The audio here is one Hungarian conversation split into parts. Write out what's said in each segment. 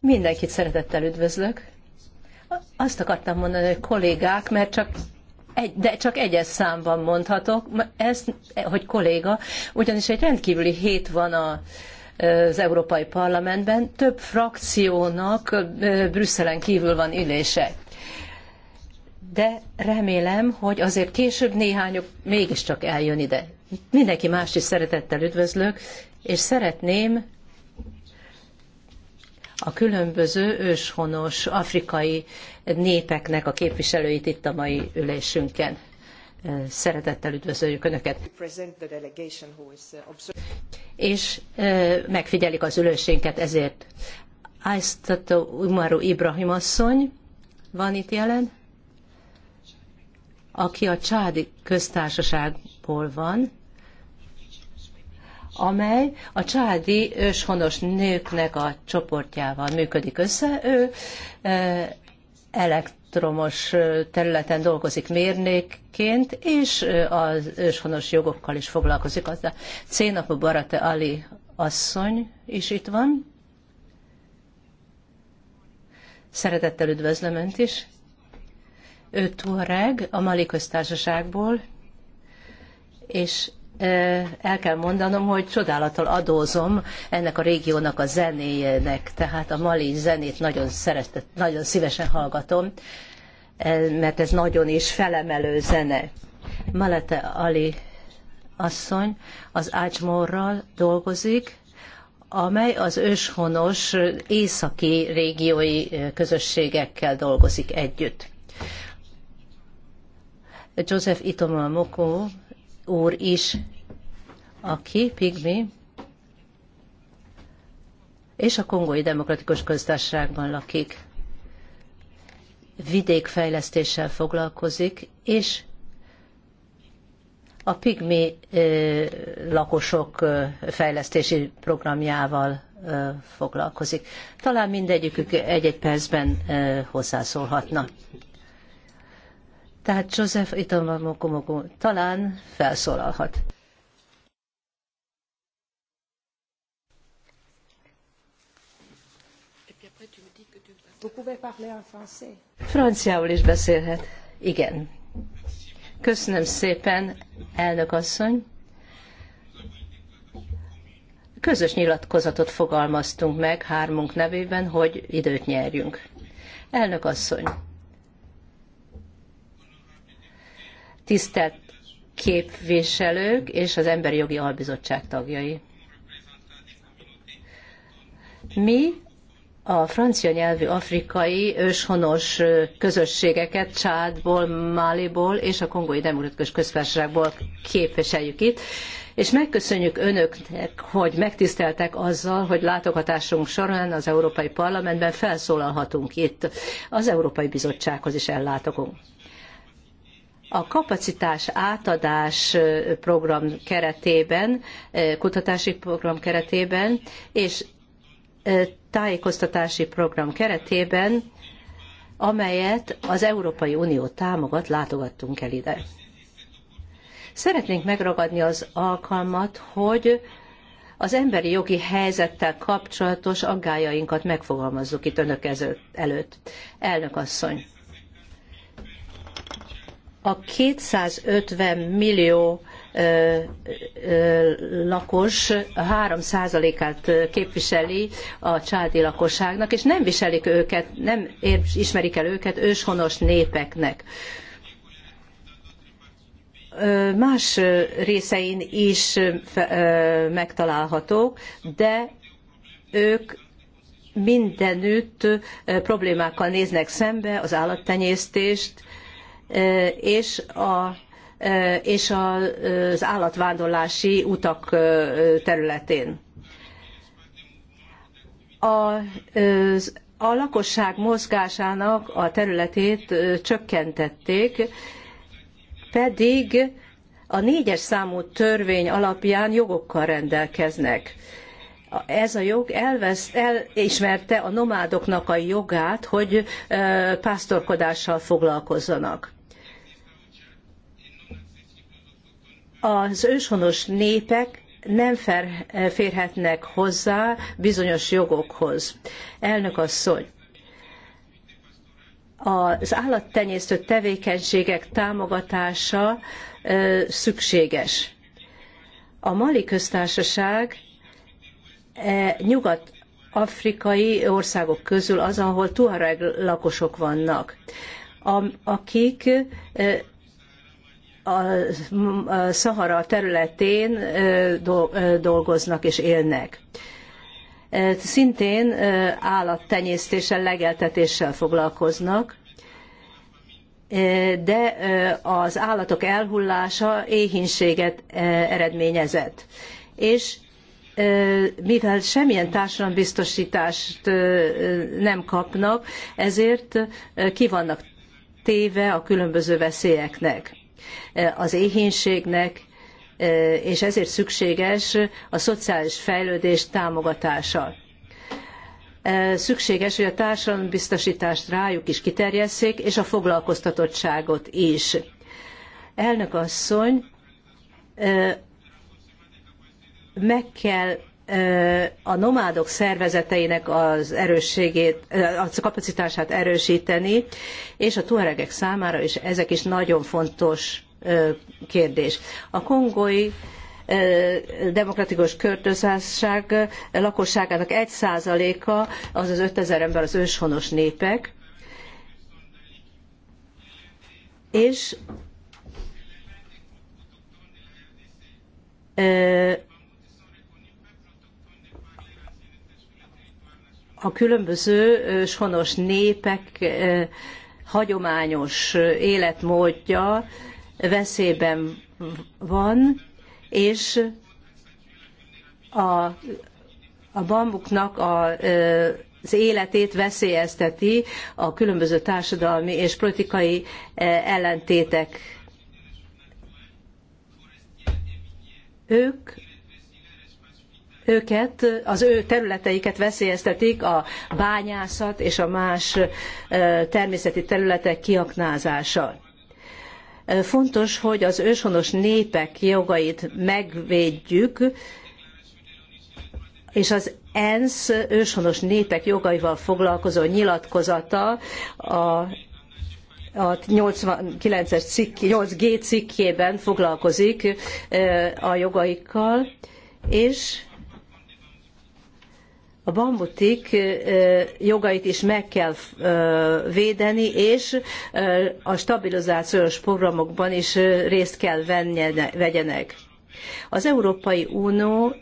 Mindenkit szeretettel üdvözlök. Azt akartam mondani, hogy kollégák, mert csak egy, de csak egyes számban mondhatok, ez, hogy kolléga, ugyanis egy rendkívüli hét van a, az Európai Parlamentben, több frakciónak Brüsszelen kívül van ülése. De remélem, hogy azért később néhányok mégiscsak eljön ide. Mindenki más is szeretettel üdvözlök, és szeretném a különböző őshonos afrikai népeknek a képviselőit itt a mai ülésünkön. Szeretettel üdvözöljük Önöket. És e, megfigyelik az ülésünket ezért. Aiztató Umaru Ibrahim asszony van itt jelen, aki a Csádi köztársaságból van, amely a családi őshonos nőknek a csoportjával működik össze. Ő e, elektromos területen dolgozik mérnékként, és az őshonos jogokkal is foglalkozik. Az a cénapú Barate Ali asszony is itt van. Szeretettel üdvözlöm Önt is. Ő Tuareg, a Mali köztársaságból, és el kell mondanom, hogy csodálattal adózom ennek a régiónak a zenéjének, tehát a mali zenét nagyon, szeretet, nagyon szívesen hallgatom, mert ez nagyon is felemelő zene. Malete Ali asszony az Ácsmorral dolgozik, amely az őshonos északi régiói közösségekkel dolgozik együtt. Joseph Itoma úr is, aki pigmi, és a Kongói Demokratikus Köztársaságban lakik. Vidékfejlesztéssel foglalkozik, és a pigmi lakosok fejlesztési programjával foglalkozik. Talán mindegyikük egy-egy percben hozzászólhatna. Tehát József Itamamokomogó talán felszólalhat. Franciául is beszélhet. Igen. Köszönöm szépen, elnök asszony. Közös nyilatkozatot fogalmaztunk meg hármunk nevében, hogy időt nyerjünk. Elnök asszony, tisztelt képviselők és az Emberi Jogi Albizottság tagjai. Mi a francia nyelvű afrikai őshonos közösségeket Csádból, Máliból és a Kongói Demokratikus Köztársaságból képviseljük itt, és megköszönjük önöknek, hogy megtiszteltek azzal, hogy látogatásunk során az Európai Parlamentben felszólalhatunk itt. Az Európai Bizottsághoz is ellátogunk. A kapacitás átadás program keretében, kutatási program keretében és tájékoztatási program keretében, amelyet az Európai Unió támogat, látogattunk el ide. Szeretnénk megragadni az alkalmat, hogy az emberi jogi helyzettel kapcsolatos aggájainkat megfogalmazzuk itt önök előtt. Elnök asszony! a 250 millió lakos 3%-át képviseli a csádi lakosságnak, és nem viselik őket, nem ismerik el őket őshonos népeknek. Más részein is megtalálhatók, de ők mindenütt problémákkal néznek szembe, az állattenyésztést, és a és az állatvándorlási utak területén. A, a lakosság mozgásának a területét csökkentették, pedig a négyes számú törvény alapján jogokkal rendelkeznek. Ez a jog elvesz, elismerte a nomádoknak a jogát, hogy pásztorkodással foglalkozzanak az őshonos népek nem eh, férhetnek hozzá bizonyos jogokhoz. Elnök asszony, az állattenyésztő tevékenységek támogatása eh, szükséges. A Mali köztársaság eh, nyugat-afrikai országok közül az, ahol tuareg lakosok vannak, A akik a Szahara területén dolgoznak és élnek. Szintén állattenyésztéssel, legeltetéssel foglalkoznak, de az állatok elhullása éhínséget eredményezett. És mivel semmilyen társadalombiztosítást nem kapnak, ezért ki vannak téve a különböző veszélyeknek az éhénységnek, és ezért szükséges a szociális fejlődés támogatása. Szükséges, hogy a biztosítást rájuk is kiterjesszék, és a foglalkoztatottságot is. Elnök asszony, meg kell a nomádok szervezeteinek az erősségét, eh, a kapacitását erősíteni, és a tuaregek számára is ezek is nagyon fontos eh, kérdés. A kongói eh, demokratikus körtözásság lakosságának 1%-a, azaz 5000 ember az őshonos népek, és a különböző sonos népek hagyományos életmódja veszélyben van, és a, a bambuknak a, az életét veszélyezteti a különböző társadalmi és politikai ellentétek. Ők őket, az ő területeiket veszélyeztetik a bányászat és a más természeti területek kiaknázása. Fontos, hogy az őshonos népek jogait megvédjük, és az ENSZ őshonos népek jogaival foglalkozó nyilatkozata a a 89-es cikk, 8G cikkében foglalkozik a jogaikkal, és a bambutik jogait is meg kell védeni, és a stabilizációs programokban is részt kell vegyenek. Az Európai Unió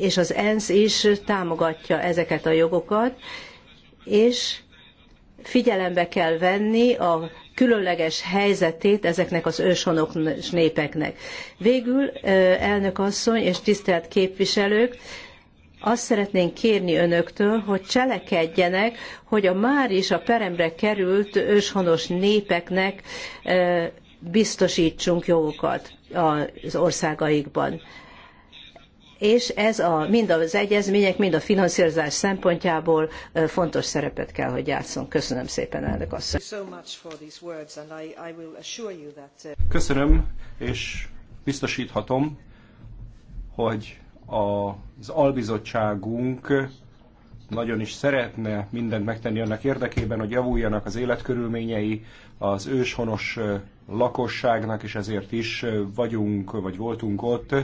és az ENSZ is támogatja ezeket a jogokat, és figyelembe kell venni a különleges helyzetét ezeknek az őshonos népeknek. Végül, elnök asszony és tisztelt képviselők, azt szeretnénk kérni önöktől, hogy cselekedjenek, hogy a már is a peremre került őshonos népeknek biztosítsunk jogokat az országaikban. És ez a, mind az egyezmények, mind a finanszírozás szempontjából fontos szerepet kell, hogy játszon. Köszönöm szépen, elnök asszony. Uh, Köszönöm, és biztosíthatom, hogy az albizottságunk nagyon is szeretne mindent megtenni annak érdekében, hogy javuljanak az életkörülményei az őshonos lakosságnak, és ezért is vagyunk, vagy voltunk ott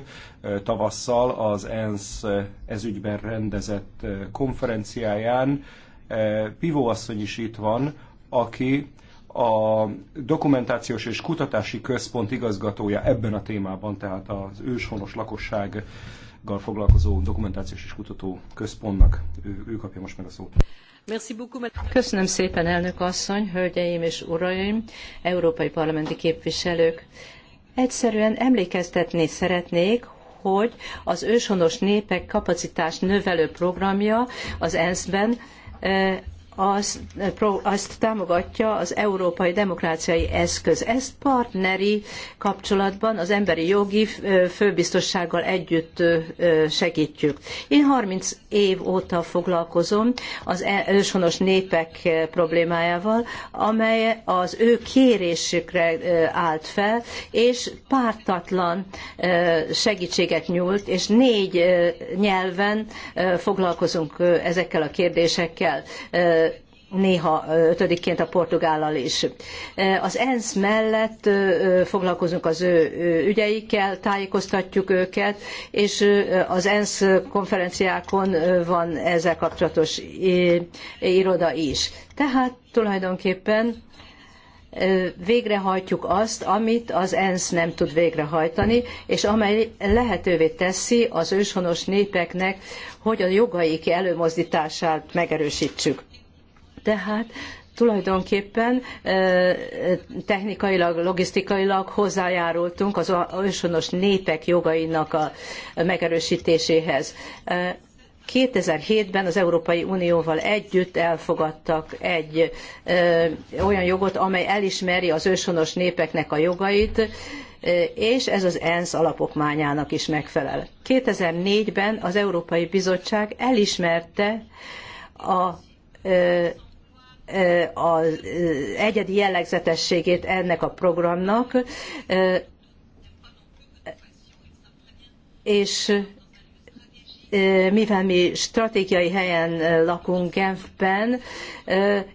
tavasszal az ENSZ ezügyben rendezett konferenciáján. Pivó asszony is itt van, aki a Dokumentációs és Kutatási Központ igazgatója ebben a témában, tehát az őshonos lakosság gal foglalkozó dokumentációs és kutató központnak. Ő, ő kapja most meg a szót. Köszönöm szépen, elnök asszony, hölgyeim és uraim, európai parlamenti képviselők. Egyszerűen emlékeztetni szeretnék, hogy az őshonos népek kapacitás növelő programja az ENSZ-ben eh, azt, azt támogatja az Európai Demokráciai Eszköz. Ezt partneri kapcsolatban az emberi jogi főbiztossággal együtt segítjük. Én 30 év óta foglalkozom az e, őshonos népek problémájával, amely az ő kérésükre állt fel, és pártatlan segítséget nyújt, és négy nyelven foglalkozunk ezekkel a kérdésekkel néha ötödikként a Portugállal is. Az ENSZ mellett foglalkozunk az ő ügyeikkel, tájékoztatjuk őket, és az ENSZ konferenciákon van ezzel kapcsolatos iroda is. Tehát tulajdonképpen végrehajtjuk azt, amit az ENSZ nem tud végrehajtani, és amely lehetővé teszi az őshonos népeknek, hogy a jogaik előmozdítását megerősítsük. Tehát tulajdonképpen technikailag, logisztikailag hozzájárultunk az ősonos népek jogainak a megerősítéséhez. 2007-ben az Európai Unióval együtt elfogadtak egy ö, olyan jogot, amely elismeri az őshonos népeknek a jogait, és ez az ENSZ alapokmányának is megfelel. 2004-ben az Európai Bizottság elismerte a ö, az egyedi jellegzetességét ennek a programnak, és mivel mi stratégiai helyen lakunk Genfben,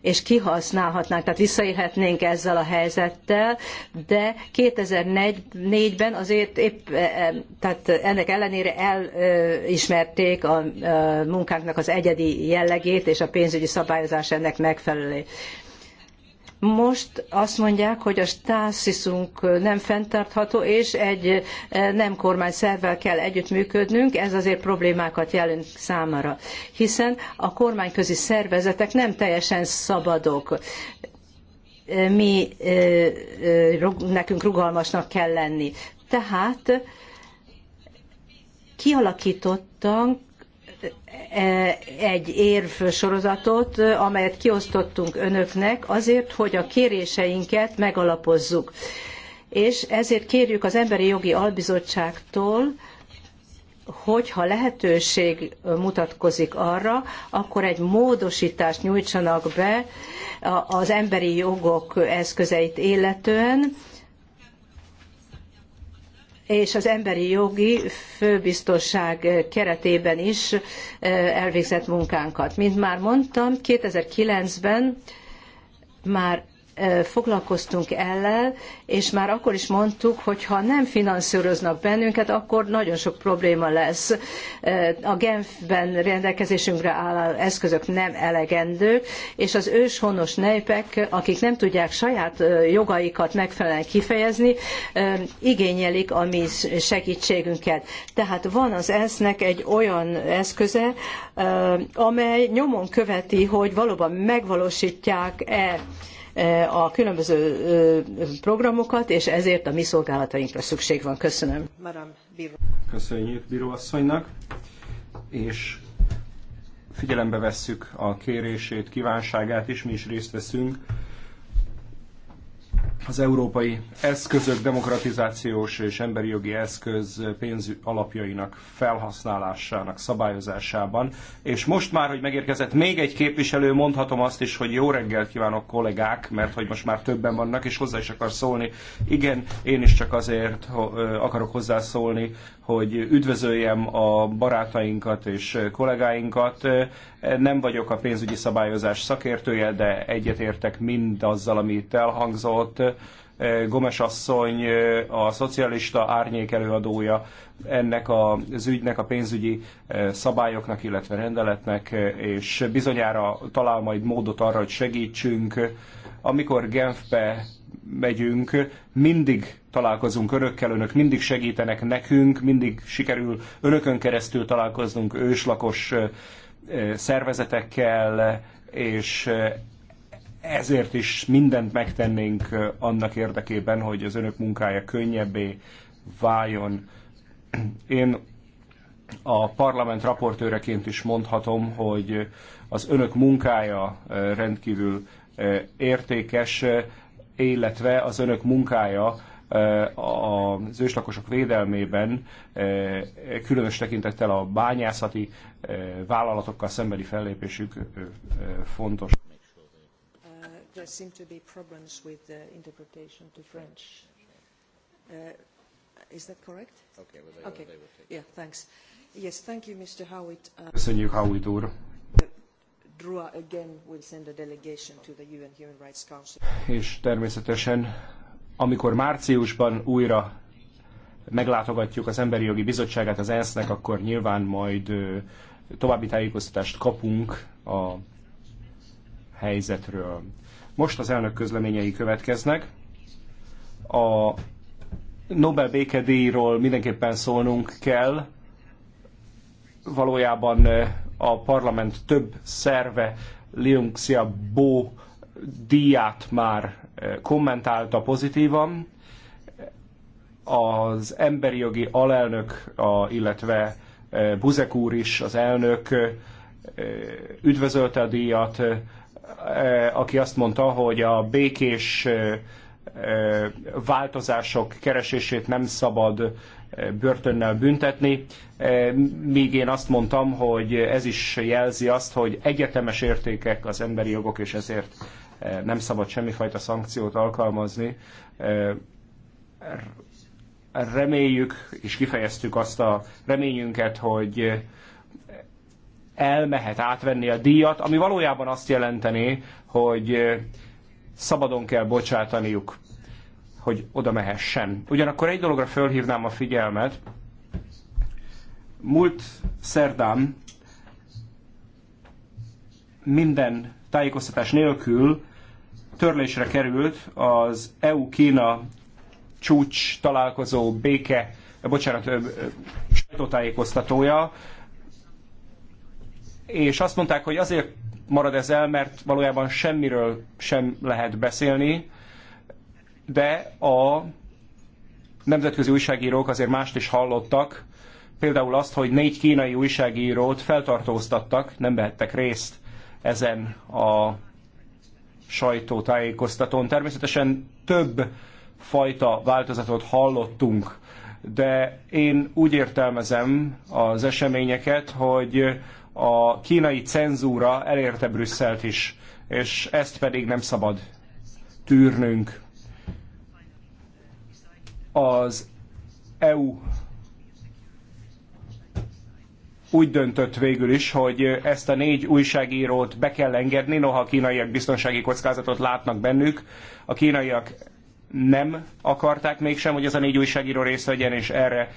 és kihasználhatnánk, tehát visszaélhetnénk ezzel a helyzettel, de 2004-ben azért épp, tehát ennek ellenére elismerték a munkánknak az egyedi jellegét és a pénzügyi szabályozás ennek megfelelő. Most azt mondják, hogy a stászisunk nem fenntartható, és egy e, nem kormány szervvel kell együttműködnünk, ez azért problémákat jelent számára, hiszen a kormányközi szervezetek nem teljesen szabadok e, mi e, nekünk rugalmasnak kell lenni. Tehát kialakítottunk E, egy érv sorozatot, amelyet kiosztottunk önöknek azért, hogy a kéréseinket megalapozzuk. És ezért kérjük az Emberi Jogi Albizottságtól, hogyha lehetőség mutatkozik arra, akkor egy módosítást nyújtsanak be az emberi jogok eszközeit illetően, és az emberi jogi főbiztosság keretében is eh, elvégzett munkánkat. Mint már mondtam, 2009-ben már foglalkoztunk ellen, és már akkor is mondtuk, hogy ha nem finanszíroznak bennünket, akkor nagyon sok probléma lesz. A Genfben rendelkezésünkre álló eszközök nem elegendők, és az őshonos nejpek, akik nem tudják saját jogaikat megfelelően kifejezni, igényelik a mi segítségünket. Tehát van az ENSZ-nek egy olyan eszköze, amely nyomon követi, hogy valóban megvalósítják-e a különböző programokat, és ezért a mi szolgálatainkra szükség van. Köszönöm. Köszönjük Bíró asszonynak, és figyelembe vesszük a kérését, kívánságát, is mi is részt veszünk az európai eszközök, demokratizációs és emberi jogi eszköz pénz alapjainak felhasználásának szabályozásában. És most már, hogy megérkezett még egy képviselő, mondhatom azt is, hogy jó reggel kívánok kollégák, mert hogy most már többen vannak, és hozzá is akar szólni. Igen, én is csak azért akarok hozzászólni, hogy üdvözöljem a barátainkat és kollégáinkat. Nem vagyok a pénzügyi szabályozás szakértője, de egyetértek mindazzal, ami itt elhangzott. Gomes asszony, a szocialista árnyék előadója ennek az ügynek, a pénzügyi szabályoknak, illetve rendeletnek, és bizonyára talál majd módot arra, hogy segítsünk. Amikor Genfbe megyünk, mindig találkozunk örökkel, önök mindig segítenek nekünk, mindig sikerül örökön keresztül találkoznunk őslakos szervezetekkel, és ezért is mindent megtennénk annak érdekében, hogy az önök munkája könnyebbé váljon. Én a parlament raportőreként is mondhatom, hogy az önök munkája rendkívül értékes illetve az önök munkája az őslakosok védelmében, különös tekintettel a bányászati vállalatokkal szembeni fellépésük fontos. There seem to be problems with the interpretation to French. Uh, is that correct? Okay, well, they, okay. Will, they will take yeah, thanks. Yes, thank you, Mr. Howitt. Uh, Köszönjük, Howitt úr. És természetesen, amikor márciusban újra meglátogatjuk az Emberi Jogi Bizottságát az ENSZ-nek, akkor nyilván majd további tájékoztatást kapunk a helyzetről. Most az elnök közleményei következnek. A Nobel békedíjról mindenképpen szólnunk kell. Valójában a parlament több szerve Liuxia Bo díját már eh, kommentálta pozitívan. Az emberi jogi alelnök, a, illetve eh, Buzek úr is, az elnök eh, üdvözölte a díjat, aki azt mondta, hogy a békés változások keresését nem szabad börtönnel büntetni, e, míg én azt mondtam, hogy ez is jelzi azt, hogy egyetemes értékek az emberi jogok, és ezért e, nem szabad semmifajta szankciót alkalmazni. E, reméljük, és kifejeztük azt a reményünket, hogy elmehet átvenni a díjat, ami valójában azt jelenteni, hogy szabadon kell bocsátaniuk hogy oda mehessen. Ugyanakkor egy dologra fölhívnám a figyelmet. Múlt szerdán minden tájékoztatás nélkül törlésre került az EU-Kína csúcs találkozó béke, bocsánat, sajtótájékoztatója, és azt mondták, hogy azért marad ez el, mert valójában semmiről sem lehet beszélni, de a nemzetközi újságírók azért mást is hallottak, például azt, hogy négy kínai újságírót feltartóztattak, nem vehettek részt ezen a sajtótájékoztatón. Természetesen több fajta változatot hallottunk, de én úgy értelmezem az eseményeket, hogy a kínai cenzúra elérte Brüsszelt is, és ezt pedig nem szabad tűrnünk az EU úgy döntött végül is, hogy ezt a négy újságírót be kell engedni, noha a kínaiak biztonsági kockázatot látnak bennük. A kínaiak nem akarták mégsem, hogy ez a négy újságíró részt vegyen, és erre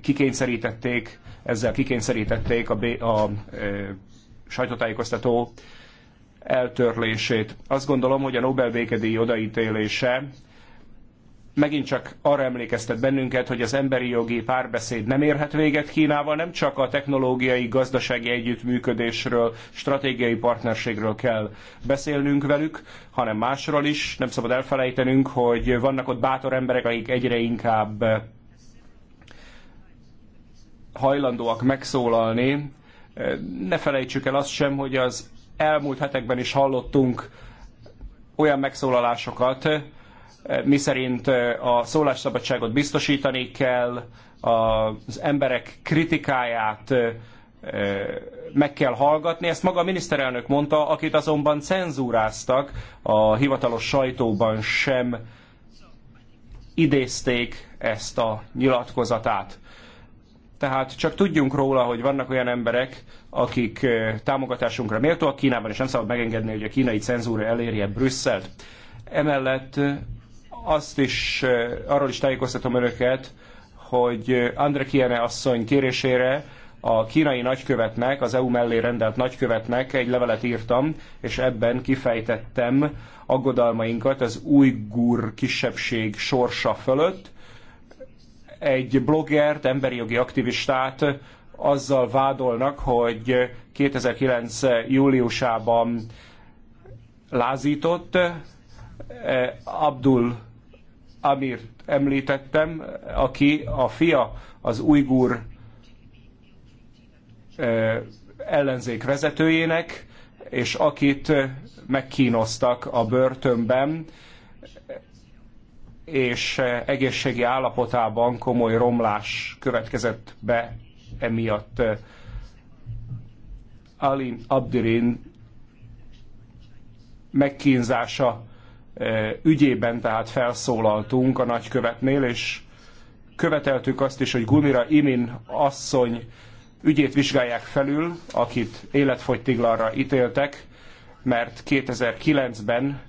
kikényszerítették, ezzel kikényszerítették a, B, a, a e, sajtótájékoztató eltörlését. Azt gondolom, hogy a Nobel békedíj odaítélése megint csak arra emlékeztet bennünket, hogy az emberi jogi párbeszéd nem érhet véget Kínával, nem csak a technológiai, gazdasági együttműködésről, stratégiai partnerségről kell beszélnünk velük, hanem másról is. Nem szabad elfelejtenünk, hogy vannak ott bátor emberek, akik egyre inkább hajlandóak megszólalni. Ne felejtsük el azt sem, hogy az elmúlt hetekben is hallottunk olyan megszólalásokat, miszerint a szólásszabadságot biztosítani kell, az emberek kritikáját meg kell hallgatni. Ezt maga a miniszterelnök mondta, akit azonban cenzúráztak, a hivatalos sajtóban sem idézték ezt a nyilatkozatát. Tehát csak tudjunk róla, hogy vannak olyan emberek, akik támogatásunkra méltóak Kínában, és nem szabad megengedni, hogy a kínai cenzúra elérje Brüsszelt. Emellett azt is, eh, arról is tájékoztatom önöket, hogy Andre Kiene asszony kérésére a kínai nagykövetnek, az EU mellé rendelt nagykövetnek egy levelet írtam, és ebben kifejtettem aggodalmainkat az ujgur kisebbség sorsa fölött. Egy bloggert, emberi jogi aktivistát azzal vádolnak, hogy 2009. júliusában lázított, eh, Abdul Amir említettem, aki a fia az ujgur ellenzék vezetőjének, és akit megkínoztak a börtönben, és egészségi állapotában komoly romlás következett be emiatt. Alin Abdirin megkínzása ügyében tehát felszólaltunk a nagykövetnél, és követeltük azt is, hogy Gunira Imin asszony ügyét vizsgálják felül, akit életfogytiglanra ítéltek, mert 2009-ben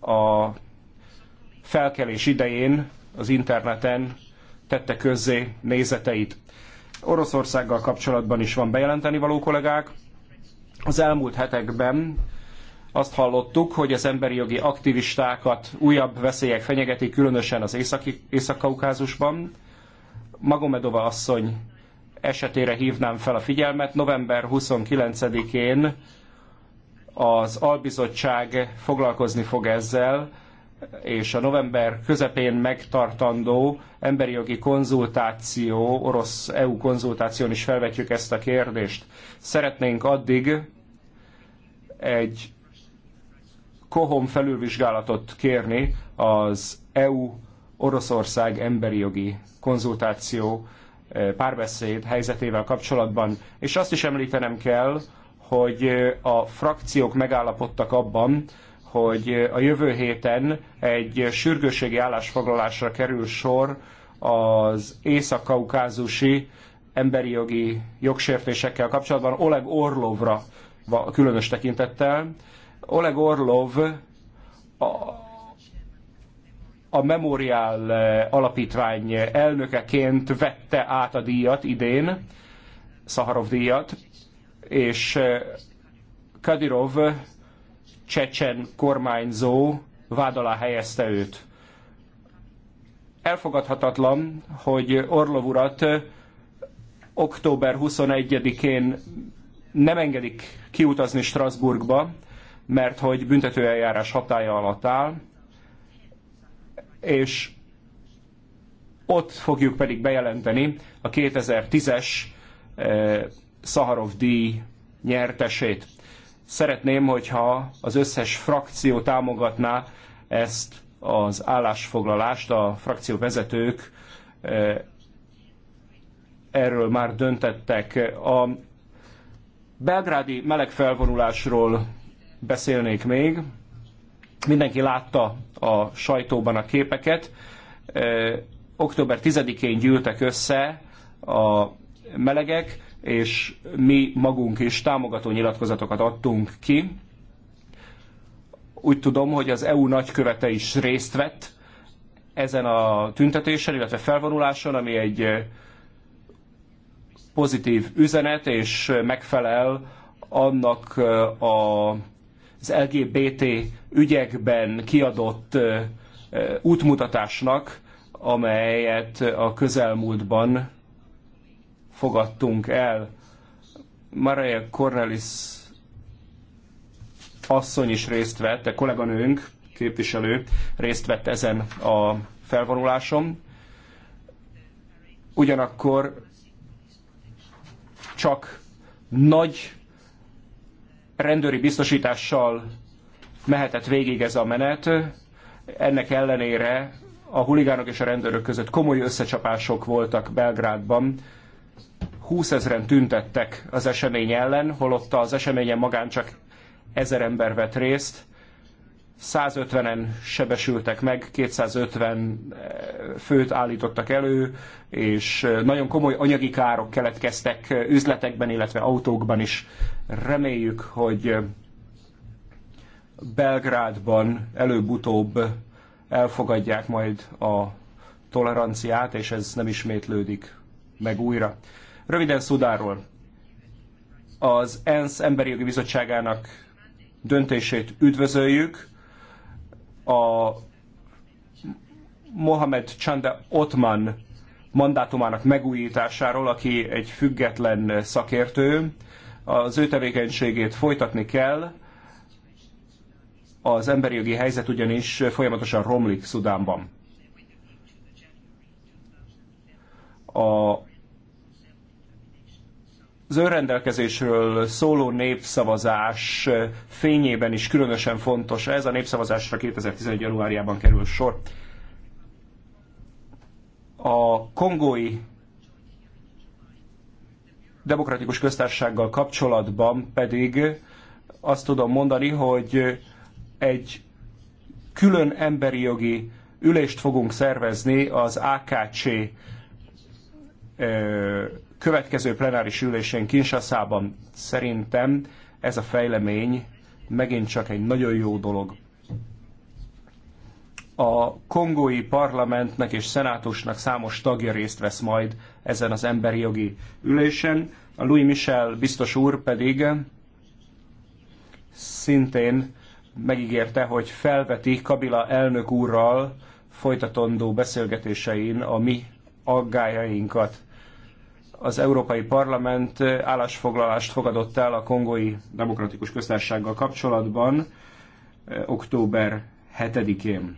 a felkelés idején az interneten tette közzé nézeteit. Oroszországgal kapcsolatban is van bejelenteni való kollégák. Az elmúlt hetekben azt hallottuk, hogy az emberi jogi aktivistákat újabb veszélyek fenyegetik, különösen az Észak-Kaukázusban. Magomedova asszony esetére hívnám fel a figyelmet. November 29-én az albizottság foglalkozni fog ezzel, és a november közepén megtartandó emberi jogi konzultáció, orosz EU konzultáción is felvetjük ezt a kérdést. Szeretnénk addig egy Kohom felülvizsgálatot kérni az EU-Oroszország emberi jogi konzultáció eh, párbeszéd helyzetével kapcsolatban. És azt is említenem kell, hogy eh, a frakciók megállapodtak abban, hogy eh, a jövő héten egy sürgősségi állásfoglalásra kerül sor az észak-kaukázusi emberi jogi jogsértésekkel kapcsolatban Oleg Orlovra különös tekintettel, Oleg Orlov a, a Memorial Alapítvány elnökeként vette át a díjat idén, Szaharov díjat, és eh, Kadirov csecsen kormányzó vád alá helyezte őt. Elfogadhatatlan, hogy Orlov urat eh, október 21-én nem engedik kiutazni Strasbourgba, mert hogy büntetőeljárás hatája alatt áll, és ott fogjuk pedig bejelenteni a 2010-es eh, Szaharov díj nyertesét. Szeretném, hogyha az összes frakció támogatná ezt az állásfoglalást, a frakció vezetők eh, erről már döntettek. A belgrádi melegfelvonulásról beszélnék még. Mindenki látta a sajtóban a képeket. Október 10-én gyűltek össze a melegek, és mi magunk is támogató nyilatkozatokat adtunk ki. Úgy tudom, hogy az EU nagykövete is részt vett ezen a tüntetésen, illetve felvonuláson, ami egy pozitív üzenet, és megfelel annak a az LGBT ügyekben kiadott útmutatásnak, amelyet a közelmúltban fogadtunk el. Maria Cornelis asszony is részt vett, a kolléganőnk, képviselő részt vett ezen a felvonuláson. Ugyanakkor csak nagy rendőri biztosítással mehetett végig ez a menet. Ennek ellenére a huligánok és a rendőrök között komoly összecsapások voltak Belgrádban. 20 ezeren tüntettek az esemény ellen, holott az eseményen magán csak ezer ember vett részt. 150-en sebesültek meg, 250 eh, főt állítottak elő, és eh, nagyon komoly anyagi károk keletkeztek eh, üzletekben, illetve autókban is. Reméljük, hogy Belgrádban előbb-utóbb elfogadják majd a toleranciát, és ez nem ismétlődik meg újra. Röviden Szudáról. Az ENSZ Emberi Jogi Bizottságának döntését üdvözöljük, a Mohamed Chanda Otman mandátumának megújításáról, aki egy független szakértő. Az ő tevékenységét folytatni kell, az emberi jogi helyzet ugyanis folyamatosan romlik Szudánban. A az önrendelkezésről szóló népszavazás fényében is különösen fontos. Ez a népszavazásra 2011. januárjában kerül sor. A kongói demokratikus köztársasággal kapcsolatban pedig azt tudom mondani, hogy egy külön emberi jogi ülést fogunk szervezni az AKC következő plenáris ülésén Kinshasa-ban szerintem ez a fejlemény megint csak egy nagyon jó dolog. A kongói parlamentnek és szenátusnak számos tagja részt vesz majd ezen az emberi jogi ülésen. A Louis Michel biztos úr pedig szintén megígérte, hogy felveti Kabila elnök úrral folytatandó beszélgetésein a mi aggájainkat az Európai Parlament állásfoglalást fogadott el a Kongói Demokratikus Köztársasággal kapcsolatban eh, október 7-én.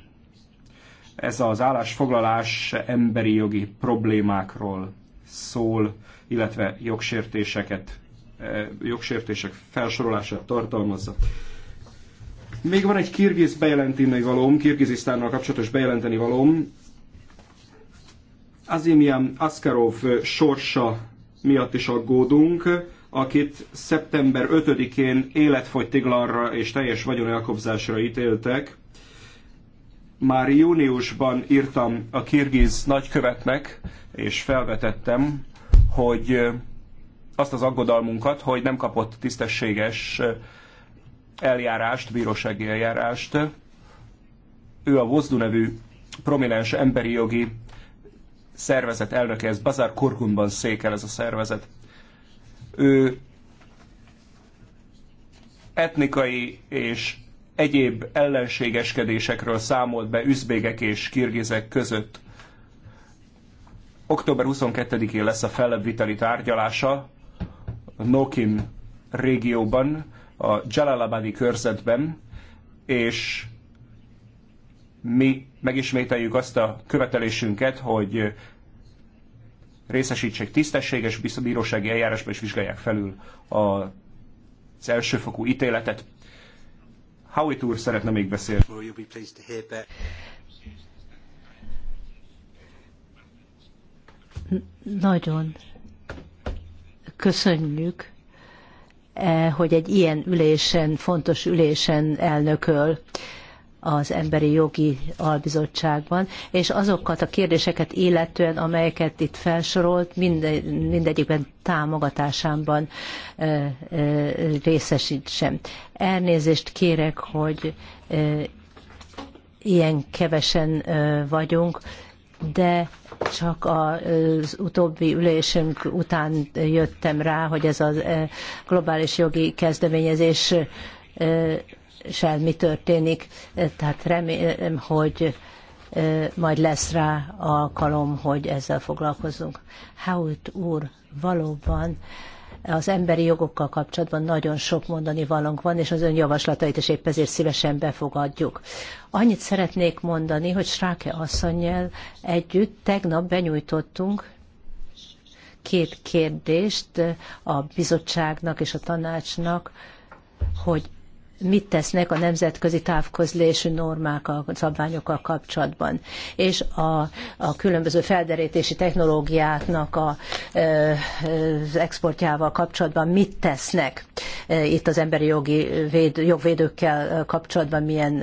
Ez az állásfoglalás emberi jogi problémákról szól, illetve jogsértéseket, eh, jogsértések felsorolását tartalmazza. Még van egy kirgiz bejelenteni valóm, Kirgizisztánnal kapcsolatos bejelenteni valóm. Azimian Askarov sorsa miatt is aggódunk, akit szeptember 5-én életfogytiglanra és teljes vagyonelkobzásra ítéltek. Már júniusban írtam a kirgiz nagykövetnek, és felvetettem, hogy azt az aggodalmunkat, hogy nem kapott tisztességes eljárást, bírósági eljárást. Ő a Vozdu nevű prominens emberi jogi szervezet elnöke, ez Bazar Kurkumban székel ez a szervezet. Ő etnikai és egyéb ellenségeskedésekről számolt be üzbégek és kirgizek között. Október 22-én lesz a felebbviteli tárgyalása a Nokin régióban, a Jalalabadi körzetben, és mi megismételjük azt a követelésünket, hogy részesítsék tisztességes bírósági eljárásba és vizsgálják felül az elsőfokú ítéletet. Howitt úr szeretne még beszélni. Nagyon köszönjük, eh, hogy egy ilyen ülésen, fontos ülésen elnököl az Emberi Jogi Albizottságban, és azokat a kérdéseket illetően, amelyeket itt felsorolt, minde, mindegyikben támogatásámban ö, ö, részesítsem. Elnézést kérek, hogy ilyen kevesen vagyunk, de csak az utóbbi ülésünk után jöttem rá, hogy ez a globális jogi kezdeményezés mi történik, tehát remélem, hogy majd lesz rá alkalom, hogy ezzel foglalkozunk. Howitt úr, valóban az emberi jogokkal kapcsolatban nagyon sok mondani valónk van, és az ön javaslatait is épp ezért szívesen befogadjuk. Annyit szeretnék mondani, hogy Sráke asszonyjel együtt tegnap benyújtottunk két kérdést a bizottságnak és a tanácsnak, hogy mit tesznek a nemzetközi távközlési normákkal, szabványokkal kapcsolatban, és a, a különböző felderítési technológiáknak a, az exportjával kapcsolatban mit tesznek. Itt az emberi jogi véd, jogvédőkkel kapcsolatban milyen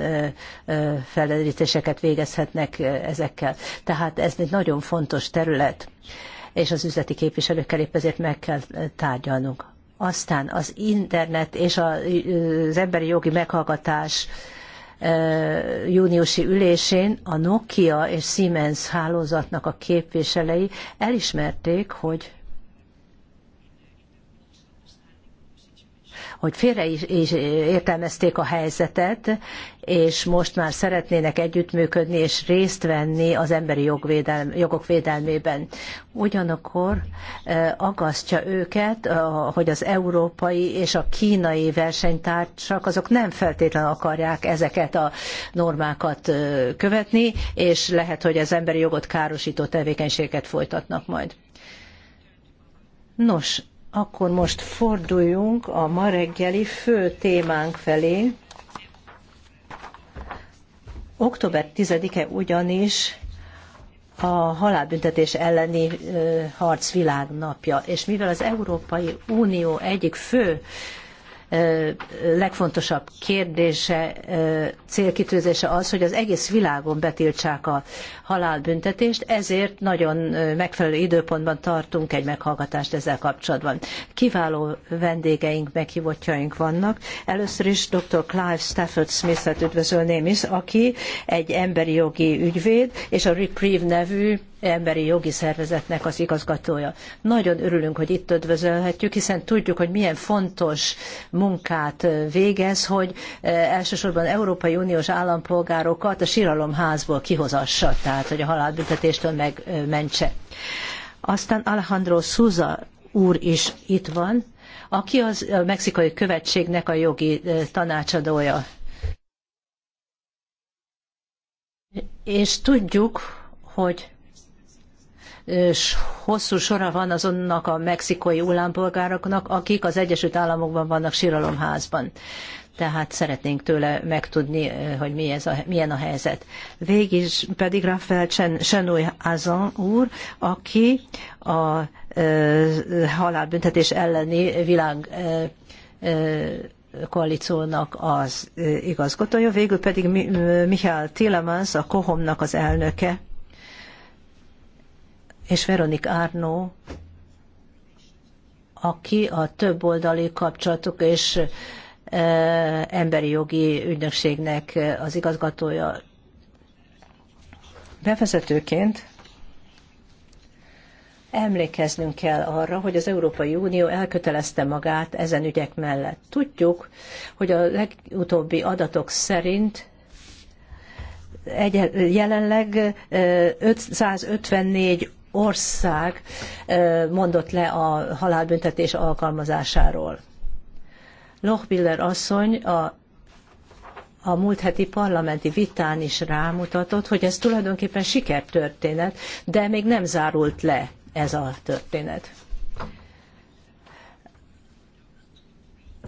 felderítéseket végezhetnek ezekkel. Tehát ez egy nagyon fontos terület és az üzleti képviselőkkel épp ezért meg kell tárgyalnunk. Aztán az internet és az emberi jogi meghallgatás júniusi ülésén a Nokia és Siemens hálózatnak a képviselei elismerték, hogy hogy félre is, értelmezték a helyzetet, és most már szeretnének együttműködni és részt venni az emberi jogvédelm, jogok védelmében. Ugyanakkor agasztja őket, hogy az európai és a kínai versenytársak azok nem feltétlenül akarják ezeket a normákat követni, és lehet, hogy az emberi jogot károsító tevékenységet folytatnak majd. Nos, akkor most forduljunk a ma reggeli fő témánk felé, Október 10-e ugyanis a halálbüntetés elleni harc világnapja, és mivel az Európai Unió egyik fő legfontosabb kérdése, célkitűzése az, hogy az egész világon betiltsák a halálbüntetést, ezért nagyon megfelelő időpontban tartunk egy meghallgatást ezzel kapcsolatban. Kiváló vendégeink, meghívottjaink vannak. Először is dr. Clive Stafford Smith-et üdvözölném is, aki egy emberi jogi ügyvéd, és a Reprieve nevű emberi jogi szervezetnek az igazgatója. Nagyon örülünk, hogy itt üdvözölhetjük, hiszen tudjuk, hogy milyen fontos munkát végez, hogy elsősorban Európai Uniós állampolgárokat a síralomházból kihozassa, tehát hogy a halálbüntetéstől megmentse. Aztán Alejandro Souza úr is itt van, aki az a mexikai követségnek a jogi tanácsadója. És tudjuk, hogy hosszú sora van azonnak a mexikói ulámpolgároknak, akik az Egyesült Államokban vannak síralomházban. Tehát szeretnénk tőle megtudni, eh, hogy mi ez a, milyen a helyzet. Végig pedig Rafael Chenoy Azan úr, aki a e, halálbüntetés elleni világ e, e, koalíciónak az igazgatója, végül pedig Mihály Tilemans, a Kohomnak az elnöke, és Veronik Árnó, aki a oldali kapcsolatok és e, emberi jogi ügynökségnek az igazgatója. Bevezetőként emlékeznünk kell arra, hogy az Európai Unió elkötelezte magát ezen ügyek mellett. Tudjuk, hogy a legutóbbi adatok szerint egy jelenleg 554 e, ország mondott le a halálbüntetés alkalmazásáról. Lochbiller asszony a, a múlt heti parlamenti vitán is rámutatott, hogy ez tulajdonképpen sikertörténet, de még nem zárult le ez a történet.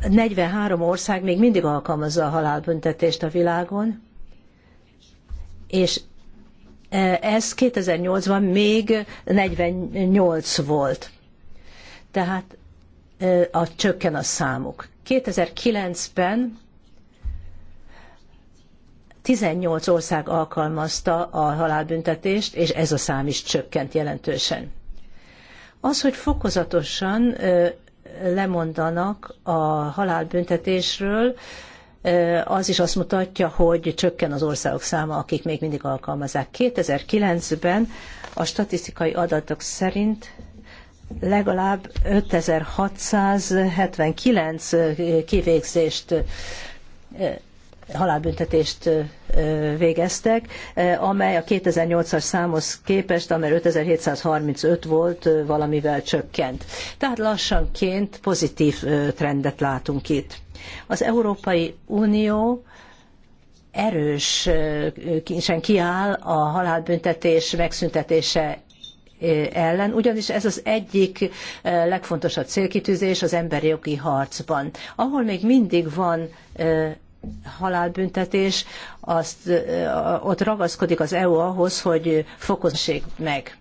43 ország még mindig alkalmazza a halálbüntetést a világon, és Eh, ez 2008-ban még 48 volt. Tehát eh, a, csökken a számuk. 2009-ben 18 ország alkalmazta a halálbüntetést, és ez a szám is csökkent jelentősen. Az, hogy fokozatosan eh, lemondanak a halálbüntetésről, az is azt mutatja, hogy csökken az országok száma, akik még mindig alkalmazzák. 2009-ben a statisztikai adatok szerint legalább 5679 kivégzést halálbüntetést végeztek, amely a 2008-as számhoz képest, amely 5735 volt, valamivel csökkent. Tehát lassanként pozitív trendet látunk itt. Az Európai Unió erősen kiáll a halálbüntetés megszüntetése ellen, ugyanis ez az egyik legfontosabb célkitűzés az emberi jogi harcban, ahol még mindig van halálbüntetés, azt, ott ragaszkodik az EU ahhoz, hogy fokozzék meg.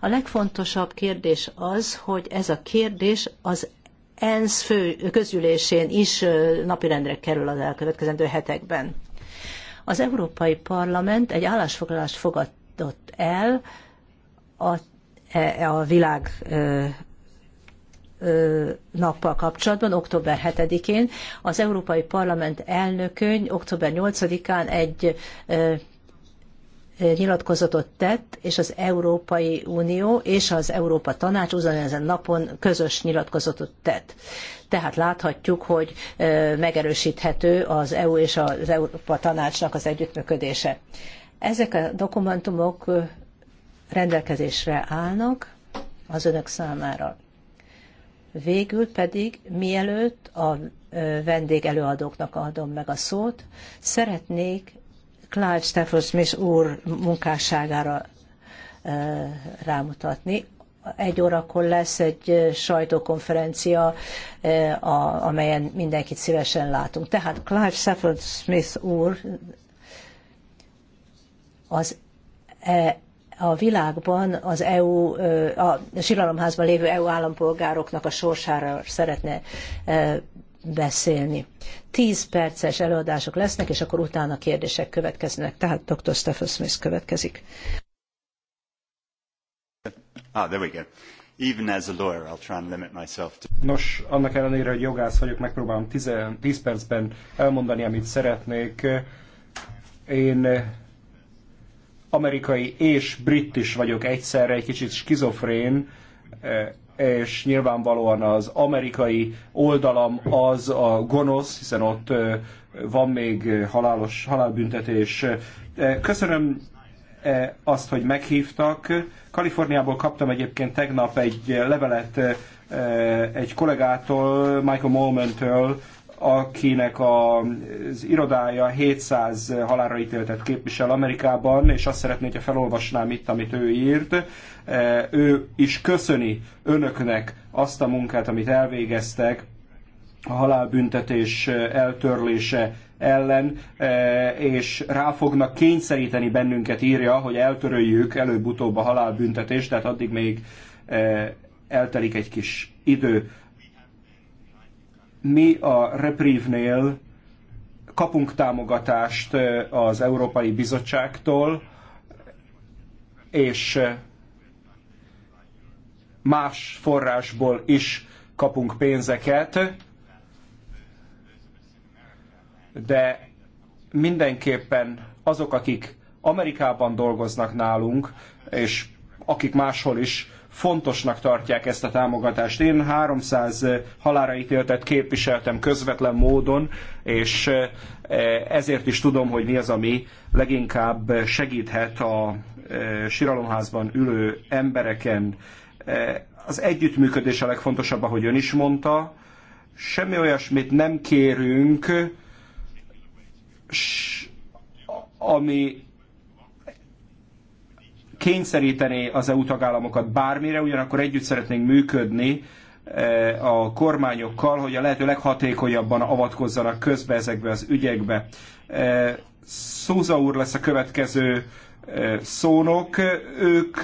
A legfontosabb kérdés az, hogy ez a kérdés az ENSZ fő közülésén is napirendre kerül az elkövetkezendő hetekben. Az Európai Parlament egy állásfoglalást fogadott el a, e, a világ nappal kapcsolatban, október 7-én az Európai Parlament elnököny október 8-án egy nyilatkozatot tett, és az Európai Unió és az Európa Tanács ugyanezen napon közös nyilatkozatot tett. Tehát láthatjuk, hogy megerősíthető az EU és az Európa Tanácsnak az együttműködése. Ezek a dokumentumok rendelkezésre állnak az önök számára. Végül pedig, mielőtt a vendégelőadóknak adom meg a szót, szeretnék Clive Stafford Smith úr munkásságára rámutatni. Egy órakor lesz egy sajtókonferencia, amelyen mindenkit szívesen látunk. Tehát Clive Stafford Smith úr az e, a világban az EU, a sílalomházban lévő EU állampolgároknak a sorsára szeretne beszélni. Tíz perces előadások lesznek, és akkor utána kérdések következnek. Tehát dr. Stephen Smith következik. Ah, there we go. Even as a lawyer, I'll try and limit myself to... Nos, annak ellenére, hogy jogász vagyok, megpróbálom 10, 10 percben elmondani, amit szeretnék. Én amerikai és brit is vagyok egyszerre, egy kicsit skizofrén, eh, és nyilvánvalóan az amerikai oldalam az a gonosz, hiszen ott eh, van még halálos halálbüntetés. Eh, köszönöm azt, hogy meghívtak. Kaliforniából kaptam egyébként tegnap egy levelet egy kollégától, Michael Molman-től, akinek a, az irodája 700 halálra ítéltet képvisel Amerikában, és azt szeretné, hogyha felolvasnám itt, amit ő írt. E, ő is köszöni önöknek azt a munkát, amit elvégeztek a halálbüntetés eltörlése ellen, e, és rá fognak kényszeríteni bennünket, írja, hogy eltöröljük előbb-utóbb a halálbüntetést, tehát addig még e, eltelik egy kis idő mi a reprívnél kapunk támogatást az Európai Bizottságtól, és más forrásból is kapunk pénzeket, de mindenképpen azok, akik Amerikában dolgoznak nálunk, és akik máshol is fontosnak tartják ezt a támogatást. Én 300 halára ítéltet képviseltem közvetlen módon, és e, ezért is tudom, hogy mi az, ami leginkább segíthet a e, síralomházban ülő embereken. E, az együttműködés a legfontosabb, ahogy ön is mondta. Semmi olyasmit nem kérünk, ami kényszerítené az EU tagállamokat bármire, ugyanakkor együtt szeretnénk működni e, a kormányokkal, hogy a lehető leghatékonyabban avatkozzanak közbe ezekbe az ügyekbe. E, Szóza úr lesz a következő e, szónok. Ők,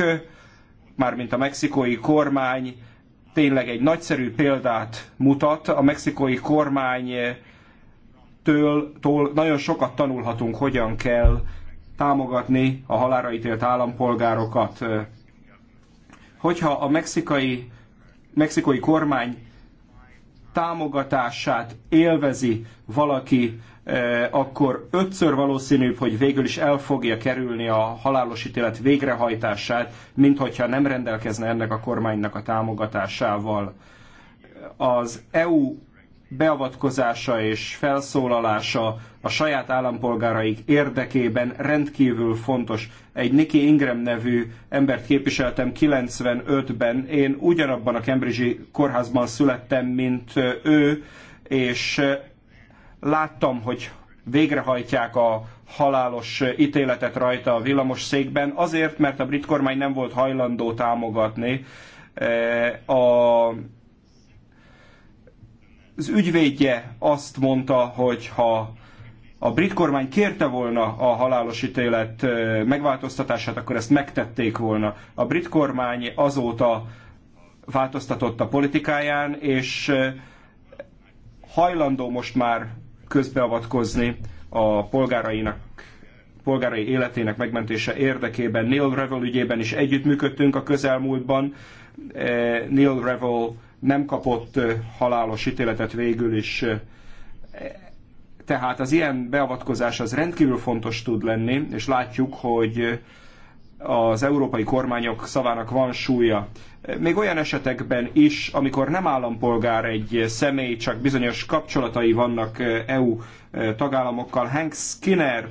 mármint a mexikói kormány, tényleg egy nagyszerű példát mutat. A mexikói kormány től, nagyon sokat tanulhatunk, hogyan kell támogatni a halára ítélt állampolgárokat. Hogyha a mexikai, mexikói kormány támogatását élvezi valaki, eh, akkor ötször valószínűbb, hogy végül is el fogja kerülni a halálos ítélet végrehajtását, mint hogyha nem rendelkezne ennek a kormánynak a támogatásával. Az EU beavatkozása és felszólalása a saját állampolgáraik érdekében rendkívül fontos. Egy Nicky Ingram nevű embert képviseltem 95-ben. Én ugyanabban a Cambridge-i kórházban születtem, mint ő, és láttam, hogy végrehajtják a halálos ítéletet rajta a villamos székben, azért, mert a brit kormány nem volt hajlandó támogatni eh, a az ügyvédje azt mondta, hogy ha a brit kormány kérte volna a halálos ítélet megváltoztatását, akkor ezt megtették volna. A brit kormány azóta változtatott a politikáján, és hajlandó most már közbeavatkozni a polgárainak polgárai életének megmentése érdekében. Neil Revel ügyében is együttműködtünk a közelmúltban. Neil Revel nem kapott halálos ítéletet végül is. Tehát az ilyen beavatkozás az rendkívül fontos tud lenni, és látjuk, hogy az európai kormányok szavának van súlya. Még olyan esetekben is, amikor nem állampolgár egy személy, csak bizonyos kapcsolatai vannak EU tagállamokkal. Hank Skinner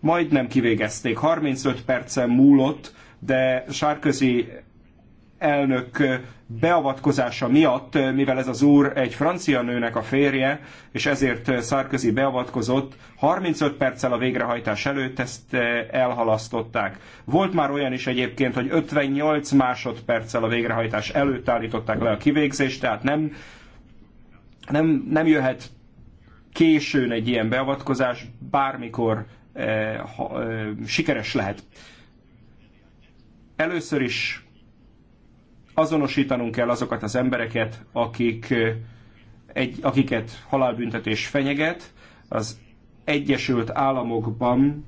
majdnem kivégezték, 35 percen múlott, de Sárközi elnök beavatkozása miatt, eh, mivel ez az úr egy francia nőnek a férje, és ezért eh, Sarkozy beavatkozott, 35 perccel a végrehajtás előtt ezt eh, elhalasztották. Volt már olyan is egyébként, hogy 58 másodperccel a végrehajtás előtt állították le a kivégzést, tehát nem, nem, nem jöhet későn egy ilyen beavatkozás, bármikor eh, ha, eh, sikeres lehet. Először is azonosítanunk kell azokat az embereket, akik, egy, akiket halálbüntetés fenyeget. Az Egyesült Államokban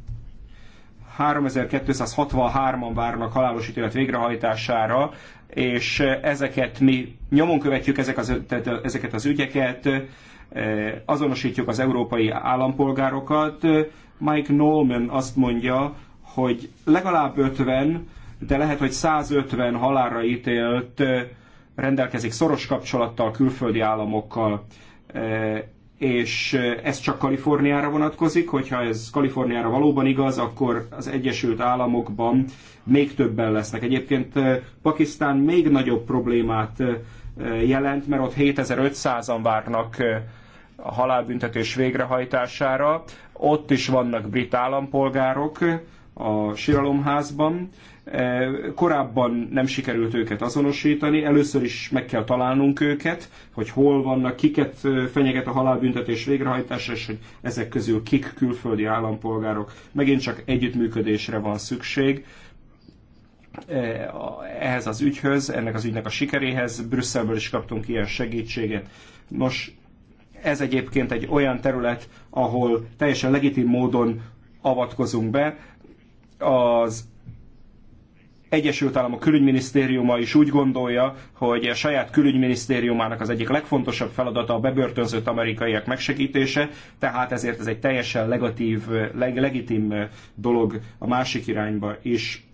3263-an várnak halálos végrehajtására, és ezeket mi nyomon követjük ezek az, tehát ezeket az ügyeket, azonosítjuk az európai állampolgárokat. Mike Norman azt mondja, hogy legalább 50 de lehet, hogy 150 halálra ítélt rendelkezik szoros kapcsolattal külföldi államokkal, és ez csak Kaliforniára vonatkozik, hogyha ez Kaliforniára valóban igaz, akkor az Egyesült Államokban még többen lesznek. Egyébként Pakisztán még nagyobb problémát jelent, mert ott 7500-an várnak a halálbüntetés végrehajtására. Ott is vannak brit állampolgárok, a síralomházban. E, korábban nem sikerült őket azonosítani, először is meg kell találnunk őket, hogy hol vannak, kiket e, fenyeget a halálbüntetés végrehajtása, és hogy ezek közül kik külföldi állampolgárok. Megint csak együttműködésre van szükség e, ehhez az ügyhöz, ennek az ügynek a sikeréhez. Brüsszelből is kaptunk ilyen segítséget. Nos, ez egyébként egy olyan terület, ahol teljesen legitim módon avatkozunk be, az Egyesült Államok külügyminisztériuma is úgy gondolja, hogy a saját külügyminisztériumának az egyik legfontosabb feladata a bebörtönzött amerikaiak megsegítése, tehát ezért ez egy teljesen legatív, leg, legitim dolog a másik irányba is.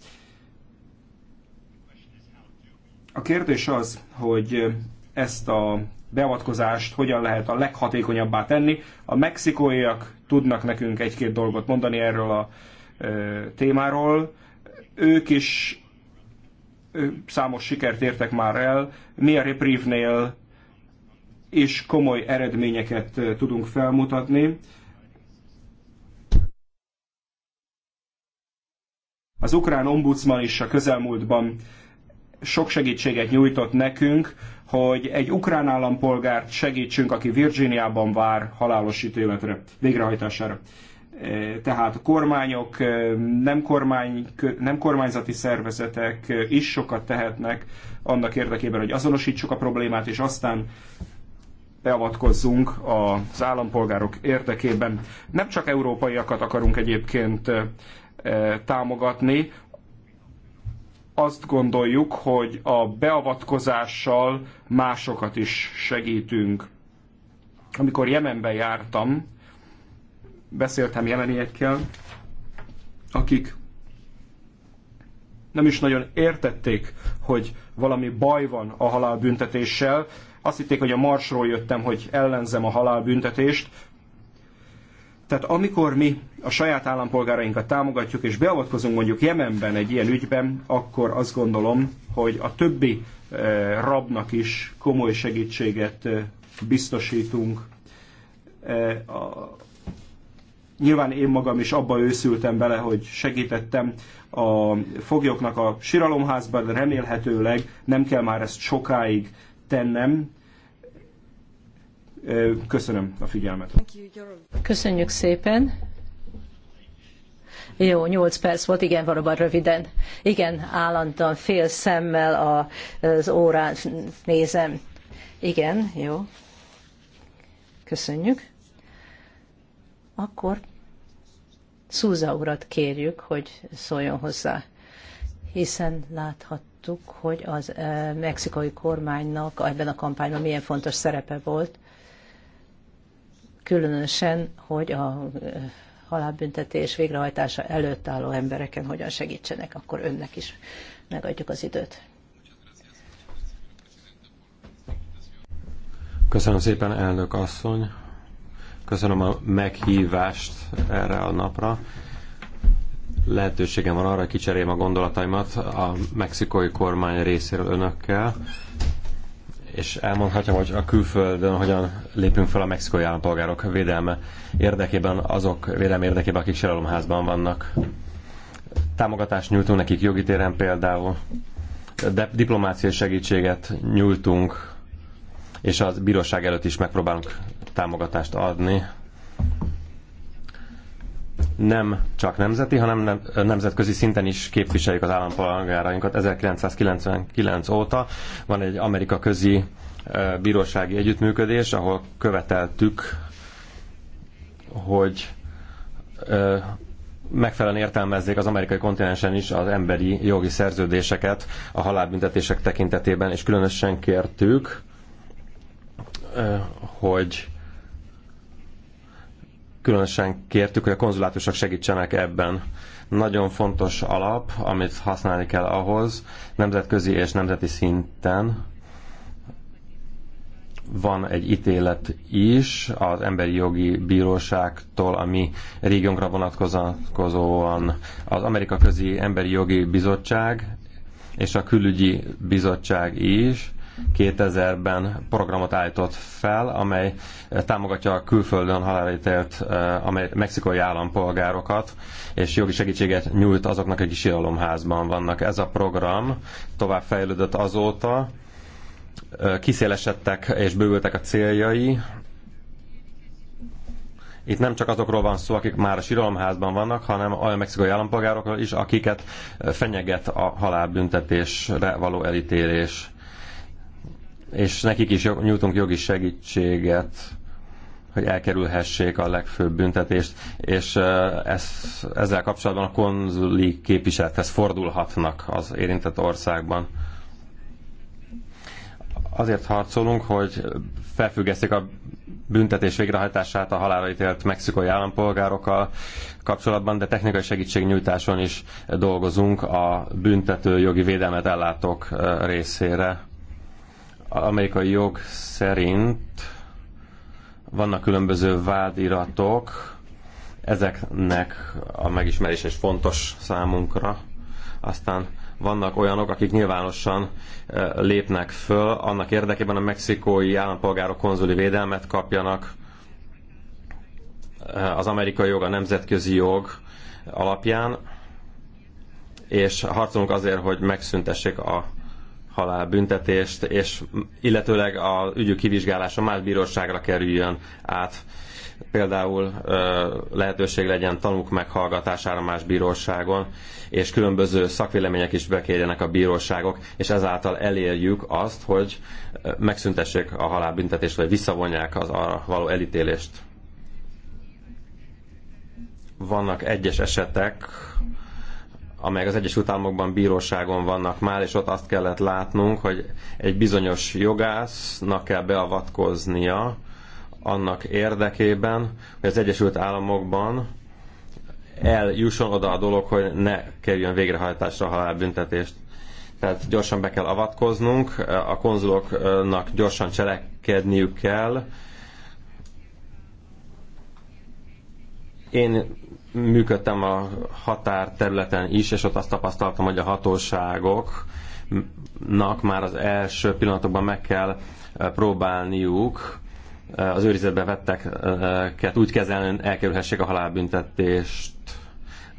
A kérdés az, hogy ezt a beavatkozást hogyan lehet a leghatékonyabbá tenni. A mexikóiak tudnak nekünk egy-két dolgot mondani erről a témáról. Ők is számos sikert értek már el. Mi a Reprieve-nél is komoly eredményeket tudunk felmutatni. Az ukrán ombudsman is a közelmúltban sok segítséget nyújtott nekünk, hogy egy ukrán állampolgárt segítsünk, aki Virginiában vár halálos ítéletre, végrehajtására. E, tehát kormányok, e, nem, kormány, nem kormányzati szervezetek e, is sokat tehetnek annak érdekében, hogy azonosítsuk a problémát, és aztán beavatkozzunk az állampolgárok érdekében. Nem csak európaiakat akarunk egyébként támogatni, azt gondoljuk, hogy a beavatkozással másokat is segítünk. Amikor Jemenben jártam, beszéltem jemeniekkel, akik nem is nagyon értették, hogy valami baj van a halálbüntetéssel. Azt hitték, hogy a marsról jöttem, hogy ellenzem a halálbüntetést. Tehát amikor mi a saját állampolgárainkat támogatjuk és beavatkozunk mondjuk Jemenben egy ilyen ügyben, akkor azt gondolom, hogy a többi eh, rabnak is komoly segítséget eh, biztosítunk. Eh, Nyilván én magam is abba őszültem bele, hogy segítettem a foglyoknak a síralomházban, remélhetőleg nem kell már ezt sokáig tennem. Köszönöm a figyelmet. Köszönjük szépen. Jó, nyolc perc volt, igen, valóban röviden. Igen, állandóan fél szemmel a, az órán nézem. Igen, jó. Köszönjük akkor Szúza urat kérjük, hogy szóljon hozzá, hiszen láthattuk, hogy az eh, mexikai kormánynak ebben a kampányban milyen fontos szerepe volt, különösen, hogy a eh, halálbüntetés végrehajtása előtt álló embereken hogyan segítsenek, akkor önnek is megadjuk az időt. Köszönöm szépen, elnök asszony, Köszönöm a meghívást erre a napra. Lehetőségem van arra, hogy kicseréljem a gondolataimat a mexikói kormány részéről önökkel, és elmondhatjam, hogy a külföldön hogyan lépünk fel a mexikói állampolgárok védelme érdekében, azok védelme érdekében, akik házban vannak. Támogatást nyújtunk nekik jogi téren például, de diplomáciai segítséget nyújtunk és az bíróság előtt is megpróbálunk támogatást adni nem csak nemzeti, hanem nem, nemzetközi szinten is képviseljük az állampolgárainkat. 1999 óta van egy Amerika közi bírósági együttműködés, ahol követeltük, hogy megfelelően értelmezzék az amerikai kontinensen is az emberi jogi szerződéseket a halálbüntetések tekintetében, és különösen kértük, hogy különösen kértük, hogy a konzulátusok segítsenek ebben. Nagyon fontos alap, amit használni kell ahhoz, nemzetközi és nemzeti szinten van egy ítélet is az Emberi Jogi Bíróságtól, ami régiónkra vonatkozóan az Amerika Közi Emberi Jogi Bizottság és a Külügyi Bizottság is 2000-ben programot állított fel, amely támogatja a külföldön halálítélt, eh, amely mexikai állampolgárokat, és jogi segítséget nyújt azoknak, akik síralomházban vannak. Ez a program tovább fejlődött azóta, eh, kiszélesedtek és bővültek a céljai, itt nem csak azokról van szó, akik már a síralomházban vannak, hanem olyan mexikai állampolgárokról is, akiket fenyeget a halálbüntetésre való elítélés és nekik is nyújtunk jogi segítséget, hogy elkerülhessék a legfőbb büntetést, és ez, ezzel kapcsolatban a konzuli képviselethez fordulhatnak az érintett országban. Azért harcolunk, hogy felfüggesztik a büntetés végrehajtását a halálra ítélt mexikói állampolgárokkal kapcsolatban, de technikai segítségnyújtáson is dolgozunk a büntető jogi védelmet ellátók részére amerikai jog szerint vannak különböző vádiratok, ezeknek a megismerése is fontos számunkra. Aztán vannak olyanok, akik nyilvánosan e, lépnek föl, annak érdekében a mexikói állampolgárok konzuli védelmet kapjanak. E, az amerikai jog, a nemzetközi jog alapján, és harcolunk azért, hogy megszüntessék a halálbüntetést, és illetőleg a ügyük kivizsgálása más bíróságra kerüljön át. Például lehetőség legyen tanúk meghallgatására más bíróságon, és különböző szakvélemények is bekérjenek a bíróságok, és ezáltal elérjük azt, hogy megszüntessék a halálbüntetést, vagy visszavonják az arra való elítélést. Vannak egyes esetek, amelyek az Egyesült Államokban bíróságon vannak már, és ott azt kellett látnunk, hogy egy bizonyos jogásznak kell beavatkoznia annak érdekében, hogy az Egyesült Államokban eljusson oda a dolog, hogy ne kerüljön végrehajtásra a halálbüntetést. Tehát gyorsan be kell avatkoznunk, a konzuloknak gyorsan cselekedniük kell. Én működtem a területen is, és ott azt tapasztaltam, hogy a hatóságoknak már az első pillanatokban meg kell próbálniuk az őrizetbe vetteket úgy kezelni, hogy elkerülhessék a halálbüntetést.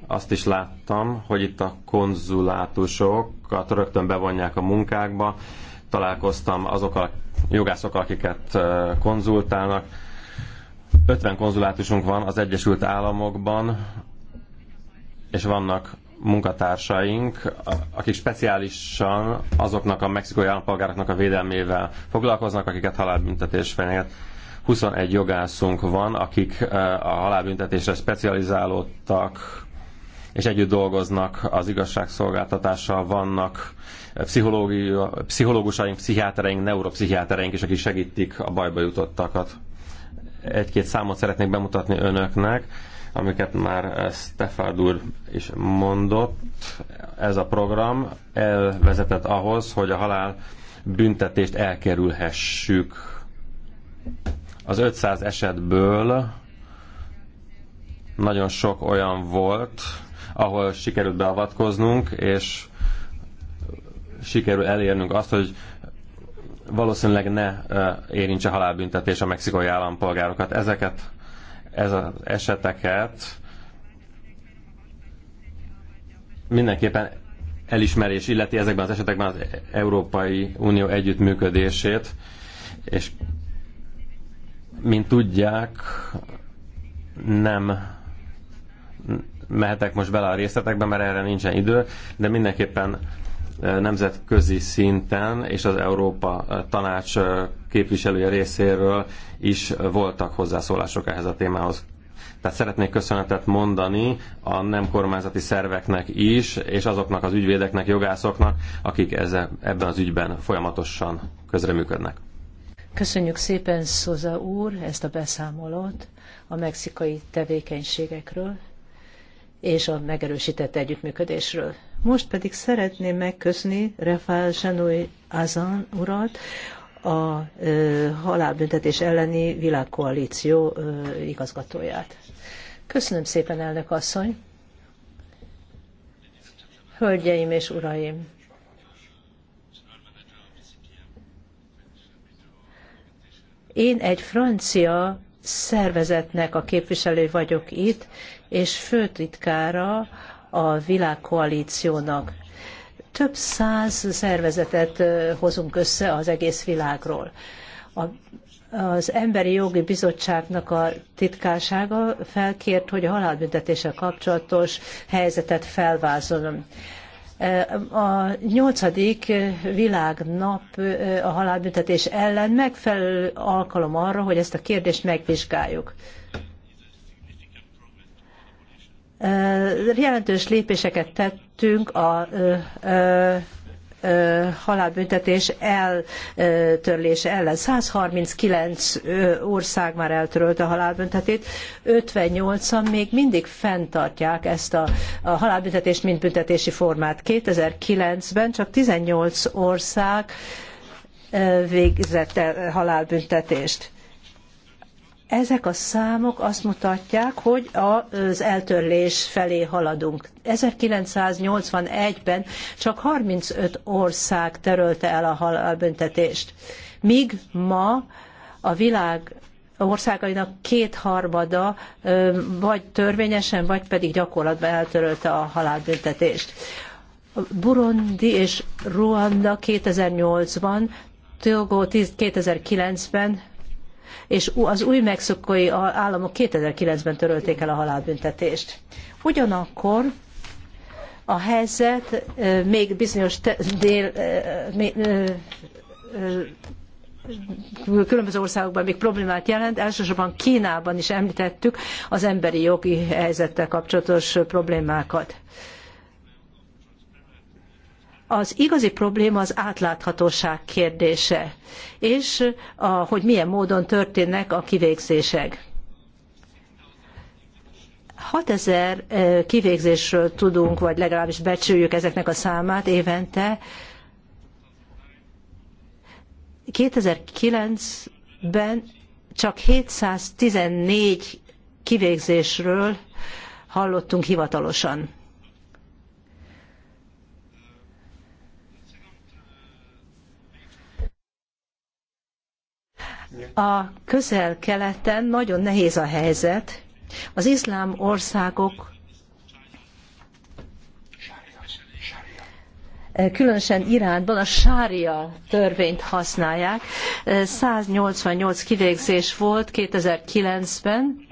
Azt is láttam, hogy itt a konzulátusokat rögtön bevonják a munkákba. Találkoztam azokkal a jogászokkal, akiket konzultálnak, 50 konzulátusunk van az Egyesült Államokban, és vannak munkatársaink, akik speciálisan azoknak a mexikói állampolgároknak a védelmével foglalkoznak, akiket halálbüntetés fenyeget. 21 jogászunk van, akik e, a halálbüntetésre specializálódtak, és együtt dolgoznak az igazságszolgáltatással, vannak pszichológusaink, pszichiátereink, neuropszichiátereink is, akik segítik a bajba jutottakat egy-két számot szeretnék bemutatni önöknek, amiket már Stefard úr is mondott. Ez a program elvezetett ahhoz, hogy a halál büntetést elkerülhessük. Az 500 esetből nagyon sok olyan volt, ahol sikerült beavatkoznunk, és sikerül elérnünk azt, hogy valószínűleg ne érintse halálbüntetés a mexikai állampolgárokat. Ezeket, ez az eseteket mindenképpen elismerés illeti ezekben az esetekben az Európai Unió együttműködését, és mint tudják, nem mehetek most bele a részletekbe, mert erre nincsen idő, de mindenképpen nemzetközi szinten és az Európa Tanács képviselője részéről is voltak hozzászólások ehhez a témához. Tehát szeretnék köszönetet mondani a nem kormányzati szerveknek is, és azoknak az ügyvédeknek, jogászoknak, akik ezzel, ebben az ügyben folyamatosan közreműködnek. Köszönjük szépen, Szoza úr, ezt a beszámolót a mexikai tevékenységekről, és a megerősített együttműködésről. Most pedig szeretném megköszönni Rafael Sanui Azan urat, a ö, halálbüntetés elleni világkoalíció ö, igazgatóját. Köszönöm szépen, elnök asszony! Hölgyeim és uraim! Én egy francia szervezetnek a képviselő vagyok itt, és főtitkára a világkoalíciónak. Több száz szervezetet hozunk össze az egész világról. A az Emberi Jogi Bizottságnak a titkársága felkért, hogy a halálbüntetéssel kapcsolatos helyzetet felvázoljon. A nyolcadik világnap a halálbüntetés ellen megfelelő alkalom arra, hogy ezt a kérdést megvizsgáljuk. Jelentős lépéseket tettünk a halálbüntetés eltörlése ellen. 139 ország már eltörölte a halálbüntetét, 58-an még mindig fenntartják ezt a, a halálbüntetést, mint büntetési formát. 2009-ben csak 18 ország végzett halálbüntetést. Ezek a számok azt mutatják, hogy az eltörlés felé haladunk. 1981-ben csak 35 ország törölte el a halálbüntetést, míg ma a világ országainak kétharmada vagy törvényesen, vagy pedig gyakorlatban eltörölte a halálbüntetést. Burundi és Ruanda 2008-ban, Togo 2009-ben és az új mexikói államok 2009-ben törölték el a halálbüntetést. Ugyanakkor a helyzet még bizonyos te, dél, különböző országokban még problémát jelent, elsősorban Kínában is említettük az emberi jogi helyzettel kapcsolatos problémákat. Az igazi probléma az átláthatóság kérdése, és a, hogy milyen módon történnek a kivégzések. 6000 e, kivégzésről tudunk, vagy legalábbis becsüljük ezeknek a számát évente. 2009-ben csak 714 kivégzésről hallottunk hivatalosan. A közel-keleten nagyon nehéz a helyzet. Az iszlám országok különösen Iránban a sária törvényt használják. 188 kivégzés volt 2009-ben,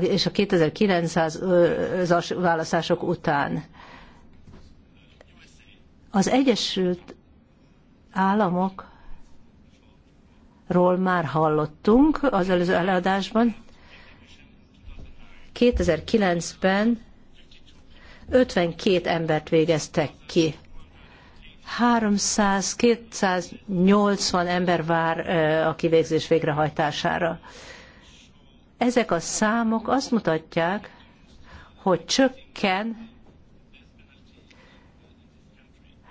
és a 2009-as választások után. Az Egyesült Államok ról már hallottunk az előző előadásban. 2009-ben 52 embert végeztek ki. 300-280 ember vár a kivégzés végrehajtására. Ezek a számok azt mutatják, hogy csökken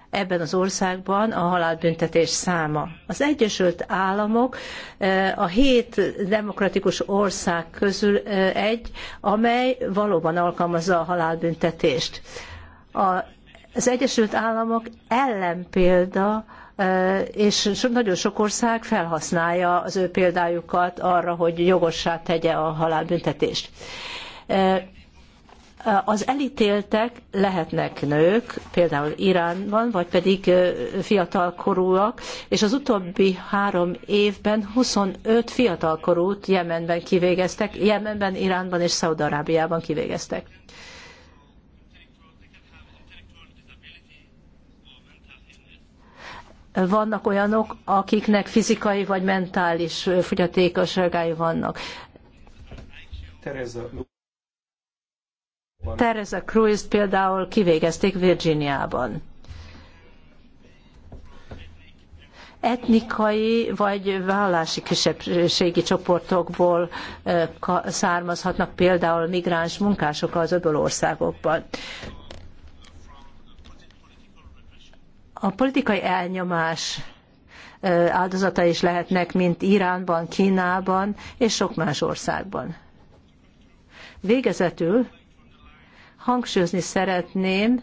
ebben az országban a halálbüntetés száma. Az Egyesült Államok e, a hét demokratikus ország közül e, egy, amely valóban alkalmazza a halálbüntetést. az Egyesült Államok ellenpélda e, és nagyon sok ország felhasználja az ő példájukat arra, hogy jogossá tegye a halálbüntetést az elítéltek lehetnek nők, például Iránban, vagy pedig fiatalkorúak, és az utóbbi három évben 25 fiatalkorút Jemenben kivégeztek, Jemenben, Iránban és Szaudarábiában kivégeztek. Vannak olyanok, akiknek fizikai vagy mentális fogyatékosságai vannak. Tereza Teresa Cruz például kivégezték Virginiában. etnikai vagy vallási kisebbségi csoportokból származhatnak például migráns munkások az öböl országokban. A politikai elnyomás áldozata is lehetnek, mint Iránban, Kínában és sok más országban. Végezetül hangsúlyozni szeretném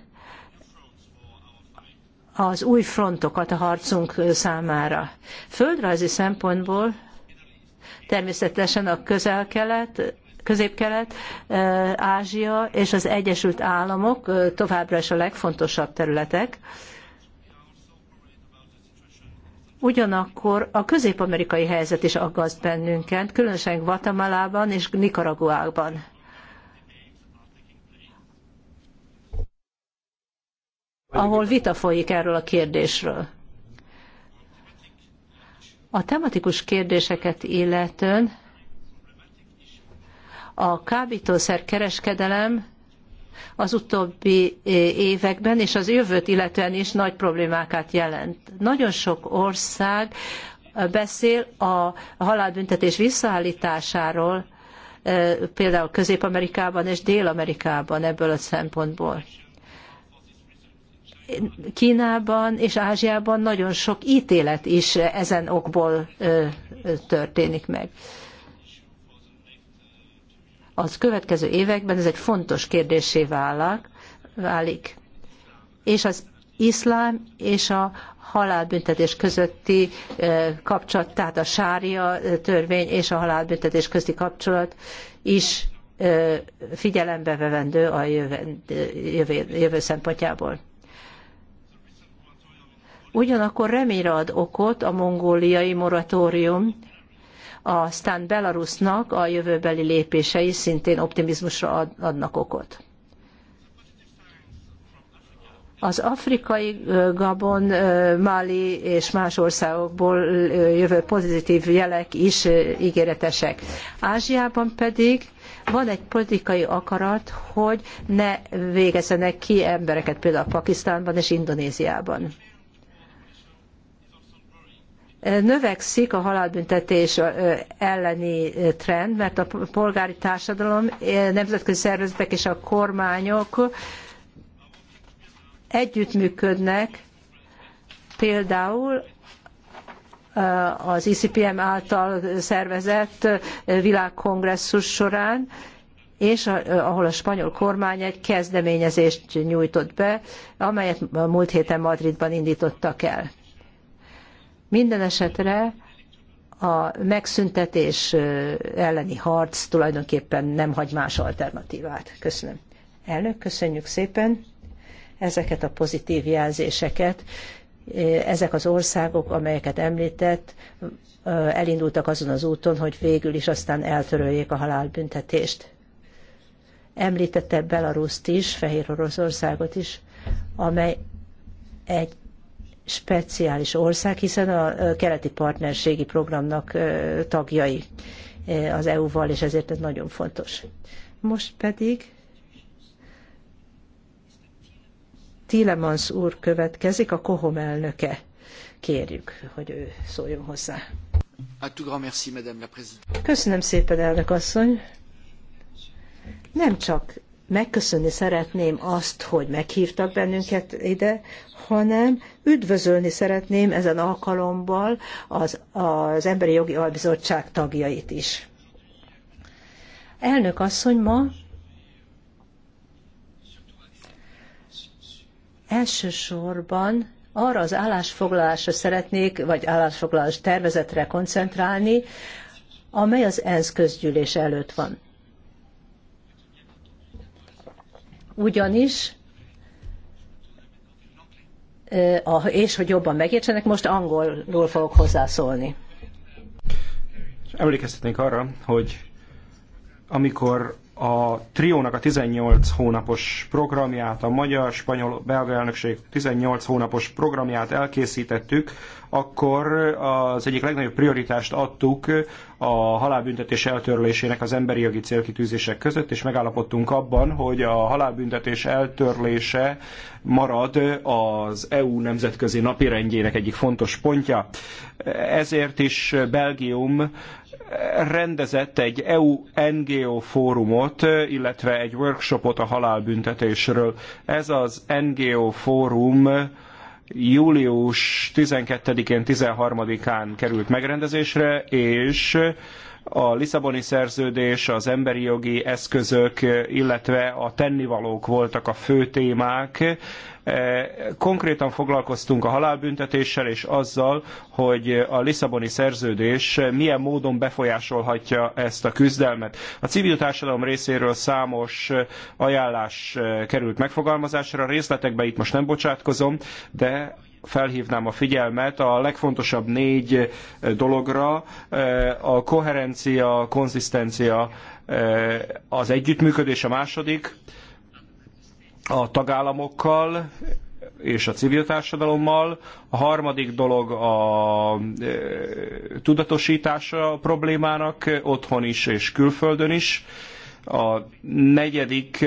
az új frontokat a harcunk számára. Földrajzi szempontból természetesen a közel-kelet, közép-kelet, Ázsia és az Egyesült Államok továbbra is a legfontosabb területek. Ugyanakkor a közép-amerikai helyzet is aggaszt bennünket, különösen Guatemalában és Nicaraguában. ahol vita folyik erről a kérdésről. A tematikus kérdéseket illetően a kábítószer kereskedelem az utóbbi években és az jövőt illetően is nagy problémákat jelent. Nagyon sok ország beszél a halálbüntetés visszaállításáról, például Közép-Amerikában és Dél-Amerikában ebből a szempontból. Kínában és Ázsiában nagyon sok ítélet is ezen okból történik meg. Az következő években ez egy fontos kérdésé válik, és az iszlám és a halálbüntetés közötti kapcsolat, tehát a sária törvény és a halálbüntetés közti kapcsolat is figyelembe vevendő a jövő, jövő, jövő szempontjából. Ugyanakkor reményre ad okot a mongóliai moratórium, aztán Belarusnak a jövőbeli lépései szintén optimizmusra adnak okot. Az afrikai Gabon, Mali és más országokból jövő pozitív jelek is ígéretesek. Ázsiában pedig van egy politikai akarat, hogy ne végezzenek ki embereket például Pakisztánban és Indonéziában. Növekszik a halálbüntetés elleni trend, mert a polgári társadalom, nemzetközi szervezetek és a kormányok együttműködnek például az ICPM által szervezett világkongresszus során, és ahol a spanyol kormány egy kezdeményezést nyújtott be, amelyet múlt héten Madridban indítottak el. Minden esetre a megszüntetés elleni harc tulajdonképpen nem hagy más alternatívát. Köszönöm. Elnök, köszönjük szépen ezeket a pozitív jelzéseket. Ezek az országok, amelyeket említett, elindultak azon az úton, hogy végül is aztán eltöröljék a halálbüntetést. Említette Belaruszt is, Fehér Oroszországot is, amely egy speciális ország, hiszen a keleti partnerségi programnak tagjai az EU-val, és ezért ez nagyon fontos. Most pedig Tilemans úr következik, a Kohom elnöke. Kérjük, hogy ő szóljon hozzá. Köszönöm szépen, elnök asszony. Nem csak megköszönni szeretném azt, hogy meghívtak bennünket ide, hanem üdvözölni szeretném ezen alkalommal az, az Emberi Jogi Albizottság tagjait is. Elnök asszony ma elsősorban arra az állásfoglalásra szeretnék, vagy állásfoglalás tervezetre koncentrálni, amely az ENSZ közgyűlés előtt van. Ugyanis és hogy jobban megértsenek, most angolul fogok hozzászólni. Emlékeztetnék arra, hogy amikor a triónak a 18 hónapos programját, a magyar, spanyol, belga elnökség 18 hónapos programját elkészítettük, akkor az egyik legnagyobb prioritást adtuk a halálbüntetés eltörlésének az emberi jogi célkitűzések között, és megállapodtunk abban, hogy a halálbüntetés eltörlése marad az EU nemzetközi napirendjének egyik fontos pontja. Ezért is Belgium rendezett egy EU NGO fórumot, illetve egy workshopot a halálbüntetésről. Ez az NGO fórum július 12-én, 13-án került megrendezésre, és a Lisszaboni szerződés, az emberi jogi eszközök, illetve a tennivalók voltak a fő témák. E, konkrétan foglalkoztunk a halálbüntetéssel és azzal, hogy a Lisszaboni szerződés milyen módon befolyásolhatja ezt a küzdelmet. A civil társadalom részéről számos ajánlás került megfogalmazásra, részletekbe itt most nem bocsátkozom, de felhívnám a figyelmet a legfontosabb négy eh, dologra, eh, a koherencia, a konzisztencia, eh, az együttműködés a második, a tagállamokkal és a civil társadalommal. A harmadik dolog a tudatosítása a problémának otthon is és külföldön is. A negyedik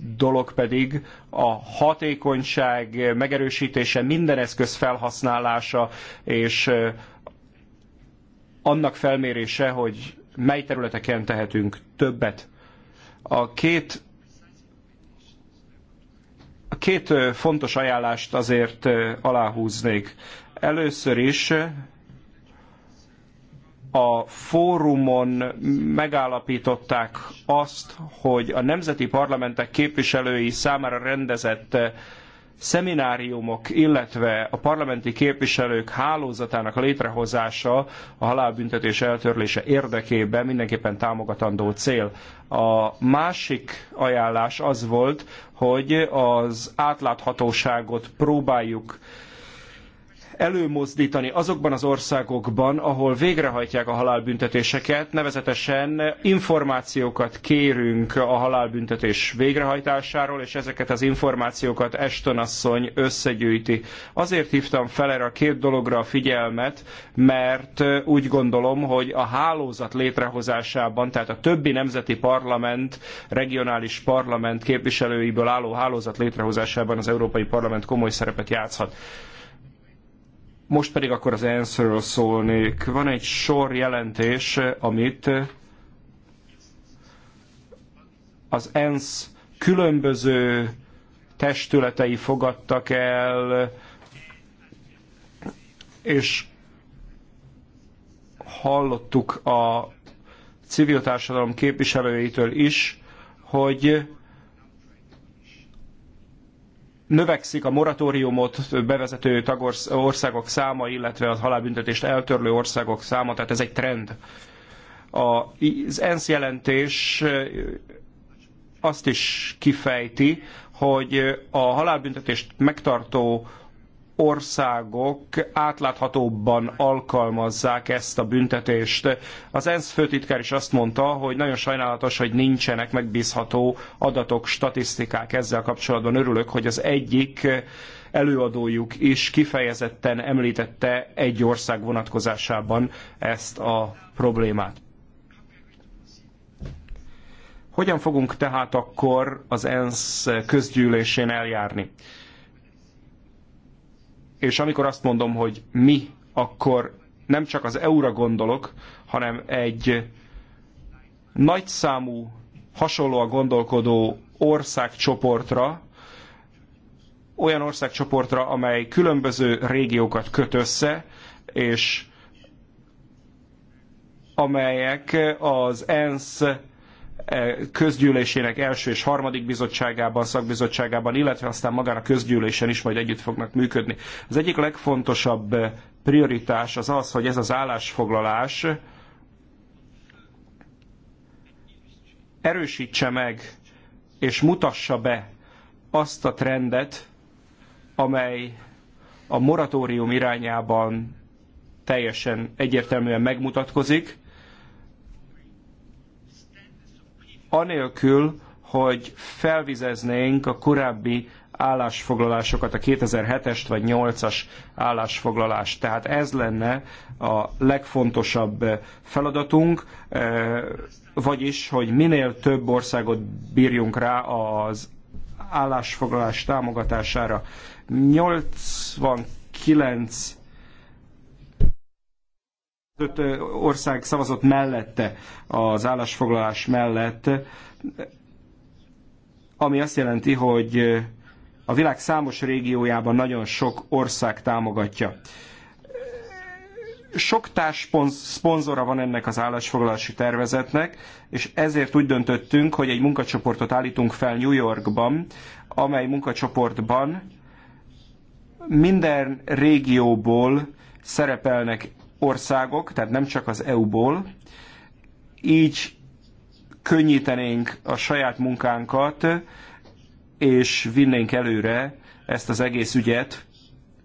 dolog pedig a hatékonyság megerősítése, minden eszköz felhasználása, és annak felmérése, hogy mely területeken tehetünk többet. A két a két fontos ajánlást azért aláhúznék. Először is a fórumon megállapították azt, hogy a nemzeti parlamentek képviselői számára rendezett eh, szemináriumok, illetve a parlamenti képviselők hálózatának létrehozása a halálbüntetés eltörlése érdekében mindenképpen támogatandó cél. A másik ajánlás az volt, hogy az átláthatóságot próbáljuk előmozdítani azokban az országokban, ahol végrehajtják a halálbüntetéseket, nevezetesen információkat kérünk a halálbüntetés végrehajtásáról, és ezeket az információkat Eston asszony összegyűjti. Azért hívtam fel erre a két dologra a figyelmet, mert úgy gondolom, hogy a hálózat létrehozásában, tehát a többi nemzeti parlament, regionális parlament képviselőiből álló hálózat létrehozásában az Európai Parlament komoly szerepet játszhat. Most pedig akkor az ENSZ-ről szólnék. Van egy sor jelentés, amit az ENSZ különböző testületei fogadtak el, és hallottuk a civil társadalom képviselőitől is, hogy növekszik a moratóriumot bevezető tagországok száma, illetve a halálbüntetést eltörlő országok száma, tehát ez egy trend. Az ENSZ jelentés azt is kifejti, hogy a halálbüntetést megtartó országok átláthatóbban alkalmazzák ezt a büntetést. Az ENSZ főtitkár is azt mondta, hogy nagyon sajnálatos, hogy nincsenek megbízható adatok, statisztikák ezzel kapcsolatban. Örülök, hogy az egyik előadójuk is kifejezetten említette egy ország vonatkozásában ezt a problémát. Hogyan fogunk tehát akkor az ENSZ közgyűlésén eljárni? és amikor azt mondom, hogy mi, akkor nem csak az EU-ra gondolok, hanem egy nagyszámú, hasonló a gondolkodó országcsoportra, olyan országcsoportra, amely különböző régiókat köt össze, és amelyek az ENSZ E, közgyűlésének első és harmadik bizottságában, szakbizottságában, illetve aztán magán a közgyűlésen is majd együtt fognak működni. Az egyik legfontosabb e, prioritás az az, hogy ez az állásfoglalás erősítse meg és mutassa be azt a trendet, amely a moratórium irányában teljesen egyértelműen megmutatkozik, anélkül, hogy felvizeznénk a korábbi állásfoglalásokat, a 2007 es vagy 8-as állásfoglalást. Tehát ez lenne a legfontosabb eh, feladatunk, eh, vagyis, hogy minél több országot bírjunk rá az állásfoglalás támogatására. 89 öt ország szavazott mellette, az állásfoglalás mellett, ami azt jelenti, hogy a világ számos régiójában nagyon sok ország támogatja. Sok társ szponzora van ennek az állásfoglalási tervezetnek, és ezért úgy döntöttünk, hogy egy munkacsoportot állítunk fel New Yorkban, amely munkacsoportban minden régióból szerepelnek országok, tehát nem csak az EU-ból, így könnyítenénk a saját munkánkat, és vinnénk előre ezt az egész ügyet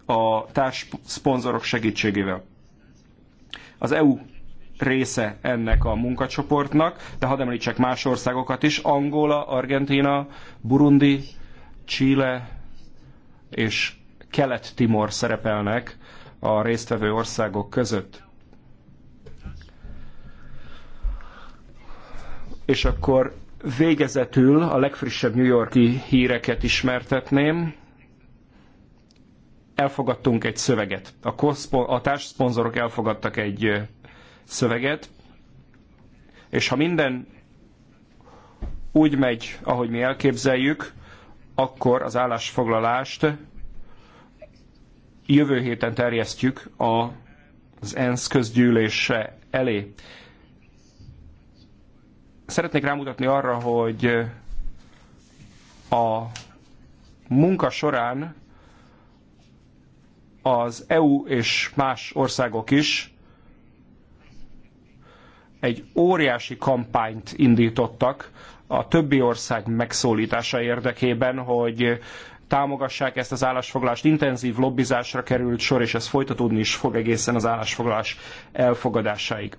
a társszponzorok segítségével. Az EU része ennek a munkacsoportnak, de hadd említsek más országokat is, Angola, Argentina, Burundi, Chile és Kelet-Timor szerepelnek a résztvevő országok között. És akkor végezetül a legfrissebb New Yorki híreket ismertetném. Elfogadtunk egy szöveget. A, a társszponzorok elfogadtak egy szöveget, és ha minden úgy megy, ahogy mi elképzeljük, akkor az állásfoglalást jövő héten terjesztjük az ENSZ közgyűlése elé. Szeretnék rámutatni arra, hogy a munka során az EU és más országok is egy óriási kampányt indítottak a többi ország megszólítása érdekében, hogy támogassák ezt az állásfoglalást. Intenzív lobbizásra került sor, és ez folytatódni is fog egészen az állásfoglalás elfogadásáig.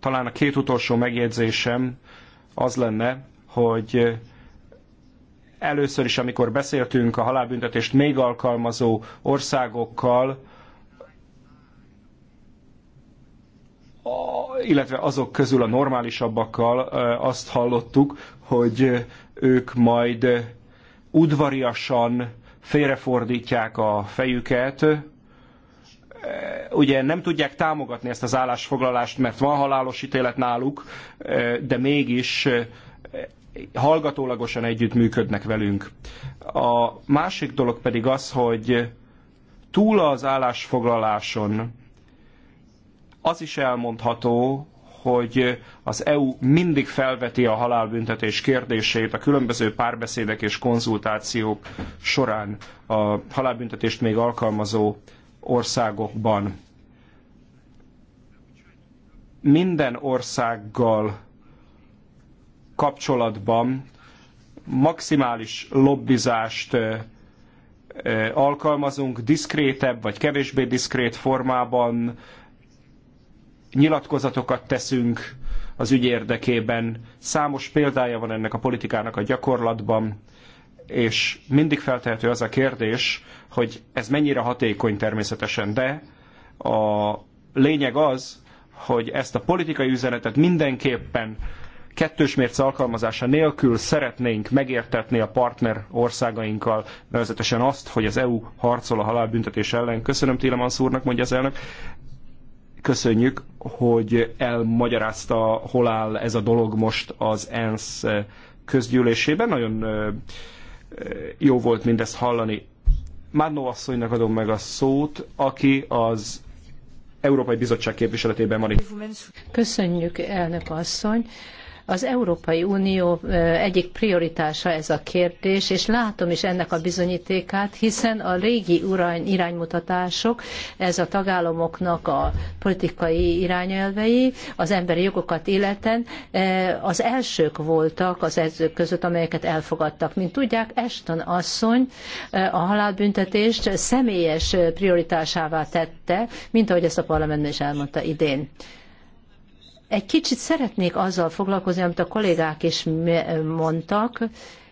Talán a két utolsó megjegyzésem az lenne, hogy először is, amikor beszéltünk a halálbüntetést még alkalmazó országokkal, illetve azok közül a normálisabbakkal azt hallottuk, hogy ők majd udvariasan félrefordítják a fejüket, ugye nem tudják támogatni ezt az állásfoglalást, mert van halálos ítélet náluk, de mégis hallgatólagosan együttműködnek velünk. A másik dolog pedig az, hogy túl az állásfoglaláson az is elmondható, hogy az EU mindig felveti a halálbüntetés kérdését a különböző párbeszédek és konzultációk során a halálbüntetést még alkalmazó országokban. Minden országgal kapcsolatban maximális lobbizást alkalmazunk, diszkrétebb vagy kevésbé diszkrét formában, nyilatkozatokat teszünk az ügy érdekében. Számos példája van ennek a politikának a gyakorlatban, és mindig feltehető az a kérdés, hogy ez mennyire hatékony természetesen, de a lényeg az, hogy ezt a politikai üzenetet mindenképpen kettős mérce alkalmazása nélkül szeretnénk megértetni a partner országainkkal, nevezetesen azt, hogy az EU harcol a halálbüntetés ellen. Köszönöm Tilemansz úrnak, mondja az elnök köszönjük, hogy elmagyarázta, hol áll ez a dolog most az ENSZ közgyűlésében. Nagyon jó volt mindezt hallani. Márnó asszonynak adom meg a szót, aki az Európai Bizottság képviseletében van itt. Köszönjük, elnök asszony. Az Európai Unió egyik prioritása ez a kérdés, és látom is ennek a bizonyítékát, hiszen a régi iránymutatások, ez a tagállamoknak a politikai irányelvei, az emberi jogokat életen az elsők voltak az ezők között, amelyeket elfogadtak. Mint tudják, Eston asszony a halálbüntetést személyes prioritásává tette, mint ahogy ezt a parlamentben is elmondta idén egy kicsit szeretnék azzal foglalkozni, amit a kollégák is mondtak,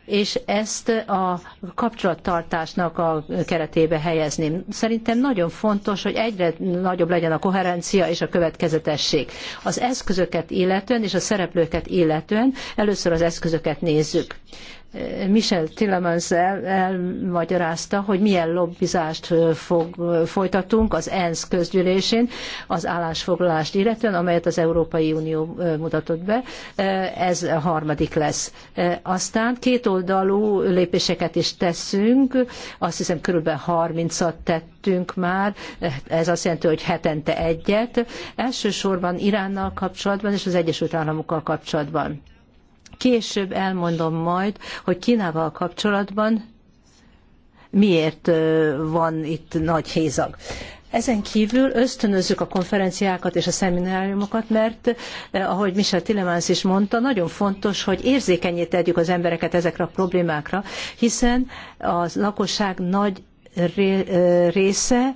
és ezt a kapcsolattartásnak a keretébe helyezni. Szerintem nagyon fontos, hogy egyre nagyobb legyen a koherencia és a következetesség. Az eszközöket illetően és a szereplőket illetően először az eszközöket nézzük. Michel Tillemans el, elmagyarázta, hogy milyen lobbizást fog, folytatunk az ENSZ közgyűlésén az állásfoglalást illetően, amelyet az Európai Unió mutatott be. Ez a harmadik lesz. Aztán kétoldalú lépéseket is teszünk, azt hiszem körülbelül 30-at tettünk már, ez azt jelenti, hogy hetente egyet, elsősorban Iránnal kapcsolatban és az Egyesült Államokkal kapcsolatban Később elmondom majd, hogy Kínával kapcsolatban miért van itt nagy hézag. Ezen kívül ösztönözzük a konferenciákat és a szemináriumokat, mert ahogy Michel Tillemans is mondta, nagyon fontos, hogy érzékenyét tegyük az embereket ezekre a problémákra, hiszen a lakosság nagy része,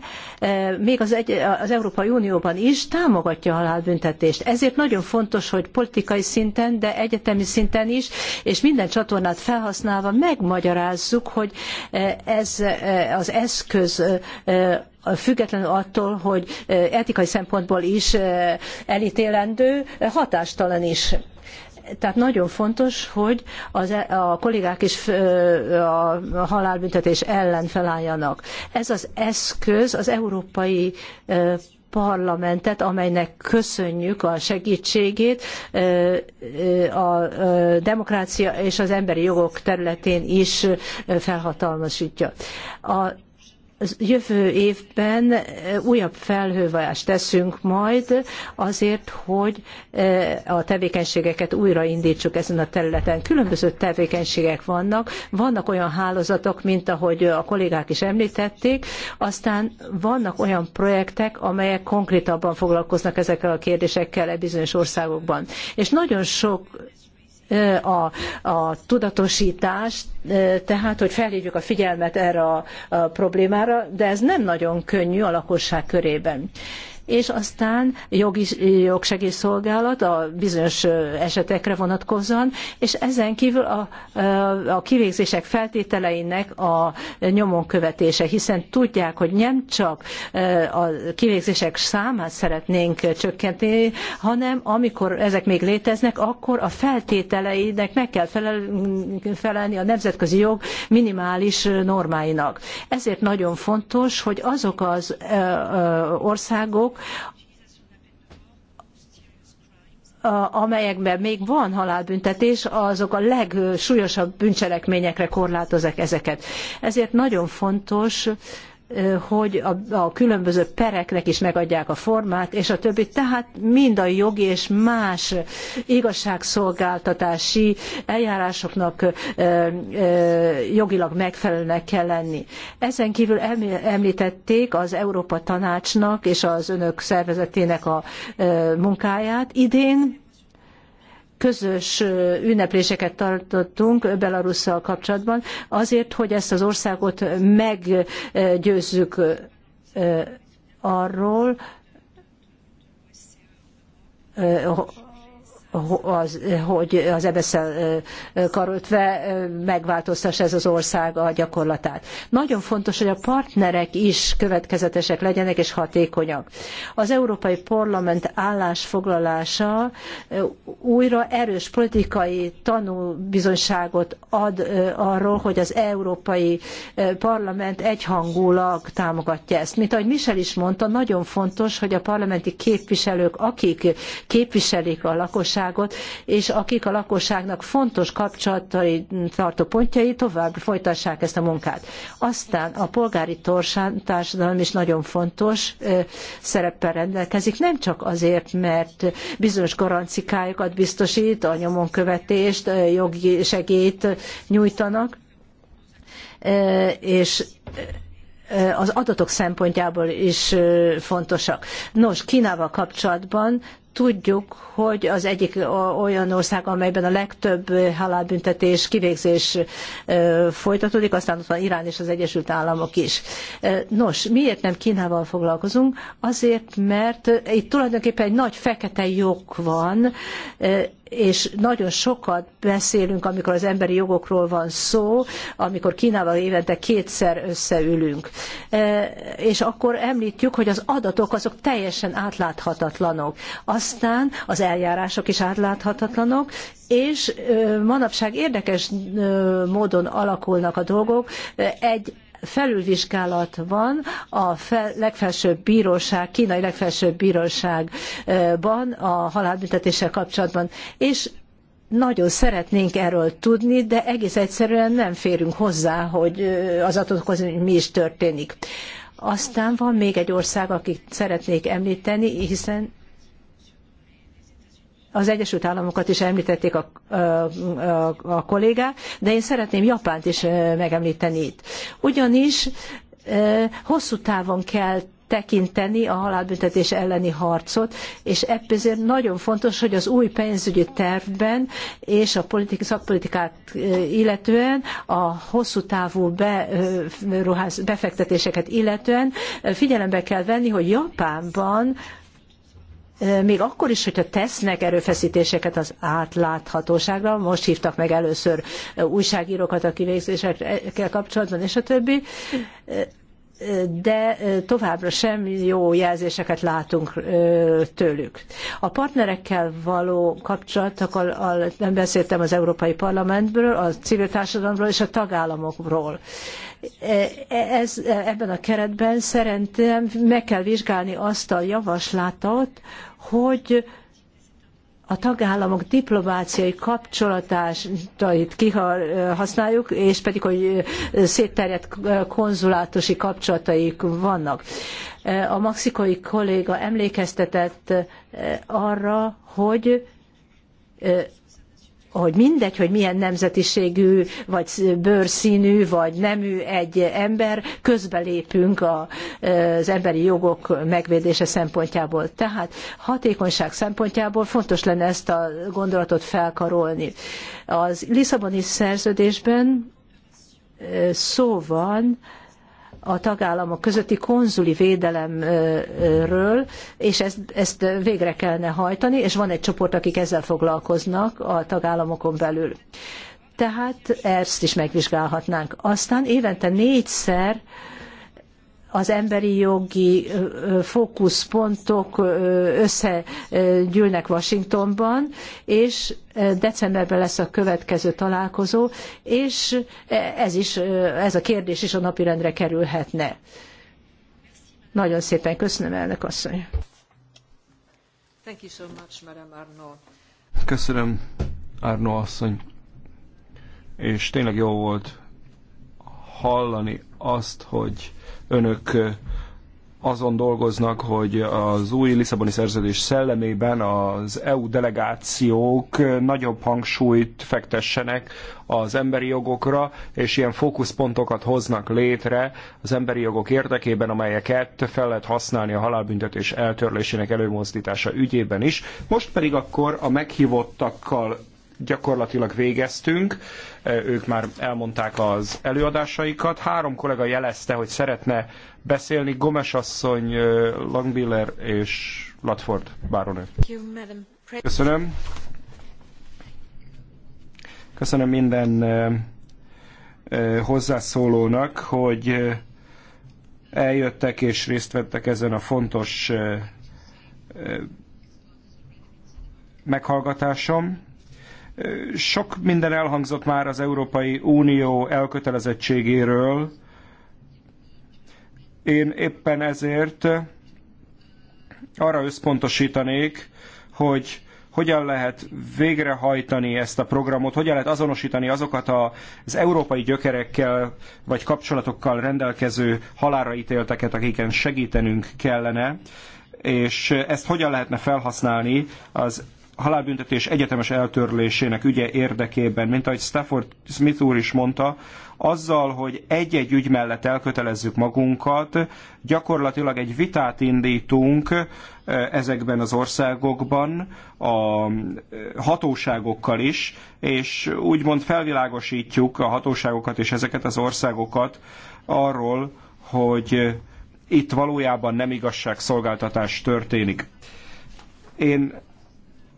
még az, egy, az Európai Unióban is támogatja a halálbüntetést. Ezért nagyon fontos, hogy politikai szinten, de egyetemi szinten is, és minden csatornát felhasználva megmagyarázzuk, hogy ez az eszköz függetlenül attól, hogy etikai szempontból is elítélendő, hatástalan is tehát nagyon fontos, hogy az, e- a kollégák is a halálbüntetés ellen felálljanak. Ez az eszköz az európai parlamentet, amelynek köszönjük a segítségét a demokrácia és az emberi jogok területén is felhatalmasítja. A jövő évben e, újabb felhővást teszünk majd azért, hogy e, a tevékenységeket újraindítsuk ezen a területen. Különböző tevékenységek vannak, vannak olyan hálózatok, mint ahogy a kollégák is említették, aztán vannak olyan projektek, amelyek konkrétabban foglalkoznak ezekkel a kérdésekkel e bizonyos országokban. És nagyon sok a, a tudatosítás, tehát hogy felhívjuk a figyelmet erre a, a problémára, de ez nem nagyon könnyű a lakosság körében és aztán jogi, jogsegélyszolgálat a bizonyos esetekre vonatkozóan, és ezen kívül a, a kivégzések feltételeinek a nyomon követése, hiszen tudják, hogy nem csak a kivégzések számát szeretnénk csökkenteni, hanem amikor ezek még léteznek, akkor a feltételeinek meg kell felelni a nemzetközi jog minimális normáinak. Ezért nagyon fontos, hogy azok az országok, amelyekben még van halálbüntetés, azok a legsúlyosabb bűncselekményekre korlátozzák ezeket. Ezért nagyon fontos, hogy a, a különböző pereknek is megadják a formát, és a többi. Tehát mind a jogi és más igazságszolgáltatási eljárásoknak jogilag megfelelőnek kell lenni. Ezen kívül említették az Európa Tanácsnak és az önök szervezetének a munkáját idén közös ünnepléseket tartottunk Belarusszal kapcsolatban, azért, hogy ezt az országot meggyőzzük arról, az, hogy az ebeszel karöltve megváltoztassa ez az ország a gyakorlatát. Nagyon fontos, hogy a partnerek is következetesek legyenek és hatékonyak. Az Európai Parlament állásfoglalása újra erős politikai tanúbizonyságot ad arról, hogy az Európai Parlament egyhangulag támogatja ezt. Mint ahogy Michel is mondta, nagyon fontos, hogy a parlamenti képviselők, akik képviselik a lakosságot, lakosságot, és akik a lakosságnak fontos kapcsolatai tartó pontjai tovább folytassák ezt a munkát. Aztán a polgári társadalom is nagyon fontos szereppel rendelkezik, nem csak azért, mert bizonyos garancikájukat biztosít, a követést, jogi segélyt nyújtanak, és az adatok szempontjából is fontosak. Nos, Kínával kapcsolatban Tudjuk, hogy az egyik olyan ország, amelyben a legtöbb halálbüntetés, kivégzés folytatódik, aztán ott van Irán és az Egyesült Államok is. Nos, miért nem Kínával foglalkozunk? Azért, mert itt tulajdonképpen egy nagy fekete lyuk van, és nagyon sokat beszélünk, amikor az emberi jogokról van szó, amikor Kínával évente kétszer összeülünk. E, és akkor említjük, hogy az adatok azok teljesen átláthatatlanok. Aztán az eljárások is átláthatatlanok, és manapság érdekes módon alakulnak a dolgok. Egy felülvizsgálat van a fel, legfelsőbb bíróság, kínai legfelsőbb bíróságban a halálbüntetéssel kapcsolatban, és nagyon szeretnénk erről tudni, de egész egyszerűen nem férünk hozzá, hogy az adatokhoz mi is történik. Aztán van még egy ország, akit szeretnék említeni, hiszen az Egyesült Államokat is említették a, a, a kollégák, de én szeretném Japánt is megemlíteni itt. Ugyanis hosszú távon kell tekinteni a halálbüntetés elleni harcot, és ezért nagyon fontos, hogy az új pénzügyi tervben és a politik, szakpolitikát illetően, a hosszú távú befektetéseket illetően figyelembe kell venni, hogy Japánban még akkor is, hogyha tesznek erőfeszítéseket az átláthatóságra, most hívtak meg először újságírókat a kivégzésekkel kapcsolatban, és a többi, de továbbra sem jó jelzéseket látunk tőlük. A partnerekkel való kapcsolatokkal nem beszéltem az Európai Parlamentből, a civil társadalomról és a tagállamokról. Ez, ebben a keretben szerintem meg kell vizsgálni azt a javaslatot, hogy a tagállamok diplomáciai kapcsolatait kihasználjuk, és pedig, hogy szétterjedt konzulátusi kapcsolataik vannak. A maxikai kolléga emlékeztetett arra, hogy hogy mindegy, hogy milyen nemzetiségű, vagy bőrszínű, vagy nemű egy ember, közbelépünk az emberi jogok megvédése szempontjából. Tehát hatékonyság szempontjából fontos lenne ezt a gondolatot felkarolni. Az Lisszaboni szerződésben szó van a tagállamok közötti konzuli védelemről, és ezt, ezt végre kellene hajtani, és van egy csoport, akik ezzel foglalkoznak a tagállamokon belül. Tehát ezt is megvizsgálhatnánk. Aztán évente négyszer uh, az emberi jogi fókuszpontok összegyűlnek Washingtonban, és decemberben lesz a következő találkozó, és e, ez, is, ez a kérdés is a napirendre kerülhetne. Nagyon szépen köszönöm, elnök asszony. Köszönöm, Arno asszony. És tényleg jó volt hallani azt, hogy önök azon dolgoznak, hogy az új Lisszaboni szerződés szellemében az EU delegációk nagyobb hangsúlyt fektessenek az emberi jogokra, és ilyen fókuszpontokat hoznak létre az emberi jogok érdekében, amelyeket fel lehet használni a halálbüntetés eltörlésének előmozdítása ügyében is. Most pedig akkor a meghívottakkal gyakorlatilag végeztünk, e, ők már elmondták az előadásaikat. Három kollega jelezte, hogy szeretne beszélni, Gomes asszony, e, Langbiller és Latford báronő. Köszönöm. Köszönöm minden e, hozzászólónak, hogy eljöttek és részt vettek ezen a fontos meghallgatásom. Sok minden elhangzott már az Európai Unió elkötelezettségéről. Én éppen ezért arra összpontosítanék, hogy hogyan lehet végrehajtani ezt a programot, hogyan lehet azonosítani azokat az európai gyökerekkel vagy kapcsolatokkal rendelkező halára ítélteket, akiken segítenünk kellene, és ezt hogyan lehetne felhasználni az halálbüntetés egyetemes eltörlésének ügye érdekében, mint ahogy Stafford Smith úr is mondta, azzal, hogy egy-egy ügy mellett elkötelezzük magunkat, gyakorlatilag egy vitát indítunk eh, ezekben az országokban a eh, hatóságokkal is, és úgymond felvilágosítjuk a hatóságokat és ezeket az országokat arról, hogy eh, itt valójában nem igazságszolgáltatás történik. Én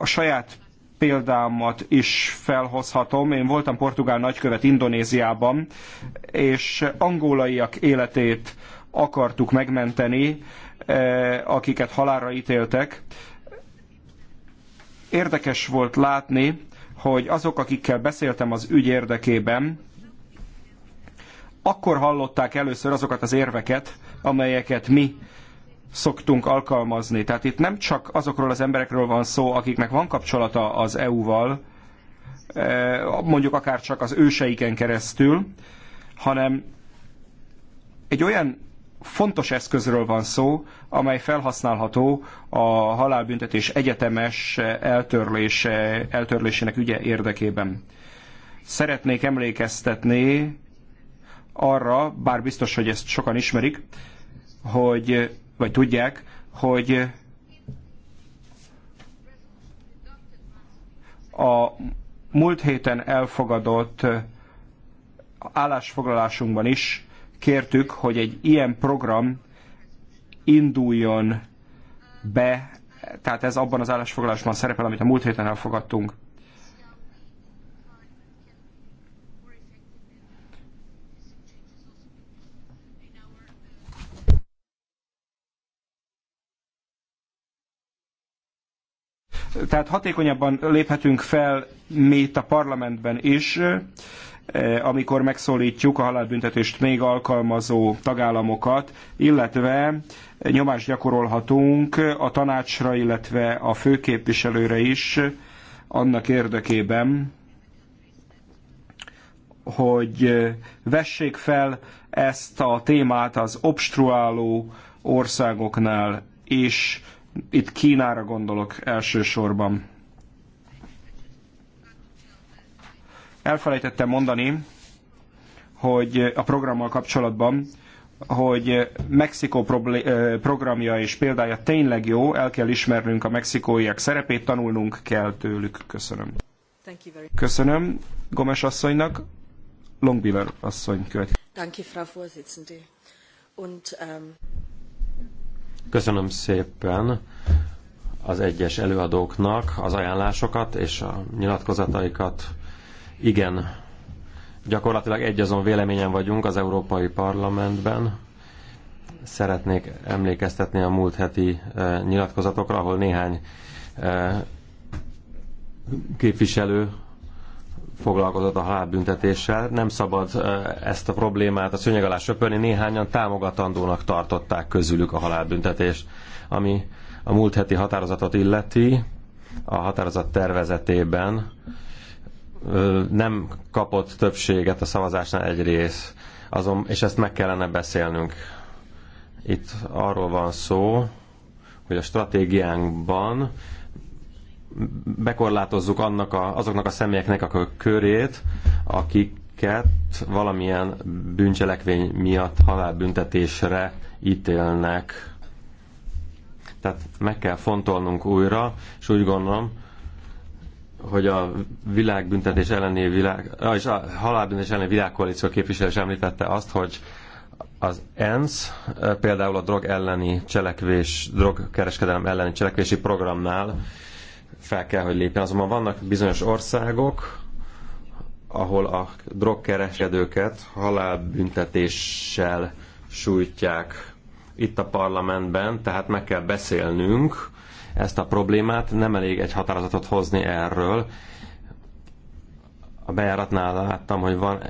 a saját példámat is felhozhatom. Én voltam portugál nagykövet Indonéziában, és angolaiak életét akartuk megmenteni, e, akiket halálra ítéltek. Érdekes volt látni, hogy azok, akikkel beszéltem az ügy érdekében, akkor hallották először azokat az érveket, amelyeket mi szoktunk alkalmazni. Tehát itt nem csak azokról az emberekről van szó, akiknek van kapcsolata az EU-val, e, mondjuk akár csak az őseiken keresztül, hanem egy olyan fontos eszközről van szó, amely felhasználható a halálbüntetés egyetemes eltörlése, eltörlésének ügye érdekében. Szeretnék emlékeztetni arra, bár biztos, hogy ezt sokan ismerik, hogy vagy tudják, hogy a múlt héten elfogadott állásfoglalásunkban is kértük, hogy egy ilyen program induljon be, tehát ez abban az állásfoglalásban szerepel, amit a múlt héten elfogadtunk. Tehát hatékonyabban léphetünk fel mi itt a parlamentben is, eh, amikor megszólítjuk a halálbüntetést még alkalmazó tagállamokat, illetve nyomást gyakorolhatunk a tanácsra, illetve a főképviselőre is annak érdekében, hogy eh, vessék fel ezt a témát az obstruáló országoknál, és itt Kínára gondolok elsősorban. Elfelejtettem mondani, hogy a programmal kapcsolatban, hogy Mexikó eh, programja és példája tényleg jó, el kell ismernünk a mexikóiak szerepét, tanulnunk kell tőlük. Köszönöm. Köszönöm Gomes asszonynak. Longbiller asszony következik. Köszönöm szépen az egyes előadóknak az ajánlásokat és a nyilatkozataikat. Igen, gyakorlatilag azon véleményen vagyunk az Európai Parlamentben. Szeretnék emlékeztetni a múlt heti e, nyilatkozatokra, ahol néhány e, képviselő foglalkozott a halálbüntetéssel. Nem szabad ezt a problémát a szőnyeg alá söpörni. Néhányan támogatandónak tartották közülük a halálbüntetést, ami a múlt heti határozatot illeti, a határozat tervezetében nem kapott többséget a szavazásnál egy rész, azon, és ezt meg kellene beszélnünk. Itt arról van szó, hogy a stratégiánkban bekorlátozzuk annak a, azoknak a személyeknek a körét, akiket valamilyen bűncselekvény miatt halálbüntetésre ítélnek. Tehát meg kell fontolnunk újra, és úgy gondolom, hogy a világbüntetés elleni világ, és a halálbüntetés elleni világkoalíció képviselő említette azt, hogy az ENSZ eh, például a drog elleni cselekvés, drogkereskedelem elleni cselekvési programnál fel kell, hogy lépjen. Azonban vannak bizonyos országok, ahol a drogkereskedőket halálbüntetéssel sújtják itt a parlamentben, tehát meg kell beszélnünk ezt a problémát, nem elég egy határozatot hozni erről. A bejáratnál láttam, hogy van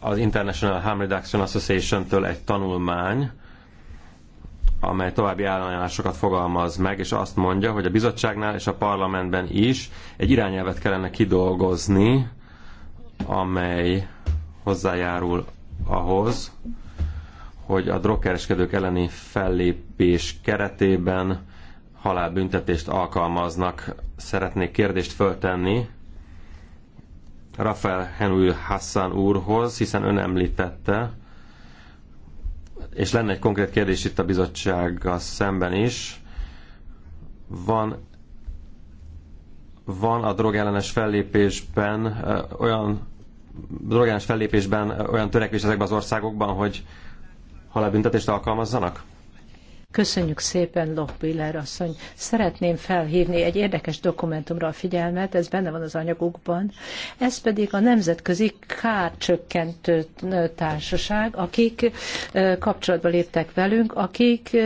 az International Harm Reduction Association-től egy tanulmány, amely további ajánlásokat fogalmaz meg, és azt mondja, hogy a bizottságnál és a parlamentben is egy irányelvet kellene kidolgozni, amely hozzájárul ahhoz, hogy a drogkereskedők elleni fellépés keretében halálbüntetést alkalmaznak. Szeretnék kérdést föltenni Rafael Henry Hassan úrhoz, hiszen ön említette, és lenne egy konkrét kérdés itt a bizottsággal szemben is. Van van a drogellenes fellépésben olyan drogellenes fellépésben olyan törekvés ezekben az országokban, hogy halálbüntetést alkalmazzanak? Köszönjük szépen, Lochbiller asszony. Szeretném felhívni egy érdekes dokumentumra a figyelmet, ez benne van az anyagukban. Ez pedig a Nemzetközi Kárcsökkentő Társaság, akik kapcsolatba léptek velünk, akik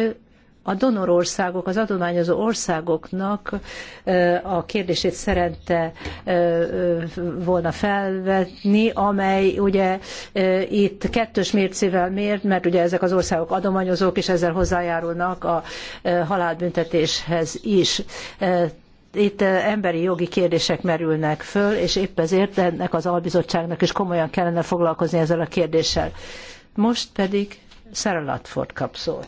a donorországok, az adományozó országoknak a kérdését szerette volna felvetni, amely ugye itt kettős mércével mért, mert ugye ezek az országok adományozók, és ezzel hozzájárulnak a halálbüntetéshez is itt emberi jogi kérdések merülnek föl, és épp ezért ennek az albizottságnak is komolyan kellene foglalkozni ezzel a kérdéssel. Most pedig Sarah Latford kap szót.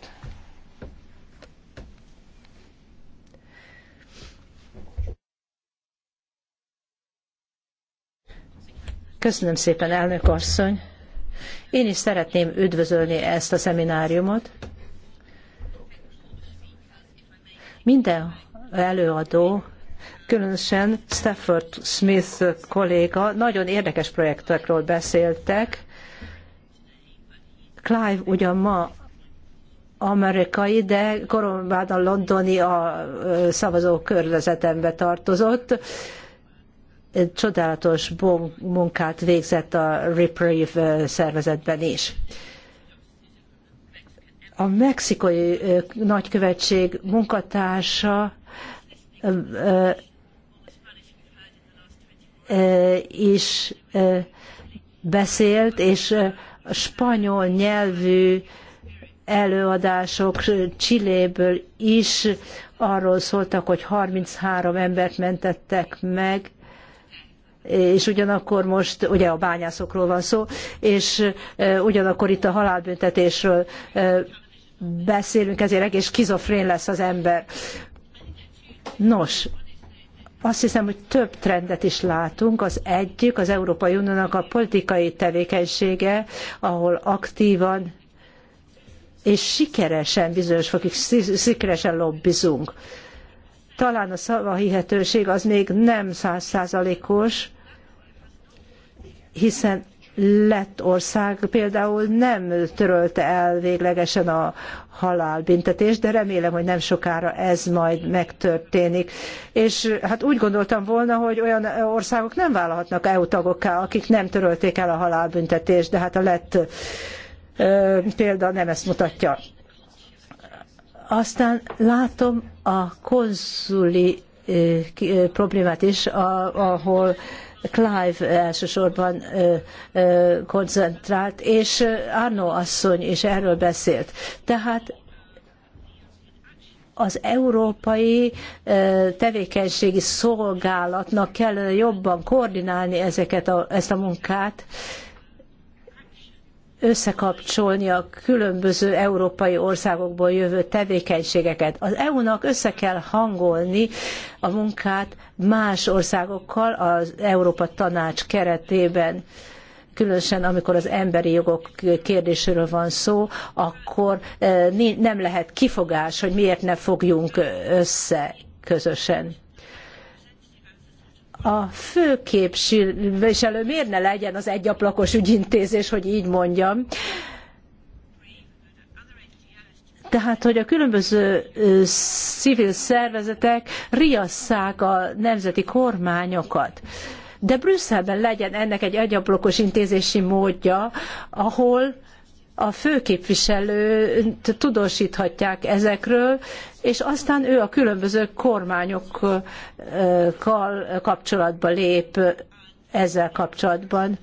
Köszönöm szépen, elnök asszony. Én is szeretném üdvözölni ezt a szemináriumot. Minden előadó, különösen Stafford Smith kolléga, nagyon érdekes projektekről beszéltek. Clive ugyan ma amerikai, de a londoni a szavazókörzetembe tartozott csodálatos munkát végzett a Reprieve szervezetben is. A mexikai nagykövetség munkatársa is beszélt, és a spanyol nyelvű előadások Csilléből is arról szóltak, hogy 33 embert mentettek meg, és ugyanakkor most ugye a bányászokról van szó, és ugyanakkor itt a halálbüntetésről beszélünk, ezért egész skizofrén lesz az ember. Nos, azt hiszem, hogy több trendet is látunk. Az egyik az Európai Uniónak a politikai tevékenysége, ahol aktívan és sikeresen, bizonyos fokig sikeresen lobbizunk. Talán a szavahihetőség az még nem százszázalékos, hiszen lett ország például nem törölte el véglegesen a halálbüntetést, de remélem, hogy nem sokára ez majd megtörténik. És hát úgy gondoltam volna, hogy olyan országok nem válhatnak EU tagokká, akik nem törölték el a halálbüntetést, de hát a lett példa nem ezt mutatja. Aztán látom a konzuli eh, eh, problémát is, ahol Clive elsősorban eh, koncentrált, és Arno asszony is erről beszélt. Tehát az európai tevékenységi szolgálatnak kellene jobban koordinálni ezeket a, ezt a munkát, összekapcsolni a különböző európai országokból jövő tevékenységeket. Az EU-nak össze kell hangolni a munkát más országokkal az Európa Tanács keretében különösen amikor az emberi jogok kérdéséről van szó, akkor eh, nem lehet kifogás, hogy miért ne fogjunk eh, össze közösen a főképviselő miért ne legyen az egyablakos ügyintézés, hogy így mondjam. Tehát, hogy a különböző civil szervezetek riasszák a nemzeti kormányokat. De Brüsszelben legyen ennek egy egyablakos intézési módja, ahol a főképviselőt tudósíthatják ezekről, és aztán ő a különböző kormányokkal kapcsolatba lép ezzel kapcsolatban,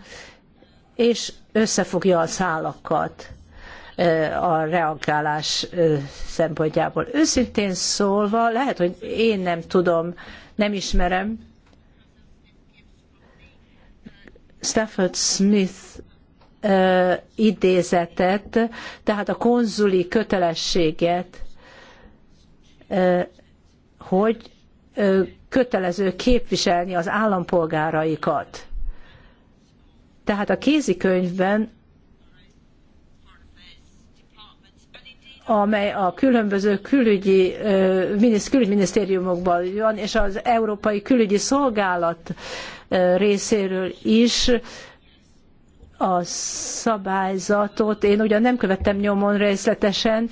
és összefogja a szálakat a reagálás szempontjából. Őszintén szólva, lehet, hogy én nem tudom, nem ismerem Stafford Smith idézetet, tehát a konzuli kötelességet, hogy kötelező képviselni az állampolgáraikat. Tehát a kézikönyvben, amely a különböző külügyi, külügyminisztériumokban van, és az Európai Külügyi Szolgálat részéről is a szabályzatot én ugyan nem követtem nyomon részletesen,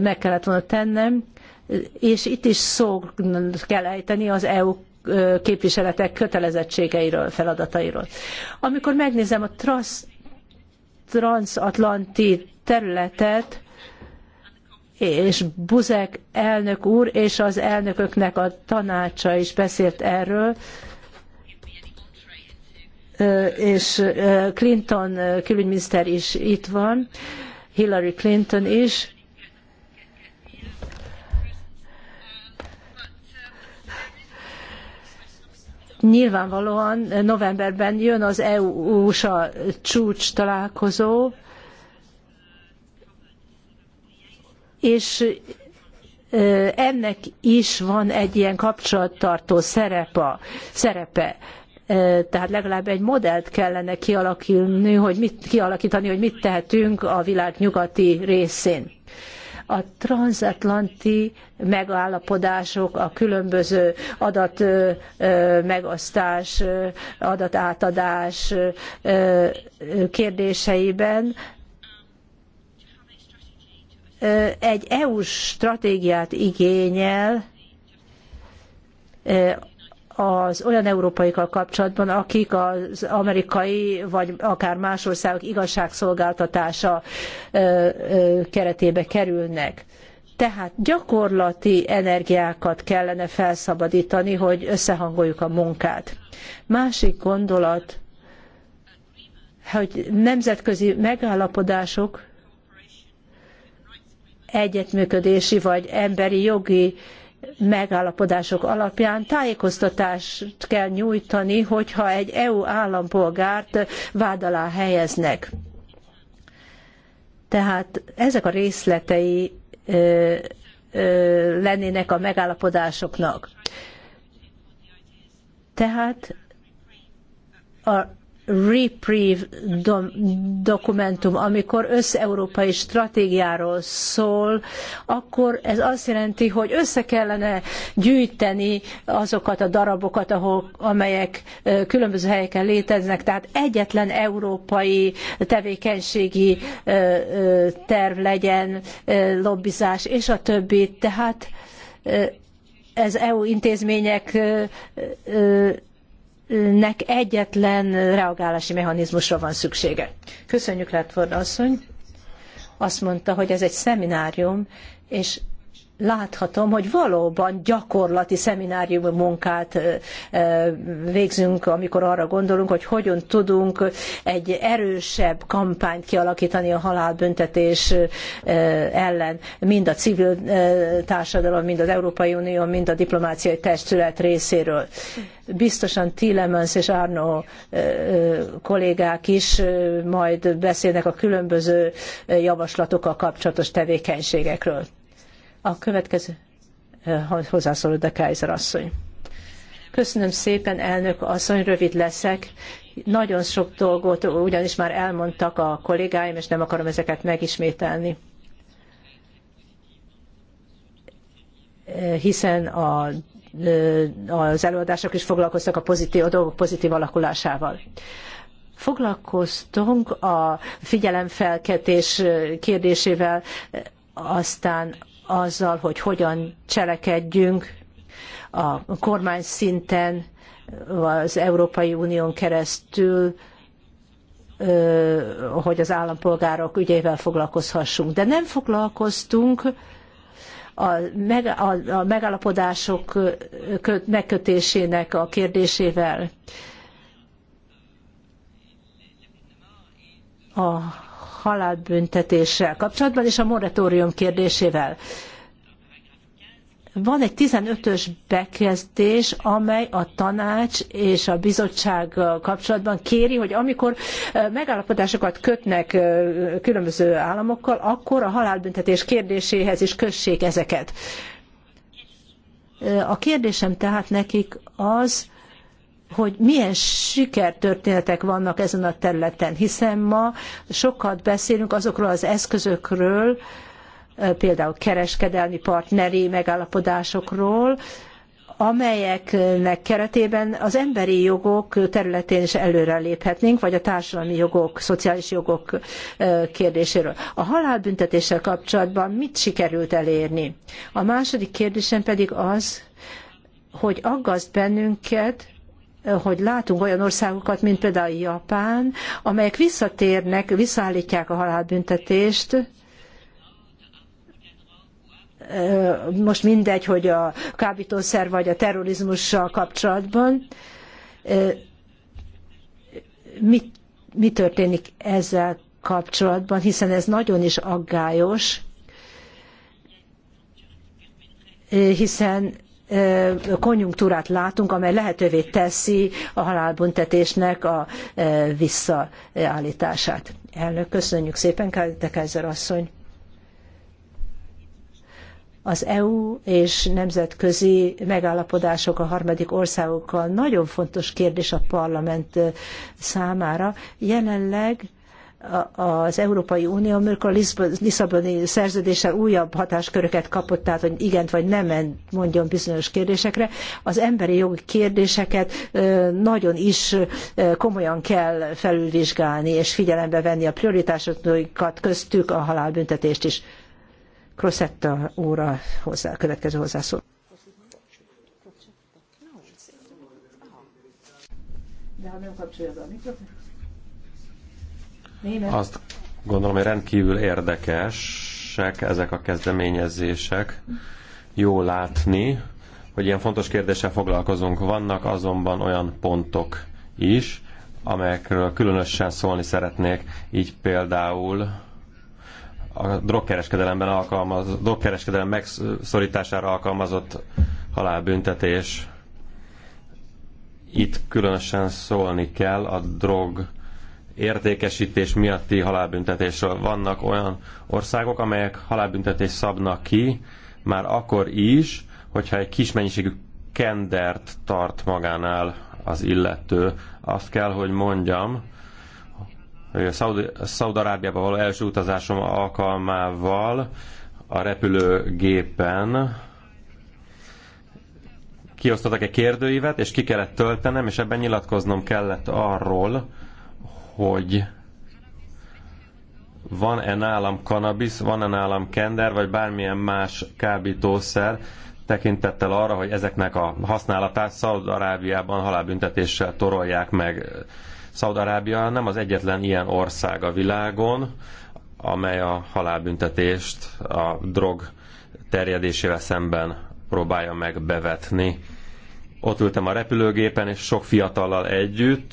meg kellett volna tennem, és itt is szó kell ejteni az EU képviseletek kötelezettségeiről, feladatairól. Amikor megnézem a trans transatlanti területet, és Buzek elnök úr és az elnököknek a tanácsa is beszélt erről, és Clinton külügyminiszter is itt van, Hillary Clinton is. Nyilvánvalóan novemberben jön az EU-USA csúcs találkozó, és ennek is van egy ilyen kapcsolattartó szerepe. Tehát legalább egy modellt kellene kialakítani, hogy mit, kialakítani, hogy mit tehetünk a világ nyugati részén a transatlanti megállapodások, a különböző adat megosztás, adatátadás kérdéseiben egy EU-s stratégiát igényel az olyan európaikkal kapcsolatban, akik az amerikai vagy akár más országok igazságszolgáltatása keretébe kerülnek. Tehát gyakorlati energiákat kellene felszabadítani, hogy összehangoljuk a munkát. Másik gondolat, hogy nemzetközi megállapodások egyetműködési vagy emberi jogi megállapodások alapján tájékoztatást kell nyújtani, hogyha egy EU állampolgárt vád alá helyeznek. Tehát ezek a részletei ö, ö, lennének a megállapodásoknak. Tehát a reprieve dokumentum, amikor összeurópai stratégiáról szól, akkor ez azt jelenti, hogy össze kellene gyűjteni azokat a darabokat, ahol, amelyek különböző helyeken léteznek, tehát egyetlen európai tevékenységi terv legyen, lobbizás és a többi. Tehát ez EU intézmények nek egyetlen reagálási mechanizmusra van szüksége. Köszönjük, Látford asszony. Azt mondta, hogy ez egy szeminárium, és láthatom, hogy valóban gyakorlati szemináriumi munkát végzünk, amikor arra gondolunk, hogy hogyan tudunk egy erősebb kampányt kialakítani a halálbüntetés ellen, mind a civil társadalom, mind az Európai Unió, mind a diplomáciai testület részéről. Biztosan Tillemans és Arno kollégák is majd beszélnek a különböző javaslatokkal kapcsolatos tevékenységekről a következő eh, hozzászóló de Kaiser asszony. Köszönöm szépen, elnök asszony, rövid leszek. Nagyon sok dolgot ugyanis már elmondtak a kollégáim, és nem akarom ezeket megismételni. Eh, hiszen a, eh, az előadások is foglalkoztak a, pozitív, a dolgok pozitív alakulásával foglalkoztunk a figyelemfelketés kérdésével, aztán azzal, hogy hogyan cselekedjünk a kormány szinten, az Európai Unión keresztül, hogy az állampolgárok ügyével foglalkozhassunk. De nem foglalkoztunk a, meg, a, a megállapodások köt, megkötésének a kérdésével. A halálbüntetéssel kapcsolatban és a moratórium kérdésével. Van egy 15-ös bekezdés, amely a tanács és a bizottság kapcsolatban kéri, hogy amikor megállapodásokat kötnek különböző államokkal, akkor a halálbüntetés kérdéséhez is kössék ezeket. A kérdésem tehát nekik az, hogy milyen sikertörténetek vannak ezen a területen, hiszen ma sokat beszélünk azokról az eszközökről, eh, például kereskedelmi partneri megállapodásokról, amelyeknek keretében az emberi jogok területén is előreléphetnénk, vagy a társadalmi jogok, szociális jogok eh, kérdéséről. A halálbüntetéssel kapcsolatban mit sikerült elérni? A második kérdésem pedig az, hogy aggaszt bennünket, hogy látunk olyan országokat, mint például Japán, amelyek visszatérnek, visszaállítják a halálbüntetést, most mindegy, hogy a kábítószer vagy a terrorizmussal kapcsolatban. Mi, mi történik ezzel kapcsolatban, hiszen ez nagyon is aggályos, hiszen konjunktúrát látunk, amely lehetővé teszi a halálbüntetésnek a visszaállítását. Elnök, köszönjük szépen, Kaiser asszony. Az EU és nemzetközi megállapodások a harmadik országokkal nagyon fontos kérdés a parlament számára. Jelenleg az Európai Unió, amikor a Lisszaboni szerződéssel újabb hatásköröket kapott, tehát hogy igent vagy nem mondjon bizonyos kérdésekre, az emberi jogi kérdéseket nagyon is komolyan kell felülvizsgálni, és figyelembe venni a prioritásokat, köztük a halálbüntetést is. Crosetta óra hozzá, következő hozzászól. De ha nem kapcsolja be a mikrofon. Azt gondolom, hogy rendkívül érdekesek ezek a kezdeményezések. Jó látni, hogy ilyen fontos kérdéssel foglalkozunk. Vannak azonban olyan pontok is, amelyekről különösen szólni szeretnék, így például a drogkereskedelemben alkalmaz, drogkereskedelem megszorítására alkalmazott halálbüntetés. Itt különösen szólni kell a drog értékesítés miatti halálbüntetésről. Vannak olyan országok, amelyek halálbüntetést szabnak ki, már akkor is, hogyha egy kis mennyiségű kendert tart magánál az illető. Azt kell, hogy mondjam, hogy a Szaudarábiába való első utazásom alkalmával a repülőgépen kiosztottak egy kérdőívet, és ki kellett töltenem, és ebben nyilatkoznom kellett arról, hogy van-e nálam kanabisz, van-e nálam kender, vagy bármilyen más kábítószer, tekintettel arra, hogy ezeknek a használatát Szaud-Arábiában halálbüntetéssel torolják meg. Szaud-Arábia nem az egyetlen ilyen ország a világon, amely a halálbüntetést a drog terjedésével szemben próbálja meg bevetni. Ott ültem a repülőgépen, és sok fiatallal együtt,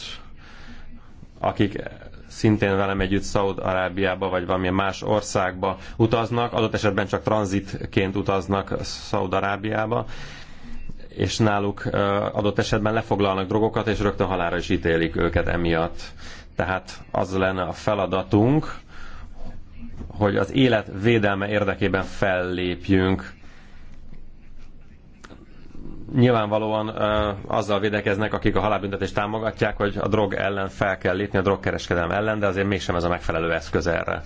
akik szintén velem együtt Szaud-Arábiába vagy valamilyen más országba utaznak, adott esetben csak tranzitként utaznak Szaud-Arábiába, és náluk adott esetben lefoglalnak drogokat, és rögtön halára is ítélik őket emiatt. Tehát az lenne a feladatunk, hogy az élet védelme érdekében fellépjünk nyilvánvalóan azzal védekeznek, akik a halálbüntetést támogatják, hogy a drog ellen fel kell lépni, a drogkereskedelem ellen, de azért mégsem ez a megfelelő eszköz erre.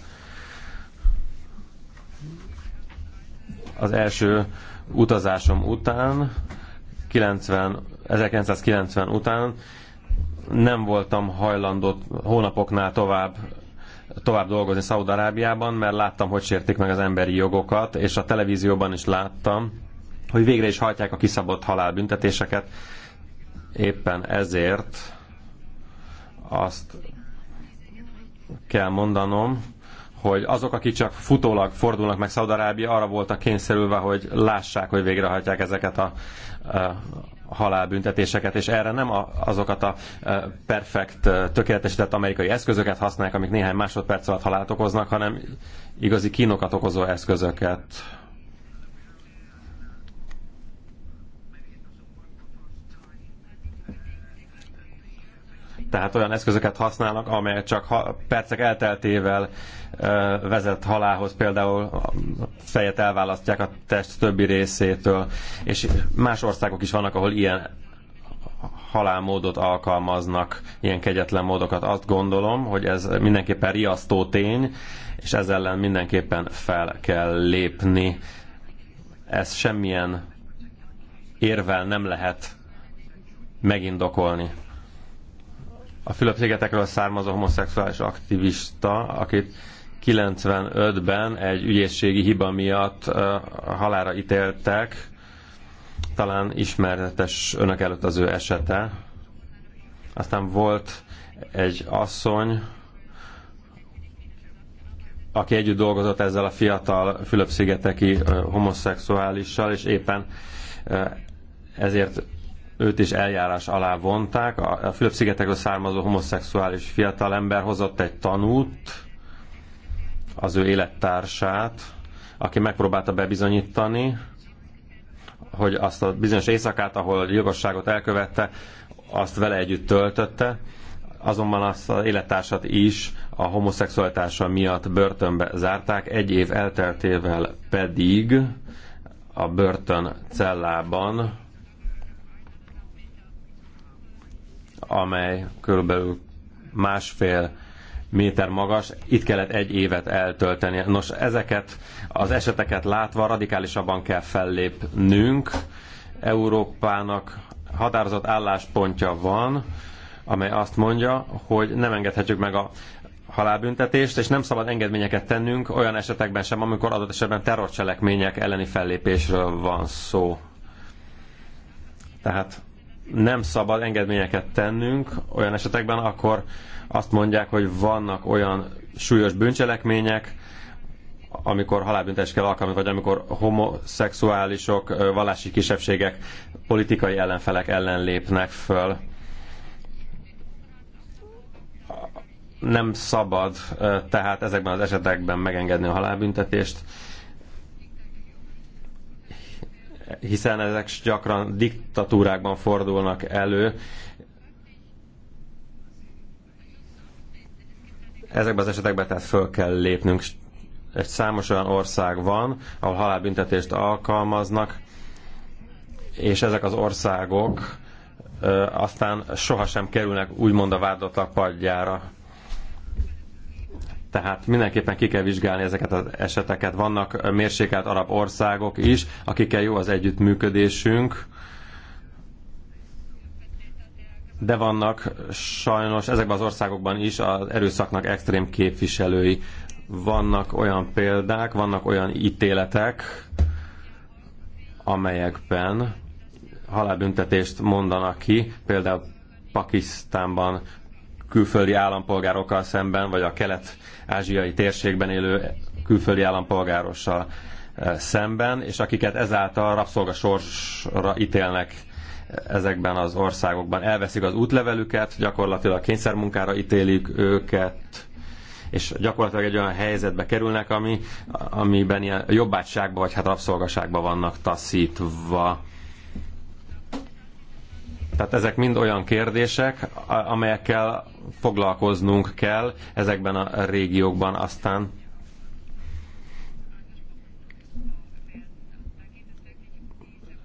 Az első utazásom után, 90, 1990 után nem voltam hajlandó hónapoknál tovább tovább dolgozni Szaúd-Arábiában, mert láttam, hogy sértik meg az emberi jogokat, és a televízióban is láttam, hogy végre is hajtják a kiszabott halálbüntetéseket. Éppen ezért azt kell mondanom, hogy azok, akik csak futólag fordulnak meg Szaudarábia, arra voltak kényszerülve, hogy lássák, hogy végrehajtják ezeket a, a halálbüntetéseket, és erre nem azokat a perfekt, tökéletesített amerikai eszközöket használják, amik néhány másodperc alatt halált okoznak, hanem igazi kínokat okozó eszközöket. tehát olyan eszközöket használnak, amelyek csak percek elteltével vezet halához, például fejet elválasztják a test többi részétől, és más országok is vannak, ahol ilyen halálmódot alkalmaznak, ilyen kegyetlen módokat. Azt gondolom, hogy ez mindenképpen riasztó tény, és ez ellen mindenképpen fel kell lépni. Ez semmilyen érvel nem lehet megindokolni a Fülöp-szigetekről származó homoszexuális aktivista, akit 95-ben egy ügyészségi hiba miatt halára ítéltek. Talán ismeretes önök előtt az ő esete. Aztán volt egy asszony, aki együtt dolgozott ezzel a fiatal Fülöp-szigeteki homoszexuálissal, és éppen ezért őt is eljárás alá vonták. A Fülöp-szigetekről származó homoszexuális fiatalember hozott egy tanút, az ő élettársát, aki megpróbálta bebizonyítani, hogy azt a bizonyos éjszakát, ahol jogosságot elkövette, azt vele együtt töltötte, azonban azt az élettársat is a homoszexualitása miatt börtönbe zárták, egy év elteltével pedig a börtön cellában amely körülbelül másfél méter magas, itt kellett egy évet eltölteni. Nos, ezeket az eseteket látva radikálisabban kell fellépnünk. Európának határozott álláspontja van, amely azt mondja, hogy nem engedhetjük meg a halálbüntetést, és nem szabad engedményeket tennünk olyan esetekben sem, amikor adott esetben terrorcselekmények elleni fellépésről van szó. Tehát nem szabad engedményeket tennünk olyan esetekben, akkor azt mondják, hogy vannak olyan súlyos bűncselekmények, amikor halálbüntetés kell alkalmazni, vagy amikor homoszexuálisok, vallási kisebbségek, politikai ellenfelek ellen lépnek föl. Nem szabad tehát ezekben az esetekben megengedni a halálbüntetést hiszen ezek gyakran diktatúrákban fordulnak elő. Ezekben az esetekben tehát föl kell lépnünk. Egy számos olyan ország van, ahol halálbüntetést alkalmaznak, és ezek az országok aztán sohasem kerülnek úgymond a vádlottak padjára. Tehát mindenképpen ki kell vizsgálni ezeket az eseteket. Vannak mérsékelt arab országok is, akikkel jó az együttműködésünk, de vannak sajnos ezekben az országokban is az erőszaknak extrém képviselői. Vannak olyan példák, vannak olyan ítéletek, amelyekben halálbüntetést mondanak ki, például Pakisztánban külföldi állampolgárokkal szemben, vagy a kelet-ázsiai térségben élő külföldi állampolgárossal eh, szemben, és akiket ezáltal rabszolgasorsra ítélnek eh, ezekben az országokban. Elveszik az útlevelüket, gyakorlatilag kényszermunkára ítélik őket, és gyakorlatilag egy olyan helyzetbe kerülnek, ami, amiben ilyen jobbátságba vagy hát rabszolgaságba vannak taszítva. Tehát ezek mind olyan kérdések, amelyekkel foglalkoznunk kell ezekben a régiókban aztán.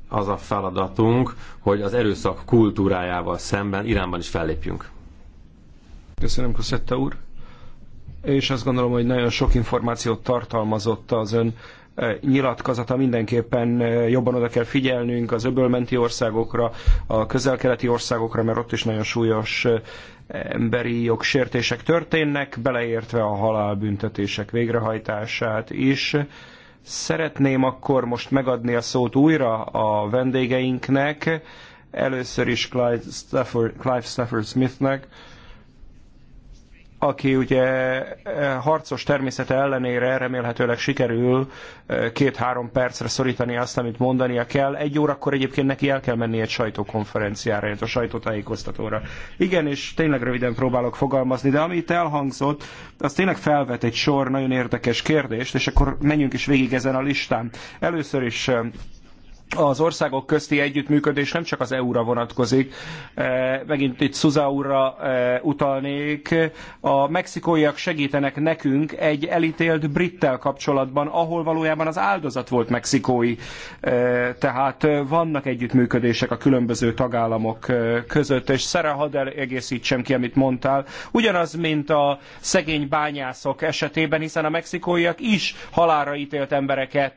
Az a feladatunk, hogy az erőszak kultúrájával szemben Iránban is fellépjünk. Köszönöm, Koszetta úr. És azt gondolom, hogy nagyon sok információt tartalmazott az ön nyilatkozata mindenképpen jobban oda kell figyelnünk az öbölmenti országokra, a közelkeleti országokra, mert ott is nagyon súlyos emberi jogsértések történnek, beleértve a halálbüntetések végrehajtását is. Szeretném akkor most megadni a szót újra a vendégeinknek, először is Clive Stafford, Clive Stafford Smithnek, aki ugye eh, harcos természete ellenére remélhetőleg sikerül eh, két-három percre szorítani azt, amit mondania kell. Egy órakor egyébként neki el kell menni egy sajtókonferenciára, egy a sajtótájékoztatóra. Igen, és tényleg röviden próbálok fogalmazni, de amit elhangzott, az tényleg felvet egy sor nagyon érdekes kérdést, és akkor menjünk is végig ezen a listán. Először is eh, az országok közti együttműködés nem csak az EU-ra vonatkozik. E, megint itt úrra e, utalnék. A mexikóiak segítenek nekünk egy elítélt brittel kapcsolatban, ahol valójában az áldozat volt mexikói. E, tehát vannak együttműködések a különböző tagállamok között, és Szere, hadd egészítsem ki, amit mondtál. Ugyanaz, mint a szegény bányászok esetében, hiszen a mexikóiak is halára ítélt embereket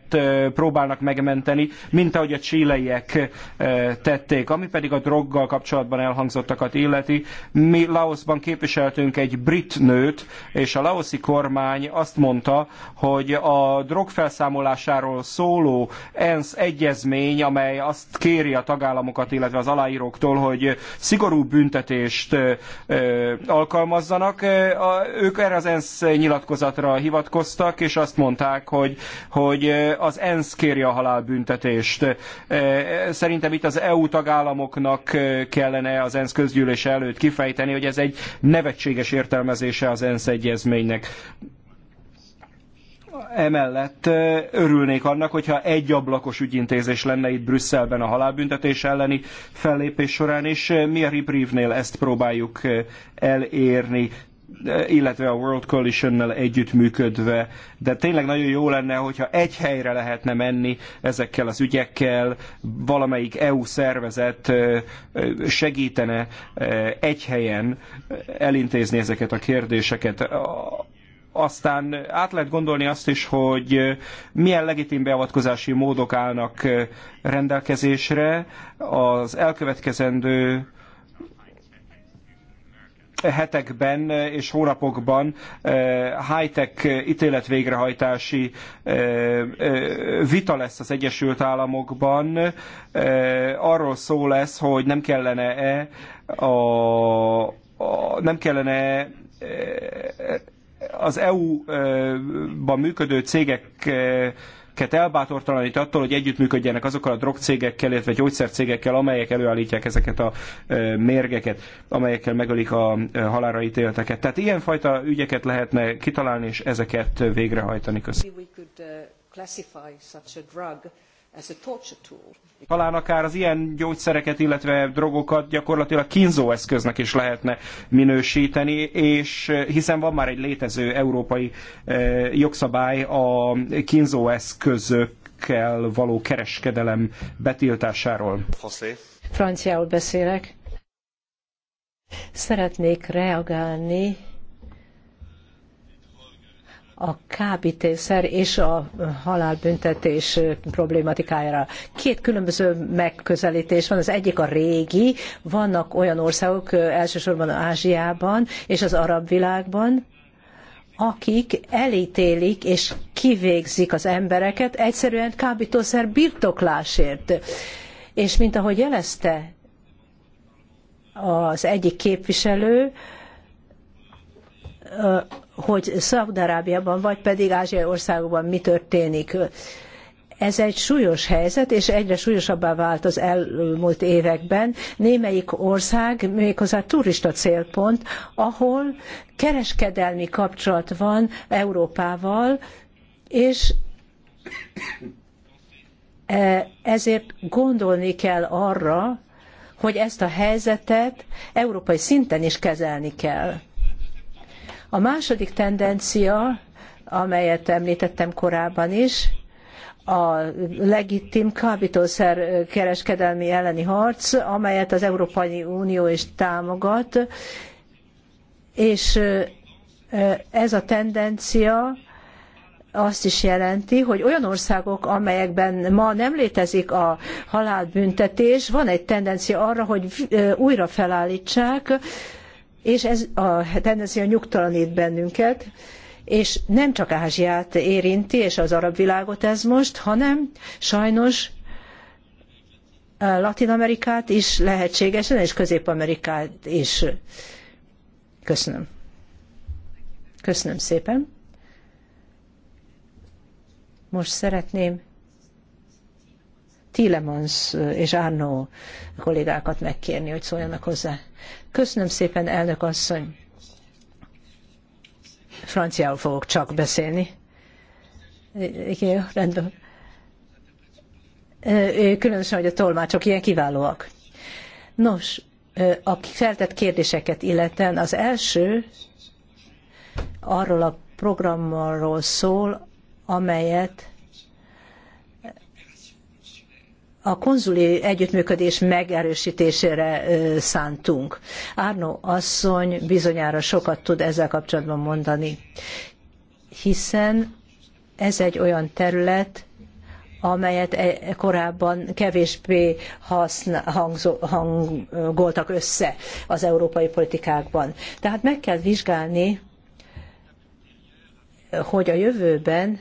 próbálnak megmenteni, mint a ahogy a csíleiek eh, tették. Ami pedig a droggal kapcsolatban elhangzottakat illeti, mi Laosban képviseltünk egy brit nőt, és a laoszi kormány azt mondta, hogy a drogfelszámolásáról szóló ENSZ egyezmény, amely azt kéri a tagállamokat, illetve az aláíróktól, hogy szigorú büntetést eh, eh, alkalmazzanak, ők erre az ENSZ nyilatkozatra hivatkoztak, és azt mondták, hogy, hogy az ENSZ kéri a halálbüntetést. Eh, szerintem itt az EU tagállamoknak eh, kellene az ENSZ közgyűlése előtt kifejteni, hogy ez egy nevetséges értelmezése az ENSZ egyezménynek emellett eh, örülnék annak, hogyha egy ablakos ügyintézés lenne itt Brüsszelben a halálbüntetés elleni fellépés során, és mi a Reprieve-nél ezt próbáljuk elérni illetve a World Coalition-nel együttműködve, de tényleg nagyon jó lenne, hogyha egy helyre lehetne menni ezekkel az ügyekkel, valamelyik EU szervezet segítene egy helyen elintézni ezeket a kérdéseket aztán át lehet gondolni azt is, hogy milyen legitim beavatkozási módok állnak rendelkezésre az elkövetkezendő hetekben és hónapokban eh, high-tech végrehajtási eh, eh, vita lesz az Egyesült Államokban. Arról szó lesz, hogy nem kellene-e a, a, nem kellene az EU-ban működő cégek őket elbátortalanít attól, hogy együttműködjenek azokkal a drogcégekkel, illetve gyógyszercégekkel, amelyek előállítják ezeket a mérgeket, amelyekkel megölik a halára ítélteket. Tehát ilyenfajta ügyeket lehetne kitalálni, és ezeket végrehajtani. Köszönöm. Talán akár az ilyen gyógyszereket, illetve drogokat gyakorlatilag kínzó eszköznek is lehetne minősíteni, és eh, hiszen van már egy létező európai eh, jogszabály a kínzó eszközökkel való kereskedelem betiltásáról. Franciául beszélek. Szeretnék reagálni a kábítószer és a halálbüntetés problématikájára. Két különböző megközelítés van, az egyik a régi, vannak olyan országok, elsősorban Ázsiában és az arab világban, akik elítélik és kivégzik az embereket egyszerűen kábítószer birtoklásért. És mint ahogy jelezte az egyik képviselő, hogy Szaudarábiában vagy pedig Ázsiai országokban mi történik. Ez egy súlyos helyzet, és egyre súlyosabbá vált az elmúlt években. Némelyik ország méghozzá turista célpont, ahol kereskedelmi kapcsolat van Európával, és e, ezért gondolni kell arra, hogy ezt a helyzetet európai szinten is kezelni kell. A második tendencia, amelyet említettem korábban is, a legitim kábítószer kereskedelmi elleni harc, amelyet az Európai Unió is támogat, és ez a tendencia azt is jelenti, hogy olyan országok, amelyekben ma nem létezik a halálbüntetés, van egy tendencia arra, hogy újra felállítsák, és ez a tendencia nyugtalanít bennünket, és nem csak Ázsiát érinti, és az arab világot ez most, hanem sajnos Latin Amerikát is lehetségesen, és Közép Amerikát is. Köszönöm. Köszönöm szépen. Most szeretném Tilemans és Arno kollégákat megkérni, hogy szóljanak hozzá. Köszönöm szépen, elnök asszony. Franciául fogok csak beszélni. Különösen, hogy a tolmácsok ilyen kiválóak. Nos, a feltett kérdéseket illeten az első arról a programról szól, amelyet a konzuli együttműködés megerősítésére szántunk. Árnó asszony bizonyára sokat tud ezzel kapcsolatban mondani, hiszen ez egy olyan terület, amelyet e, korábban kevésbé haszna, hangzó, hangoltak össze az európai politikákban. Tehát meg kell vizsgálni, hogy a jövőben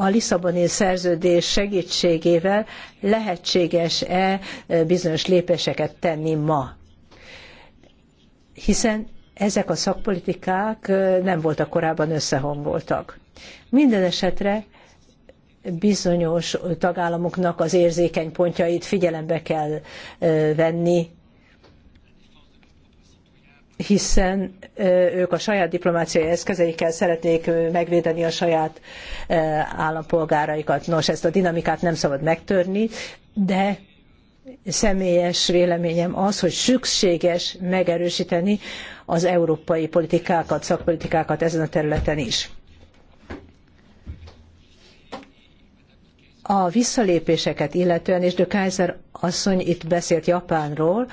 a Lisszaboni szerződés segítségével lehetséges-e e, bizonyos lépéseket tenni ma. Hiszen ezek a szakpolitikák e, nem voltak korábban összehangoltak. Minden esetre bizonyos tagállamoknak az érzékeny pontjait figyelembe kell e, venni, hiszen ők a saját diplomáciai eszközeikkel szeretnék megvédeni a saját állampolgáraikat. Nos, ezt a dinamikát nem szabad megtörni, de személyes véleményem az, hogy szükséges megerősíteni az európai politikákat, szakpolitikákat ezen a területen is. A visszalépéseket illetően, és de Kaiser asszony itt beszélt Japánról,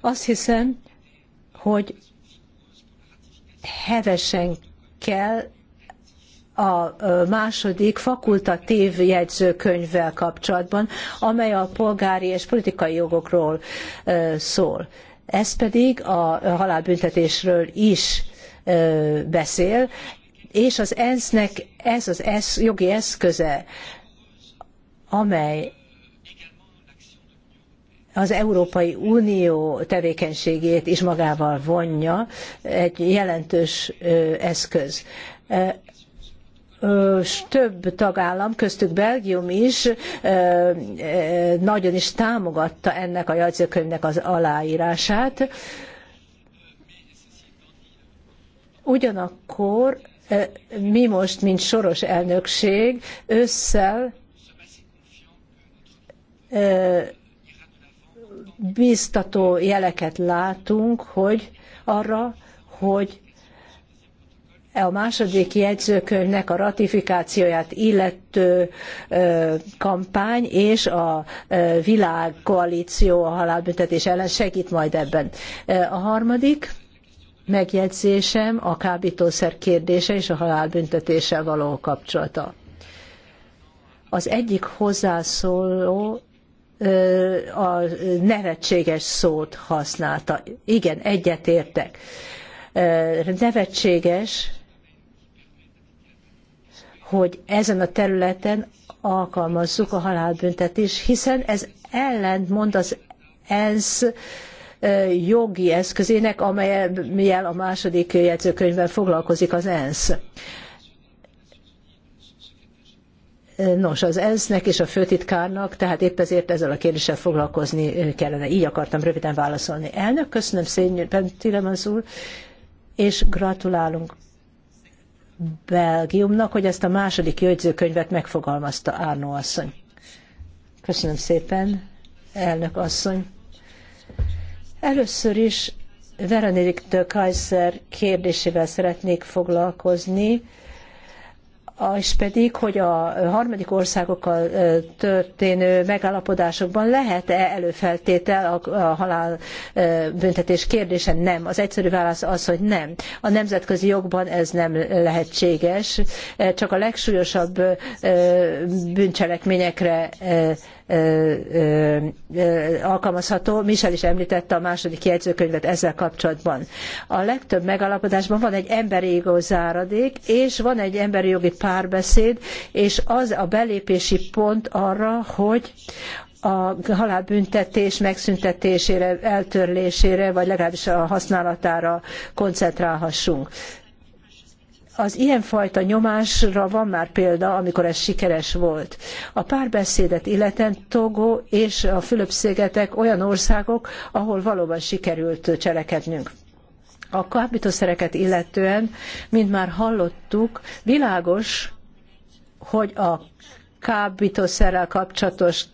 azt hiszem, hogy hevesen kell a második fakultatív jegyzőkönyvvel kapcsolatban, amely a polgári és politikai jogokról szól. Ez pedig a halálbüntetésről is beszél, és az ENSZ-nek ez az jogi eszköze, amely az Európai Unió tevékenységét is magával vonja egy jelentős eszköz több tagállam, köztük Belgium is nagyon is támogatta ennek a jegyzőkönyvnek az aláírását. Ugyanakkor mi most, mint soros elnökség, ősszel biztató jeleket látunk, hogy arra, hogy a második jegyzőkönyvnek a ratifikációját illető kampány és a világkoalíció a halálbüntetés ellen segít majd ebben. A harmadik megjegyzésem a kábítószer kérdése és a halálbüntetéssel való kapcsolata. Az egyik hozzászóló a nevetséges szót használta. Igen, egyetértek. Nevetséges, hogy ezen a területen alkalmazzuk a halálbüntetést, hiszen ez ellentmond az ENSZ jogi eszközének, amelyel a második jegyzőkönyvben foglalkozik az ENSZ. Nos, az ENSZ-nek és a főtitkárnak, tehát épp ezért ezzel a kérdéssel foglalkozni kellene. Így akartam röviden válaszolni. Elnök, köszönöm szépen, Tilemans úr, és gratulálunk Belgiumnak, hogy ezt a második jegyzőkönyvet megfogalmazta Árnó asszony. Köszönöm szépen, elnök asszony. Először is Veronique de Kaiser kérdésével szeretnék foglalkozni és pedig, hogy a harmadik országokkal történő megállapodásokban lehet-e előfeltétel a, halálbüntetés kérdése? Nem. Az egyszerű válasz az, hogy nem. A nemzetközi jogban ez nem lehetséges, csak a legsúlyosabb bűncselekményekre alkalmazható. Michel is említette a második jegyzőkönyvet ezzel kapcsolatban. A legtöbb megállapodásban van egy emberi jogi záradék, és van egy emberi jogi párbeszéd, és az a belépési pont arra, hogy a halálbüntetés megszüntetésére, eltörlésére, vagy legalábbis a használatára koncentrálhassunk. Az ilyenfajta nyomásra van már példa, amikor ez sikeres volt. A párbeszédet illeten Togo és a Fülöp-szigetek olyan országok, ahol valóban sikerült cselekednünk. A kábítószereket illetően, mint már hallottuk, világos, hogy a kábítószerrel kapcsolatos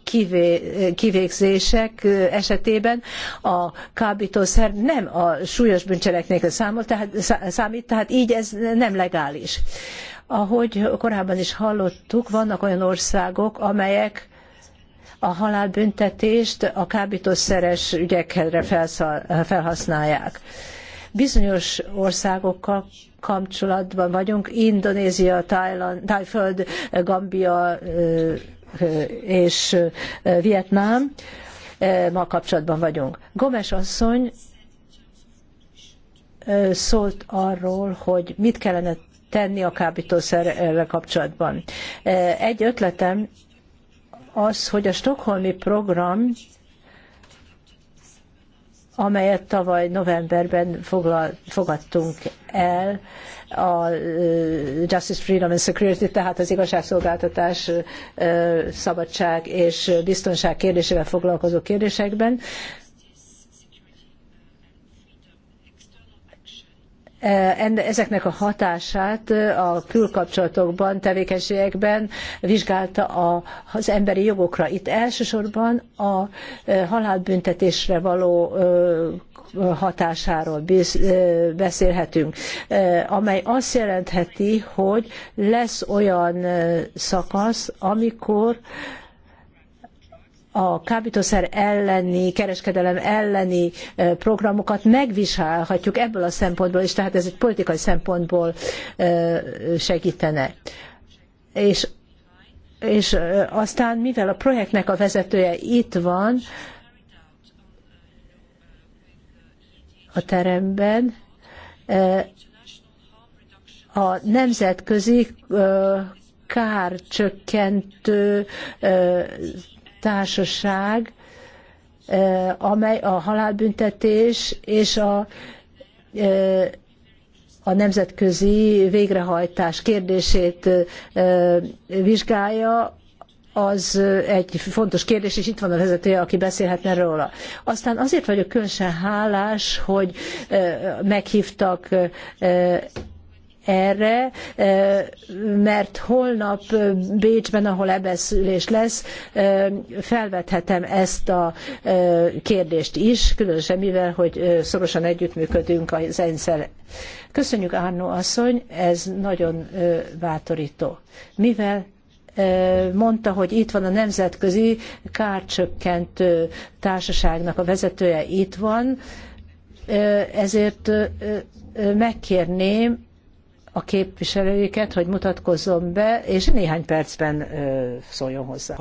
kivégzések esetében a kábítószer nem a súlyos bűncselekményekre számol, tehát, számít, tehát így ez nem legális. Ahogy korábban is hallottuk, vannak olyan országok, amelyek a halálbüntetést a kábítószeres ügyekre felhasználják. Bizonyos országokkal kapcsolatban vagyunk, Indonézia, Thailand, Gambia és Vietnám, ma kapcsolatban vagyunk. Gomes asszony szólt arról, hogy mit kellene tenni a kábítószerrel kapcsolatban. Egy ötletem az, hogy a Stockholmi program amelyet tavaly novemberben foglal, fogadtunk el a Justice, Freedom and Security, tehát az igazságszolgáltatás, szabadság és biztonság kérdésével foglalkozó kérdésekben. Eh, ezeknek a hatását eh, a külkapcsolatokban, tevékenységekben vizsgálta az emberi jogokra. Itt elsősorban a eh, halálbüntetésre való hatásáról beszélhetünk, amely azt jelentheti, hogy lesz olyan szakasz, amikor a kábítószer elleni, kereskedelem elleni e, programokat megvizsgálhatjuk ebből a szempontból is, tehát ez egy politikai szempontból e, segítene. És, és e, aztán, mivel a projektnek a vezetője itt van a teremben, a nemzetközi kárcsökkentő társaság, eh, amely a halálbüntetés és a, eh, a nemzetközi végrehajtás kérdését eh, vizsgálja, az egy fontos kérdés, és itt van a vezetője, aki beszélhetne róla. Aztán azért vagyok különösen hálás, hogy meghívtak erre, e, mert holnap e, Bécsben, ahol ebeszülés lesz, e, felvethetem ezt a kérdést is, különösen mivel, hogy szorosan együttműködünk az ENSZ-el. Köszönjük, Árnó asszony, ez nagyon bátorító. Mivel mondta, hogy itt van a nemzetközi kárcsökkentő társaságnak a vezetője, itt van, ezért megkérném a képviselőiket, hogy mutatkozzon be, és néhány percben szóljon hozzá.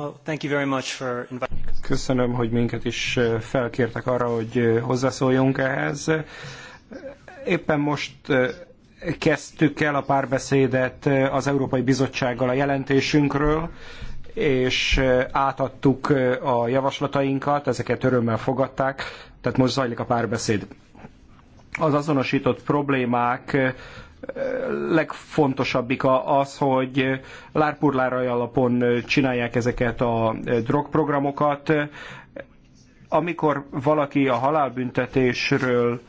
Köszönöm, hogy minket is felkértek arra, hogy hozzászóljunk ehhez. Éppen most kezdtük el a párbeszédet az Európai Bizottsággal a jelentésünkről, és átadtuk a javaslatainkat, ezeket örömmel fogadták, tehát most zajlik a párbeszéd. Az azonosított problémák legfontosabbik az, hogy lárpurlárai alapon csinálják ezeket a drogprogramokat. Amikor valaki a halálbüntetésről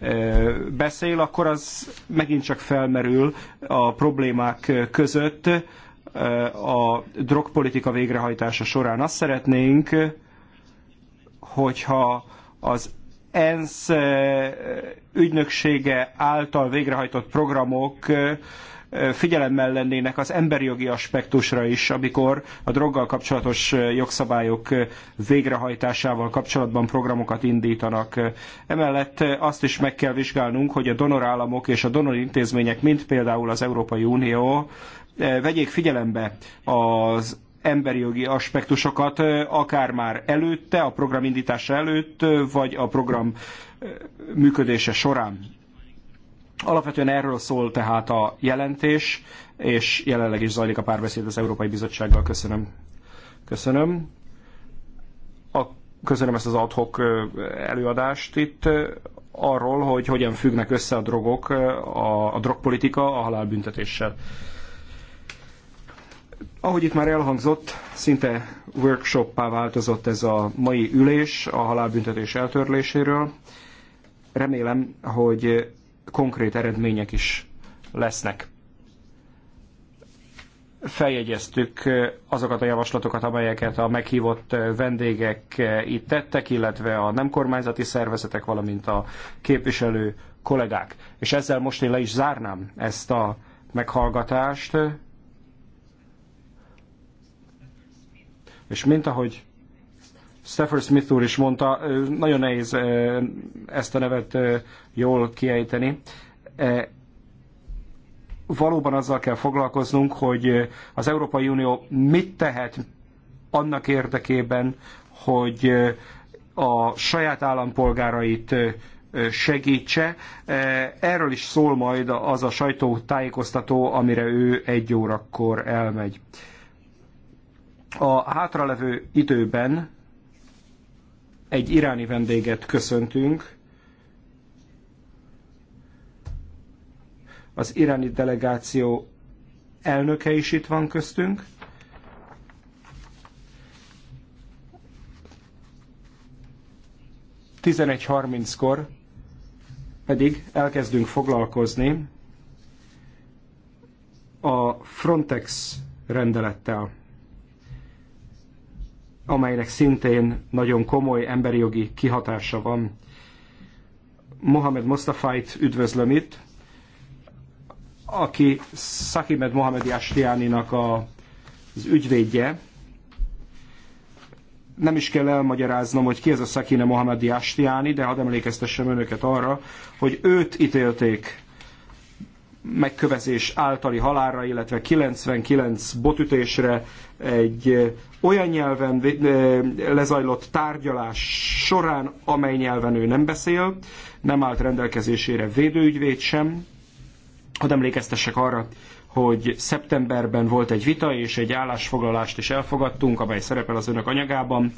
eh, beszél, akkor az megint csak felmerül a problémák között eh, a drogpolitika végrehajtása során. Azt szeretnénk, hogyha az ENSZ ügynöksége által végrehajtott programok figyelemmel lennének az emberi jogi aspektusra is, amikor a droggal kapcsolatos jogszabályok végrehajtásával kapcsolatban programokat indítanak. Emellett azt is meg kell vizsgálnunk, hogy a donorállamok és a donorintézmények, mint például az Európai Unió, vegyék figyelembe az emberi jogi aspektusokat, akár már előtte, a program indítása előtt, vagy a program működése során. Alapvetően erről szól tehát a jelentés, és jelenleg is zajlik a párbeszéd az Európai Bizottsággal. Köszönöm. Köszönöm. A, köszönöm ezt az adhok előadást itt arról, hogy hogyan függnek össze a drogok, a, a drogpolitika a halálbüntetéssel. Ahogy itt már elhangzott, szinte workshoppá változott ez a mai ülés a halálbüntetés eltörléséről. Remélem, hogy konkrét eredmények is lesznek. Feljegyeztük azokat a javaslatokat, amelyeket a meghívott vendégek itt tettek, illetve a nem kormányzati szervezetek, valamint a képviselő kollégák. És ezzel most én le is zárnám ezt a meghallgatást. És mint ahogy Stafford Smith úr is mondta, nagyon nehéz ezt a nevet jól kiejteni. Valóban azzal kell foglalkoznunk, hogy az Európai Unió mit tehet annak érdekében, hogy a saját állampolgárait segítse. Erről is szól majd az a sajtótájékoztató, amire ő egy órakor elmegy. A hátralevő időben egy iráni vendéget köszöntünk, az iráni delegáció elnöke is itt van köztünk. kor pedig elkezdünk foglalkozni a Frontex rendelettel amelynek szintén nagyon komoly emberi jogi kihatása van. Mohamed Mostafait üdvözlöm itt, aki Szakimed Mohamed Jástiáninak a, az ügyvédje. Nem is kell elmagyaráznom, hogy ki ez a Szakine Mohamed Jástiáni, de hadd emlékeztessem önöket arra, hogy őt ítélték megkövezés általi halálra, illetve 99 botütésre egy olyan nyelven lezajlott tárgyalás során, amely nyelven ő nem beszél, nem állt rendelkezésére védőügyvéd sem. Hadd emlékeztessek arra, hogy szeptemberben volt egy vita, és egy állásfoglalást is elfogadtunk, amely szerepel az önök anyagában,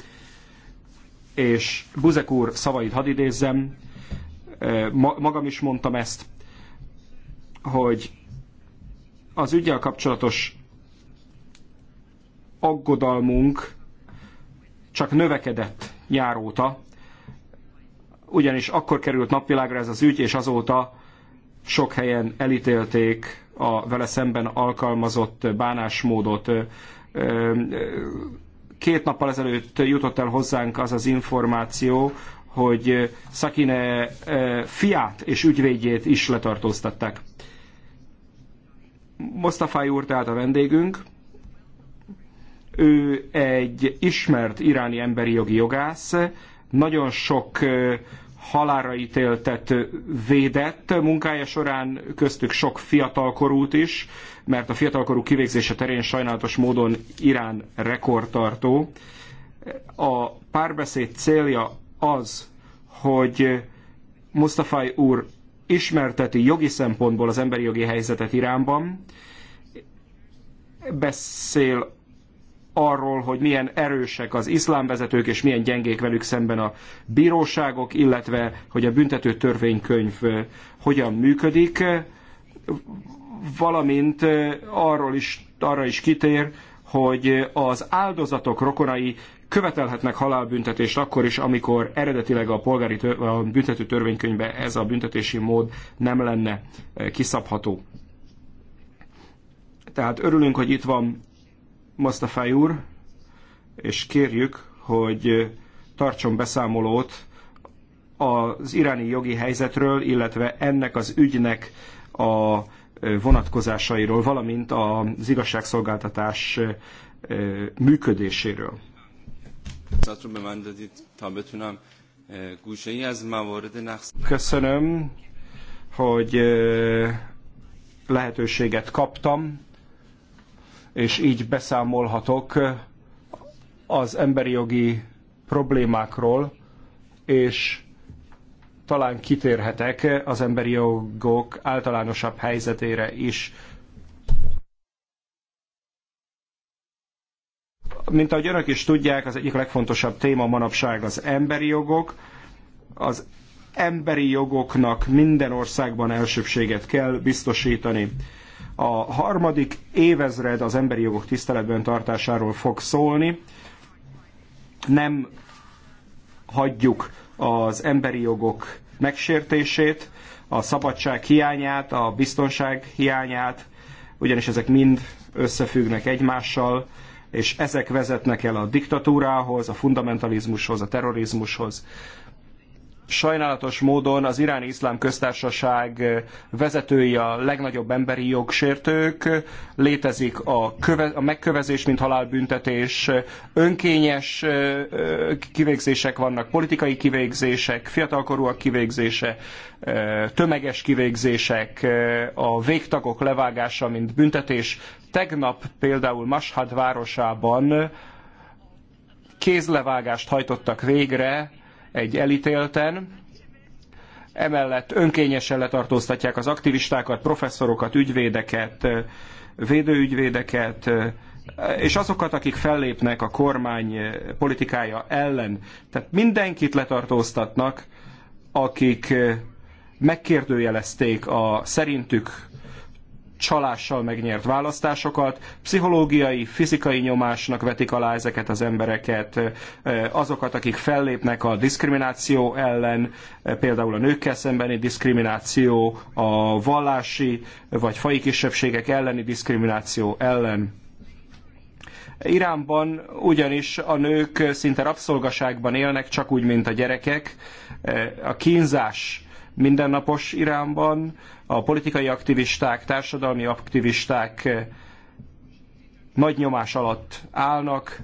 és Buzek úr szavait hadd idézzem, magam is mondtam ezt, hogy az ügyel kapcsolatos aggodalmunk csak növekedett nyáróta, ugyanis akkor került napvilágra ez az ügy, és azóta sok helyen elítélték a vele szemben alkalmazott bánásmódot. Két nappal ezelőtt jutott el hozzánk az az információ, hogy Szakine fiát és ügyvédjét is letartóztatták. Mostafáj úr tehát a vendégünk, ő egy ismert iráni emberi jogi jogász, nagyon sok halára ítéltet védett munkája során, köztük sok fiatalkorút is, mert a fiatalkorú kivégzése terén sajnálatos módon Irán rekordtartó. A párbeszéd célja az, hogy Mustafaj úr ismerteti jogi szempontból az emberi jogi helyzetet Iránban, beszél arról, hogy milyen erősek az iszlám vezetők, és milyen gyengék velük szemben a bíróságok, illetve hogy a büntető törvénykönyv eh, hogyan működik, valamint eh, arról is, arra is kitér, hogy az áldozatok rokonai követelhetnek halálbüntetést akkor is, amikor eredetileg a polgári tör, a büntető törvénykönyvben ez a büntetési mód nem lenne eh, kiszabható. Tehát örülünk, hogy itt van Mastafály úr, és kérjük, hogy tartson beszámolót az iráni jogi helyzetről, illetve ennek az ügynek a vonatkozásairól, valamint az igazságszolgáltatás működéséről. Köszönöm, hogy lehetőséget kaptam és így beszámolhatok az emberi jogi problémákról, és talán kitérhetek az emberi jogok általánosabb helyzetére is. Mint ahogy önök is tudják, az egyik legfontosabb téma manapság az emberi jogok. Az emberi jogoknak minden országban elsőbséget kell biztosítani. A harmadik évezred az emberi jogok tiszteletben tartásáról fog szólni. Nem hagyjuk az emberi jogok megsértését, a szabadság hiányát, a biztonság hiányát, ugyanis ezek mind összefüggnek egymással, és ezek vezetnek el a diktatúrához, a fundamentalizmushoz, a terrorizmushoz sajnálatos módon az iráni iszlám köztársaság vezetői a legnagyobb emberi jogsértők, létezik a, köve, a megkövezés, mint halálbüntetés, önkényes kivégzések vannak, politikai kivégzések, fiatalkorúak kivégzése, tömeges kivégzések, a végtagok levágása, mint büntetés. Tegnap például Mashhad városában kézlevágást hajtottak végre, egy elítélten, emellett önkényesen letartóztatják az aktivistákat, professzorokat, ügyvédeket, védőügyvédeket, és azokat, akik fellépnek a kormány politikája ellen. Tehát mindenkit letartóztatnak, akik megkérdőjelezték a szerintük csalással megnyert választásokat, pszichológiai, fizikai nyomásnak vetik alá ezeket az embereket, azokat, akik fellépnek a diszkrimináció ellen, például a nőkkel szembeni diszkrimináció, a vallási vagy fai kisebbségek elleni diszkrimináció ellen. Iránban ugyanis a nők szinte rabszolgaságban élnek, csak úgy, mint a gyerekek. A kínzás mindennapos Iránban. A politikai aktivisták, társadalmi aktivisták eh, nagy nyomás alatt állnak,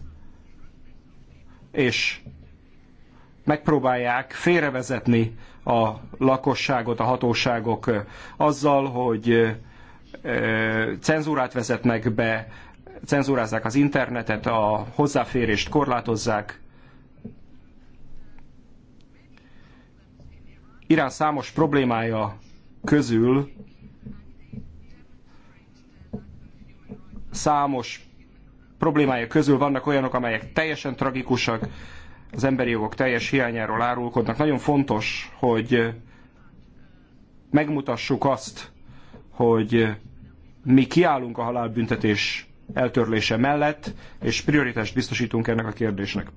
és megpróbálják félrevezetni a lakosságot, a hatóságok eh, azzal, hogy eh, cenzúrát vezetnek be, cenzúrázzák az internetet, a hozzáférést korlátozzák, Irán számos problémája közül számos problémája közül vannak olyanok, amelyek teljesen tragikusak, az emberi jogok teljes hiányáról árulkodnak. Nagyon fontos, hogy megmutassuk azt, hogy mi kiállunk a halálbüntetés eltörlése mellett, és prioritást biztosítunk ennek a kérdésnek.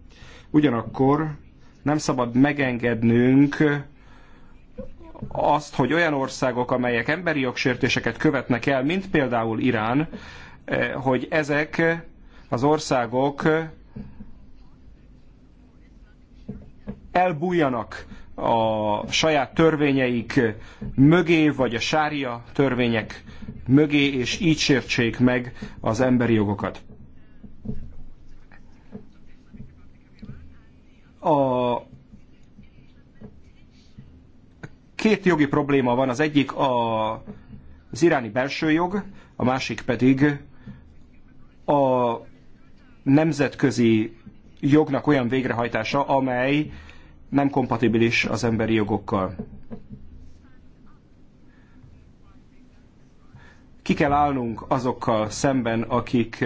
Ugyanakkor nem szabad megengednünk azt, hogy olyan országok, amelyek emberi jogsértéseket követnek el, mint például Irán, eh, hogy ezek az országok elbújjanak a saját törvényeik mögé, vagy a sária törvények mögé, és így sértsék meg az emberi jogokat. A Két jogi probléma van, az egyik a, az iráni belső jog, a másik pedig a nemzetközi jognak olyan végrehajtása, amely nem kompatibilis az emberi jogokkal. Ki kell állnunk azokkal szemben, akik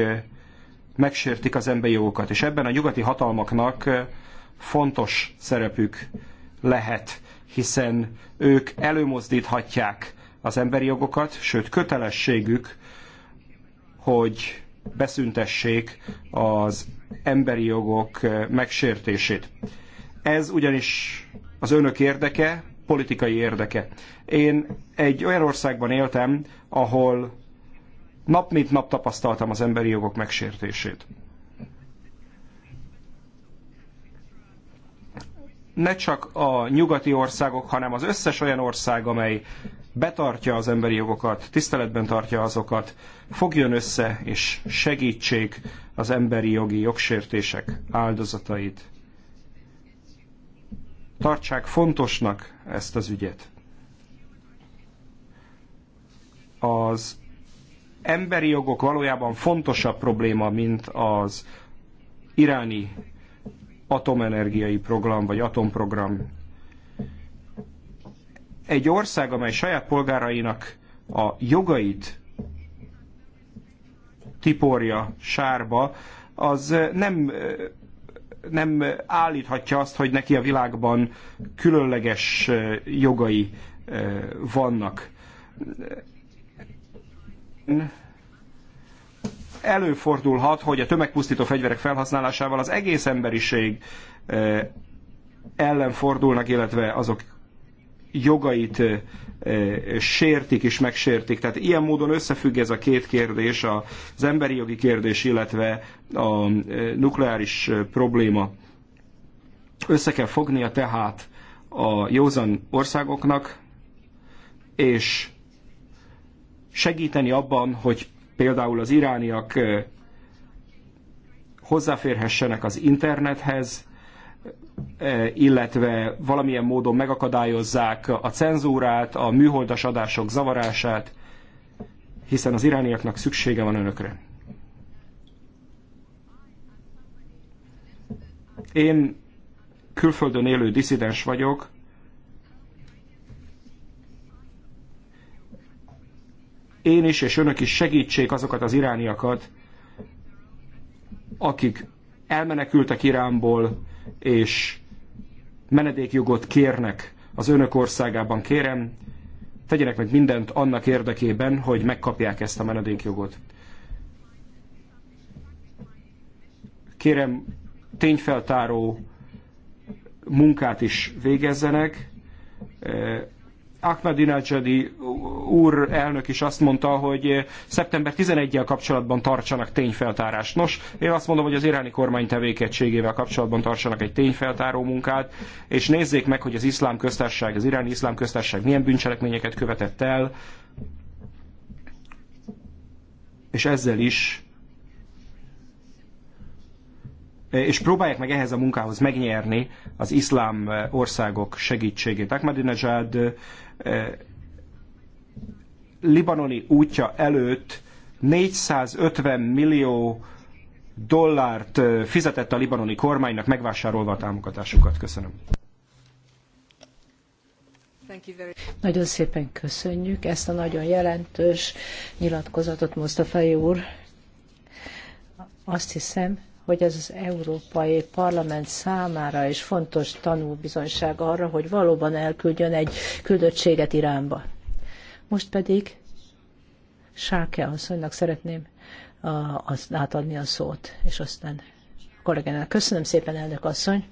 megsértik az emberi jogokat, és ebben a nyugati hatalmaknak fontos szerepük lehet hiszen ők előmozdíthatják az emberi jogokat, sőt kötelességük, hogy beszüntessék az emberi jogok eh, megsértését. Ez ugyanis az önök érdeke, politikai érdeke. Én egy olyan országban éltem, ahol nap mint nap tapasztaltam az emberi jogok megsértését. ne csak a nyugati országok, hanem az összes olyan ország, amely betartja az emberi jogokat, tiszteletben tartja azokat, fogjon össze és segítsék az emberi jogi jogsértések áldozatait. Tartsák fontosnak ezt az ügyet. Az emberi jogok valójában fontosabb probléma, mint az iráni atomenergiai program vagy atomprogram. Egy ország, amely saját polgárainak a jogait tiporja sárba, az nem, nem állíthatja azt, hogy neki a világban különleges jogai eh, vannak előfordulhat, hogy a tömegpusztító fegyverek felhasználásával az egész emberiség eh, ellen fordulnak, illetve azok jogait eh, sértik és megsértik. Tehát ilyen módon összefügg ez a két kérdés, az emberi jogi kérdés, illetve a eh, nukleáris probléma. Össze kell fognia tehát a józan országoknak, és segíteni abban, hogy például az irániak hozzáférhessenek az internethez, illetve valamilyen módon megakadályozzák a cenzúrát, a műholdas adások zavarását, hiszen az irániaknak szüksége van önökre. Én külföldön élő diszidens vagyok, én is és önök is segítsék azokat az irániakat, akik elmenekültek Iránból, és menedékjogot kérnek az önök országában, kérem, tegyenek meg mindent annak érdekében, hogy megkapják ezt a menedékjogot. Kérem, tényfeltáró munkát is végezzenek, Ahmadinejadi úr elnök is azt mondta, hogy szeptember 11-jel kapcsolatban tartsanak tényfeltárást. Nos, én azt mondom, hogy az iráni kormány tevékenységével kapcsolatban tartsanak egy tényfeltáró munkát, és nézzék meg, hogy az iszlám köztársaság, az iráni iszlám köztársaság milyen bűncselekményeket követett el, és ezzel is és próbálják meg ehhez a munkához megnyerni az iszlám országok segítségét. Ahmadinejad Eh, libanoni útja előtt 450 millió dollárt eh, fizetett a libanoni kormánynak, megvásárolva a támogatásukat. Köszönöm. Nagyon szépen köszönjük ezt a nagyon jelentős nyilatkozatot, Mustafai úr. Azt hiszem, hogy ez az Európai Parlament számára is fontos tanúbizonyság arra, hogy valóban elküldjön egy küldöttséget Iránba. Most pedig Sáke asszonynak szeretném azt átadni a szót, és aztán kollégának. Köszönöm szépen, elnök asszony!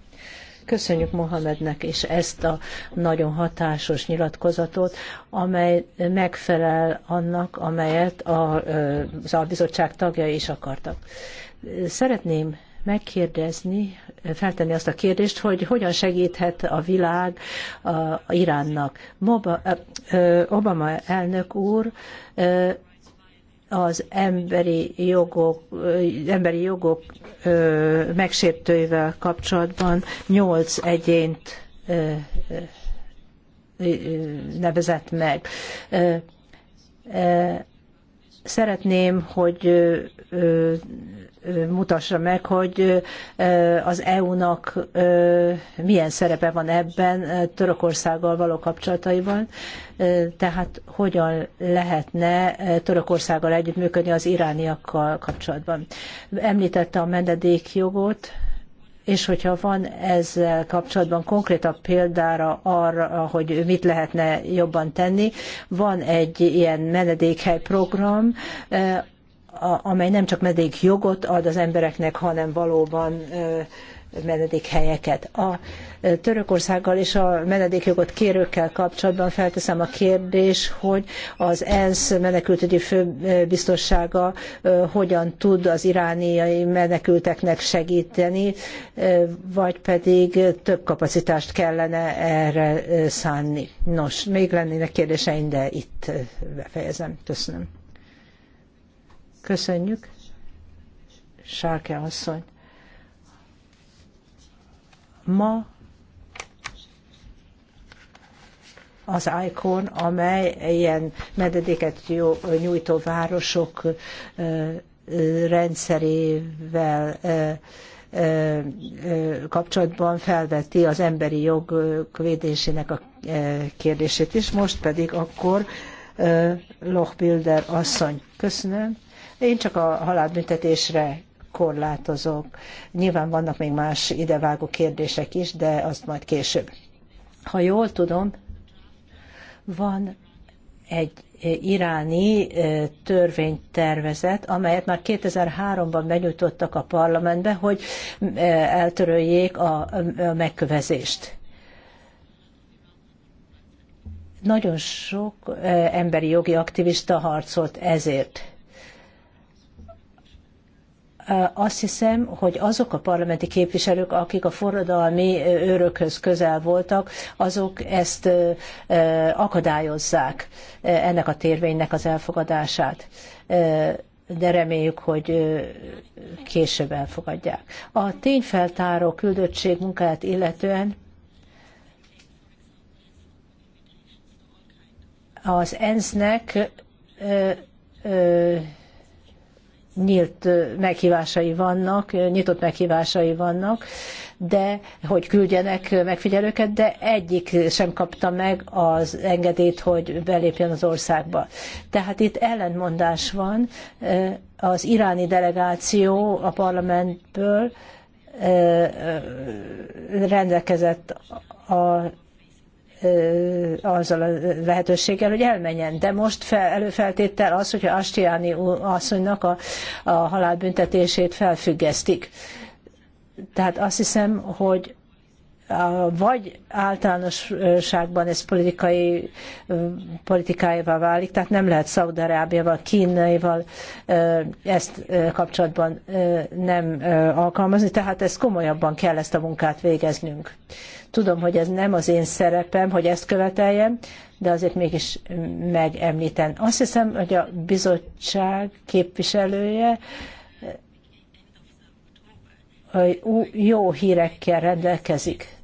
Köszönjük Mohamednek és ezt a nagyon hatásos nyilatkozatot, amely megfelel annak, amelyet a, az tagjai is akartak. Szeretném megkérdezni, feltenni azt a kérdést, hogy hogyan segíthet a világ a Iránnak. Obama elnök úr az emberi jogok, emberi jogok megsértőivel kapcsolatban nyolc egyént nevezett meg Szeretném, hogy mutassa meg, hogy az EU-nak milyen szerepe van ebben Törökországgal való kapcsolataiban, tehát hogyan lehetne Törökországgal együttműködni az irániakkal kapcsolatban. Említette a menedékjogot, és hogyha van ezzel kapcsolatban konkrétabb példára arra, hogy mit lehetne jobban tenni, van egy ilyen menedékhely program, eh, amely nem csak meddig jogot ad az embereknek, hanem valóban eh, menedékhelyeket. A Törökországgal és a menedékjogot kérőkkel kapcsolatban felteszem a kérdés, hogy az ENSZ menekültügyi főbiztossága hogyan tud az irániai menekülteknek segíteni, vagy pedig több kapacitást kellene erre szánni. Nos, még lennének kérdéseim, de itt befejezem. Köszönöm. Köszönjük. Sárke asszony. Ma az ICON, amely ilyen mededéket nyújtó városok rendszerével kapcsolatban felveti az emberi jogok védésének a kérdését is. Most pedig akkor Lochbilder asszony. Köszönöm. Én csak a halálbüntetésre korlátozók. Nyilván vannak még más idevágó kérdések is, de azt majd később. Ha jól tudom, van egy iráni törvénytervezet, amelyet már 2003-ban benyújtottak a parlamentbe, hogy eltöröljék a megkövezést. Nagyon sok emberi jogi aktivista harcolt ezért azt hiszem, hogy azok a parlamenti képviselők, akik a forradalmi őrökhöz közel voltak, azok ezt akadályozzák ennek a törvénynek az elfogadását. De reméljük, hogy később elfogadják. A tényfeltáró küldöttség munkáját illetően az ENSZ-nek nyílt meghívásai vannak, nyitott meghívásai vannak, de hogy küldjenek megfigyelőket, de egyik sem kapta meg az engedélyt, hogy belépjen az országba. Tehát itt ellentmondás van, az iráni delegáció a parlamentből rendelkezett a azzal a lehetőséggel, hogy elmenjen. De most fel, előfeltétel az, hogy Astiáni asszonynak a, a halálbüntetését felfüggesztik. Tehát azt hiszem, hogy vagy általánosságban ez politikai politikájával válik, tehát nem lehet Szaudarábiával, Kínaival ezt kapcsolatban nem alkalmazni, tehát ezt komolyabban kell ezt a munkát végeznünk. Tudom, hogy ez nem az én szerepem, hogy ezt követeljem, de azért mégis megemlíten. Azt hiszem, hogy a bizottság képviselője jó hírekkel rendelkezik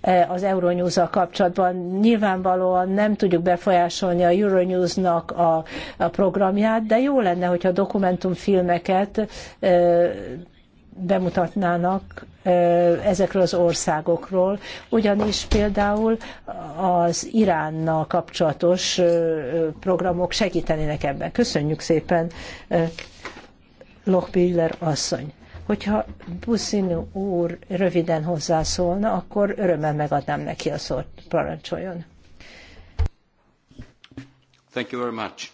E, az euronews kapcsolatban. Nyilvánvalóan nem tudjuk befolyásolni a Euronews-nak a, a programját, de jó lenne, hogyha dokumentumfilmeket e, bemutatnának e, ezekről az országokról, ugyanis például az Iránnal kapcsolatos programok segítenének ebben. Köszönjük szépen, Lochbiller asszony. Hogyha Buszinu úr röviden hozzászólna, akkor örömmel megadnám neki a szót, parancsoljon. Thank you very much.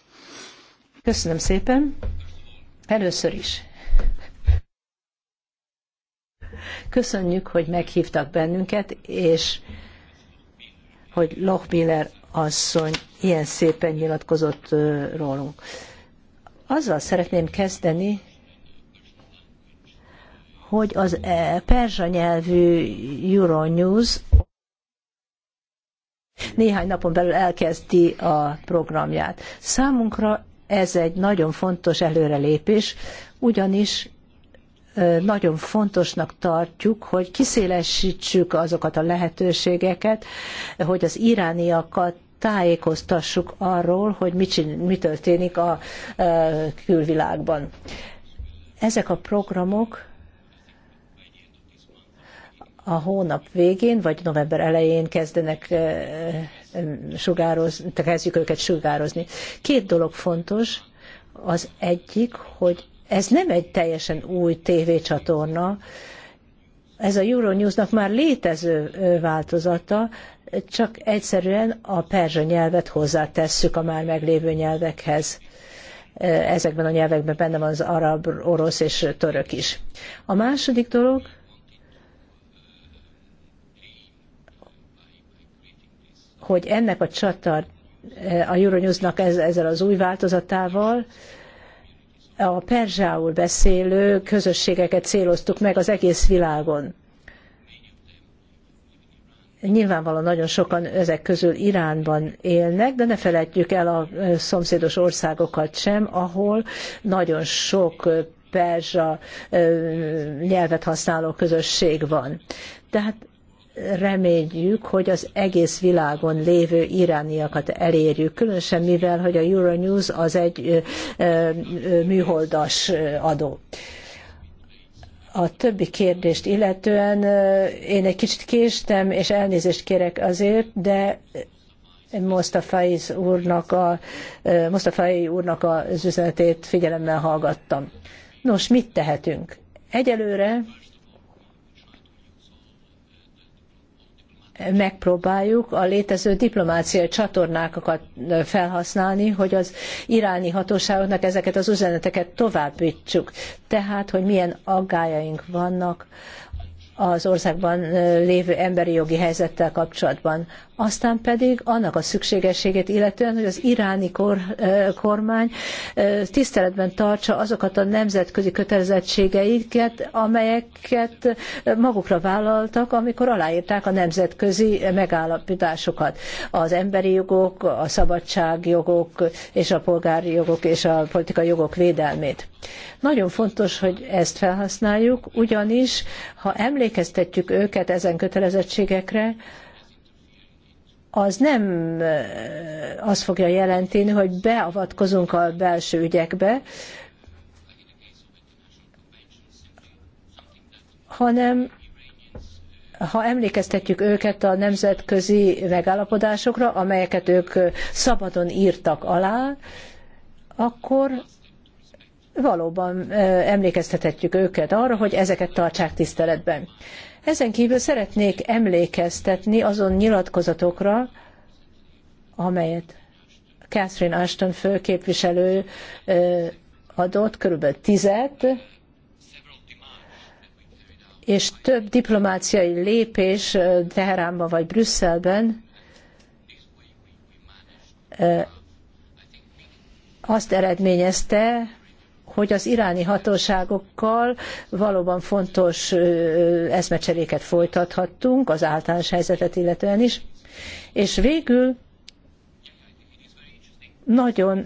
Köszönöm szépen. Először is. Köszönjük, hogy meghívtak bennünket, és hogy Lochbiller asszony ilyen szépen nyilatkozott rólunk. Azzal szeretném kezdeni, hogy az eh, perzsa nyelvű Euronews néhány napon belül elkezdi a programját. Számunkra ez egy nagyon fontos előrelépés, ugyanis eh, nagyon fontosnak tartjuk, hogy kiszélesítsük azokat a lehetőségeket, hogy az irániakat tájékoztassuk arról, hogy mi, mi történik a eh, külvilágban. Ezek a programok a hónap végén, vagy november elején kezdenek sugározni, kezdjük őket sugározni. Két dolog fontos. Az egyik, hogy ez nem egy teljesen új tévécsatorna, ez a Euronewsnak már létező változata, csak egyszerűen a perzsa nyelvet hozzátesszük a már meglévő nyelvekhez. Ezekben a nyelvekben benne van az arab, orosz és török is. A második dolog, hogy ennek a csatar eh, a Euronewsnak ezzel az új változatával a perzsául beszélő közösségeket céloztuk meg az egész világon. Nyilvánvalóan nagyon sokan ezek közül Iránban élnek, de ne felejtjük el a eh, szomszédos országokat sem, ahol nagyon sok eh, perzsa nyelvet használó közösség van. Tehát reméljük, hogy az egész világon lévő irániakat elérjük, különösen mivel, hogy a Euronews az egy műholdas adó. A többi kérdést illetően én egy kicsit késtem, és elnézést kérek azért, de Mostafai úrnak, a, úrnak az üzenetét figyelemmel hallgattam. Nos, mit tehetünk? Egyelőre megpróbáljuk a létező diplomáciai csatornákat felhasználni, hogy az iráni hatóságoknak ezeket az üzeneteket továbbítsuk. Tehát, hogy milyen aggályaink vannak az országban lévő emberi jogi helyzettel kapcsolatban. Aztán pedig annak a szükségességét illetően, hogy az iráni kor, kormány tiszteletben tartsa azokat a nemzetközi kötelezettségeiket, amelyeket magukra vállaltak, amikor aláírták a nemzetközi megállapításokat. Az emberi jogok, a szabadságjogok és a polgári jogok és a politikai jogok védelmét. Nagyon fontos, hogy ezt felhasználjuk, ugyanis ha emlékszünk, emlékeztetjük őket ezen kötelezettségekre, az nem eh, azt fogja jelenteni, hogy beavatkozunk a belső ügyekbe, hanem ha emlékeztetjük őket a nemzetközi megállapodásokra, amelyeket ők szabadon írtak alá, akkor valóban emlékeztethetjük őket arra, hogy ezeket tartsák tiszteletben. Ezen kívül szeretnék emlékeztetni azon nyilatkozatokra, amelyet Catherine Ashton főképviselő adott, körülbelül tizet, és több diplomáciai lépés Teheránban vagy Brüsszelben azt eredményezte, hogy az iráni hatóságokkal valóban fontos eszmecseréket folytathattunk, az általános helyzetet illetően is. És végül nagyon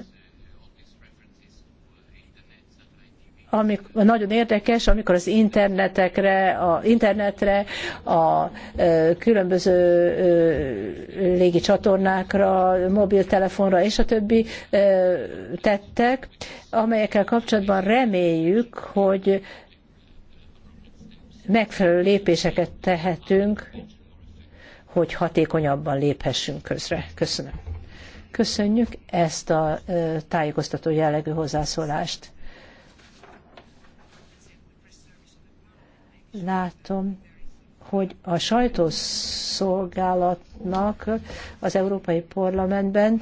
amik nagyon érdekes, amikor az internetekre, a, internetre, a különböző ö, légi csatornákra, mobiltelefonra és a többi ö, tettek, amelyekkel kapcsolatban reméljük, hogy megfelelő lépéseket tehetünk, hogy hatékonyabban léphessünk közre. Köszönöm. Köszönjük ezt a tájékoztató jellegű hozzászólást. látom, hogy a sajtószolgálatnak az Európai Parlamentben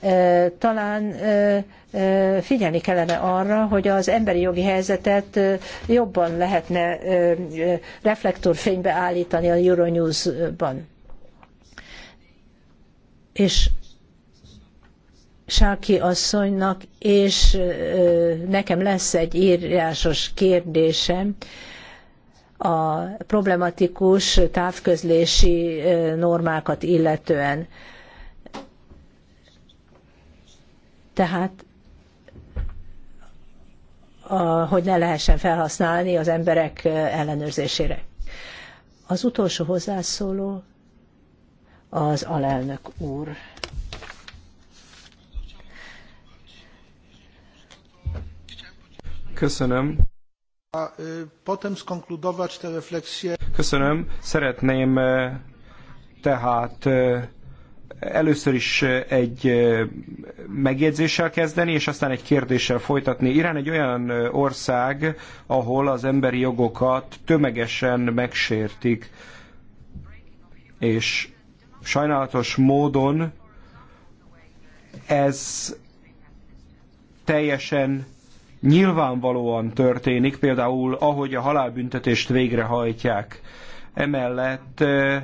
e, talán e, e, figyelni kellene arra, hogy az emberi jogi helyzetet jobban lehetne reflektorfénybe állítani a Euronews-ban. És Sáki asszonynak, és nekem lesz egy írásos kérdésem, a problematikus távközlési normákat illetően. Tehát hogy ne lehessen felhasználni az emberek ellenőrzésére. Az utolsó hozzászóló az alelnök úr. Köszönöm. Köszönöm. Szeretném e, tehát e, először is e, egy megjegyzéssel kezdeni, és aztán egy kérdéssel folytatni. Irán egy olyan ország, ahol az emberi jogokat tömegesen megsértik, és sajnálatos módon ez teljesen nyilvánvalóan történik, például ahogy a halálbüntetést végrehajtják. Emellett eh,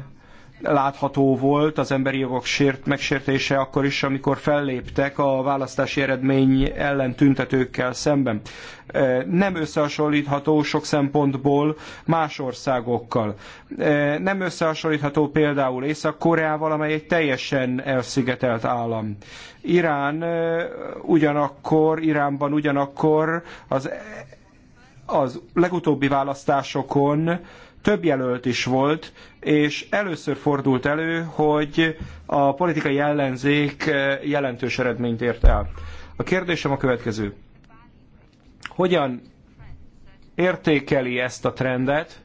látható volt az emberi jogok sért, megsértése akkor is, amikor felléptek a választási eredmény ellen tüntetőkkel szemben. E, nem összehasonlítható sok szempontból más országokkal. E, nem összehasonlítható például Észak-Koreával, amely egy teljesen elszigetelt állam. Irán e, ugyanakkor, Iránban ugyanakkor az, az legutóbbi választásokon több jelölt is volt, és először fordult elő, hogy a politikai ellenzék eh, jelentős eredményt ért el. A kérdésem a következő. Hogyan értékeli ezt a trendet,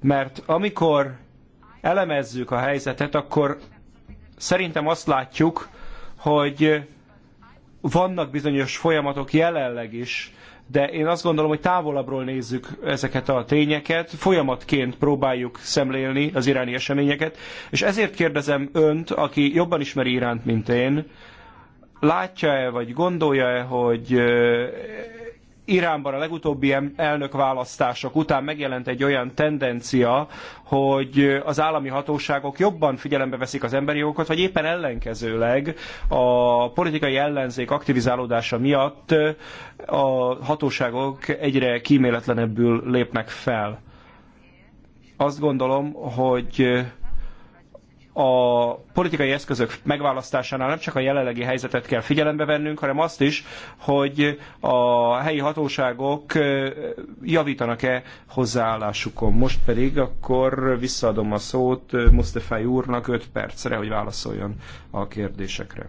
mert amikor elemezzük a helyzetet, akkor szerintem azt látjuk, hogy vannak bizonyos folyamatok jelenleg is, de én azt gondolom, hogy távolabbról nézzük ezeket a tényeket, folyamatként próbáljuk szemlélni az iráni eseményeket, és ezért kérdezem önt, aki jobban ismeri Iránt, mint én, látja-e, vagy gondolja-e, hogy Iránban a legutóbbi elnökválasztások után megjelent egy olyan tendencia, hogy az állami hatóságok jobban figyelembe veszik az emberi jogokat, vagy éppen ellenkezőleg a politikai ellenzék aktivizálódása miatt a hatóságok egyre kíméletlenebbül lépnek fel. Azt gondolom, hogy a politikai eszközök megválasztásánál nem csak a jelenlegi helyzetet kell figyelembe vennünk, hanem azt is, hogy a helyi hatóságok javítanak-e hozzáállásukon. Most pedig akkor visszaadom a szót Mustafai úrnak 5 percre, hogy válaszoljon a kérdésekre.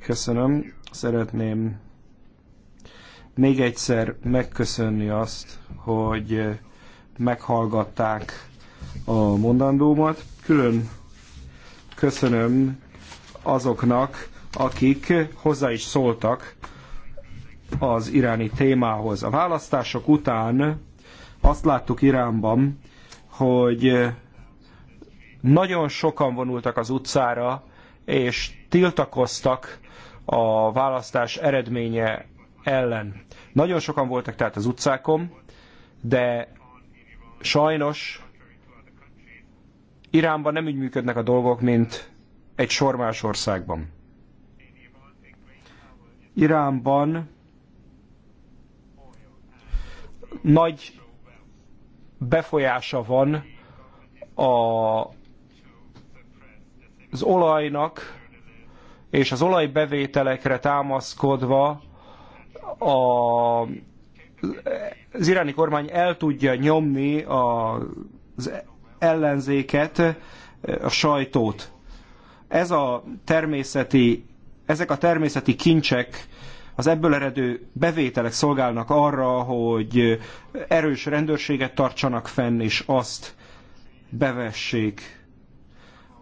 Köszönöm. Szeretném még egyszer megköszönni azt, hogy eh, meghallgatták a mondandómat. Külön köszönöm azoknak, akik hozzá is szóltak az iráni témához. A választások után azt láttuk Iránban, hogy eh, nagyon sokan vonultak az utcára, és tiltakoztak a választás eredménye ellen. Nagyon sokan voltak tehát az utcákon, de sajnos Iránban nem úgy működnek a dolgok, mint egy sor más országban. Iránban nagy befolyása van a, az olajnak, és az olajbevételekre támaszkodva a, az iráni kormány el tudja nyomni az ellenzéket, a sajtót. Ez a természeti, ezek a természeti kincsek, az ebből eredő bevételek szolgálnak arra, hogy erős rendőrséget tartsanak fenn, és azt bevessék.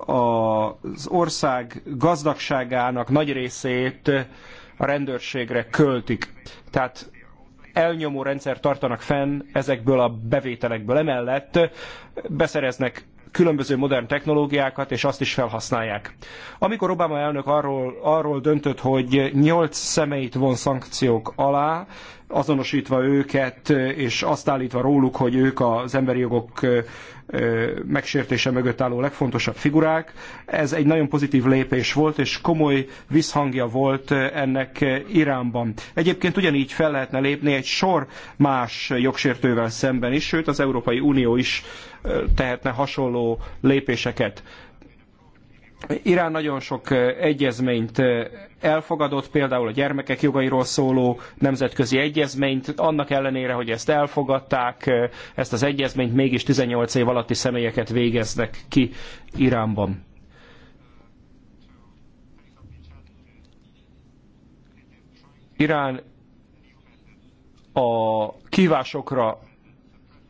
Az ország gazdagságának nagy részét a rendőrségre költik. Tehát elnyomó rendszer tartanak fenn ezekből a bevételekből. Emellett beszereznek különböző modern technológiákat, és azt is felhasználják. Amikor Obama elnök arról, arról döntött, hogy nyolc személyt von szankciók alá, azonosítva őket, és azt állítva róluk, hogy ők az emberi jogok megsértése mögött álló legfontosabb figurák. Ez egy nagyon pozitív lépés volt, és komoly visszhangja volt ennek Iránban. Egyébként ugyanígy fel lehetne lépni egy sor más jogsértővel szemben is, sőt az Európai Unió is tehetne hasonló lépéseket. Irán nagyon sok egyezményt elfogadott, például a gyermekek jogairól szóló nemzetközi egyezményt, annak ellenére, hogy ezt elfogadták, ezt az egyezményt mégis 18 év alatti személyeket végeznek ki Iránban. Irán a kívásokra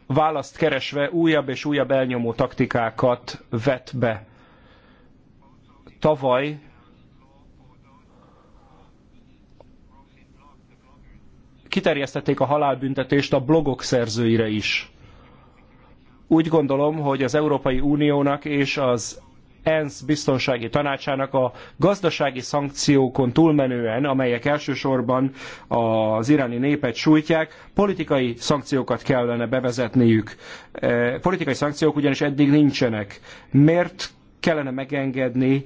választ keresve újabb és újabb elnyomó taktikákat vet be Tavaly kiterjesztették a halálbüntetést a blogok szerzőire is. Úgy gondolom, hogy az Európai Uniónak és az ENSZ biztonsági tanácsának a gazdasági szankciókon túlmenően, amelyek elsősorban az iráni népet sújtják, politikai szankciókat kellene bevezetniük. Eh, politikai szankciók ugyanis eddig nincsenek. Miért kellene megengedni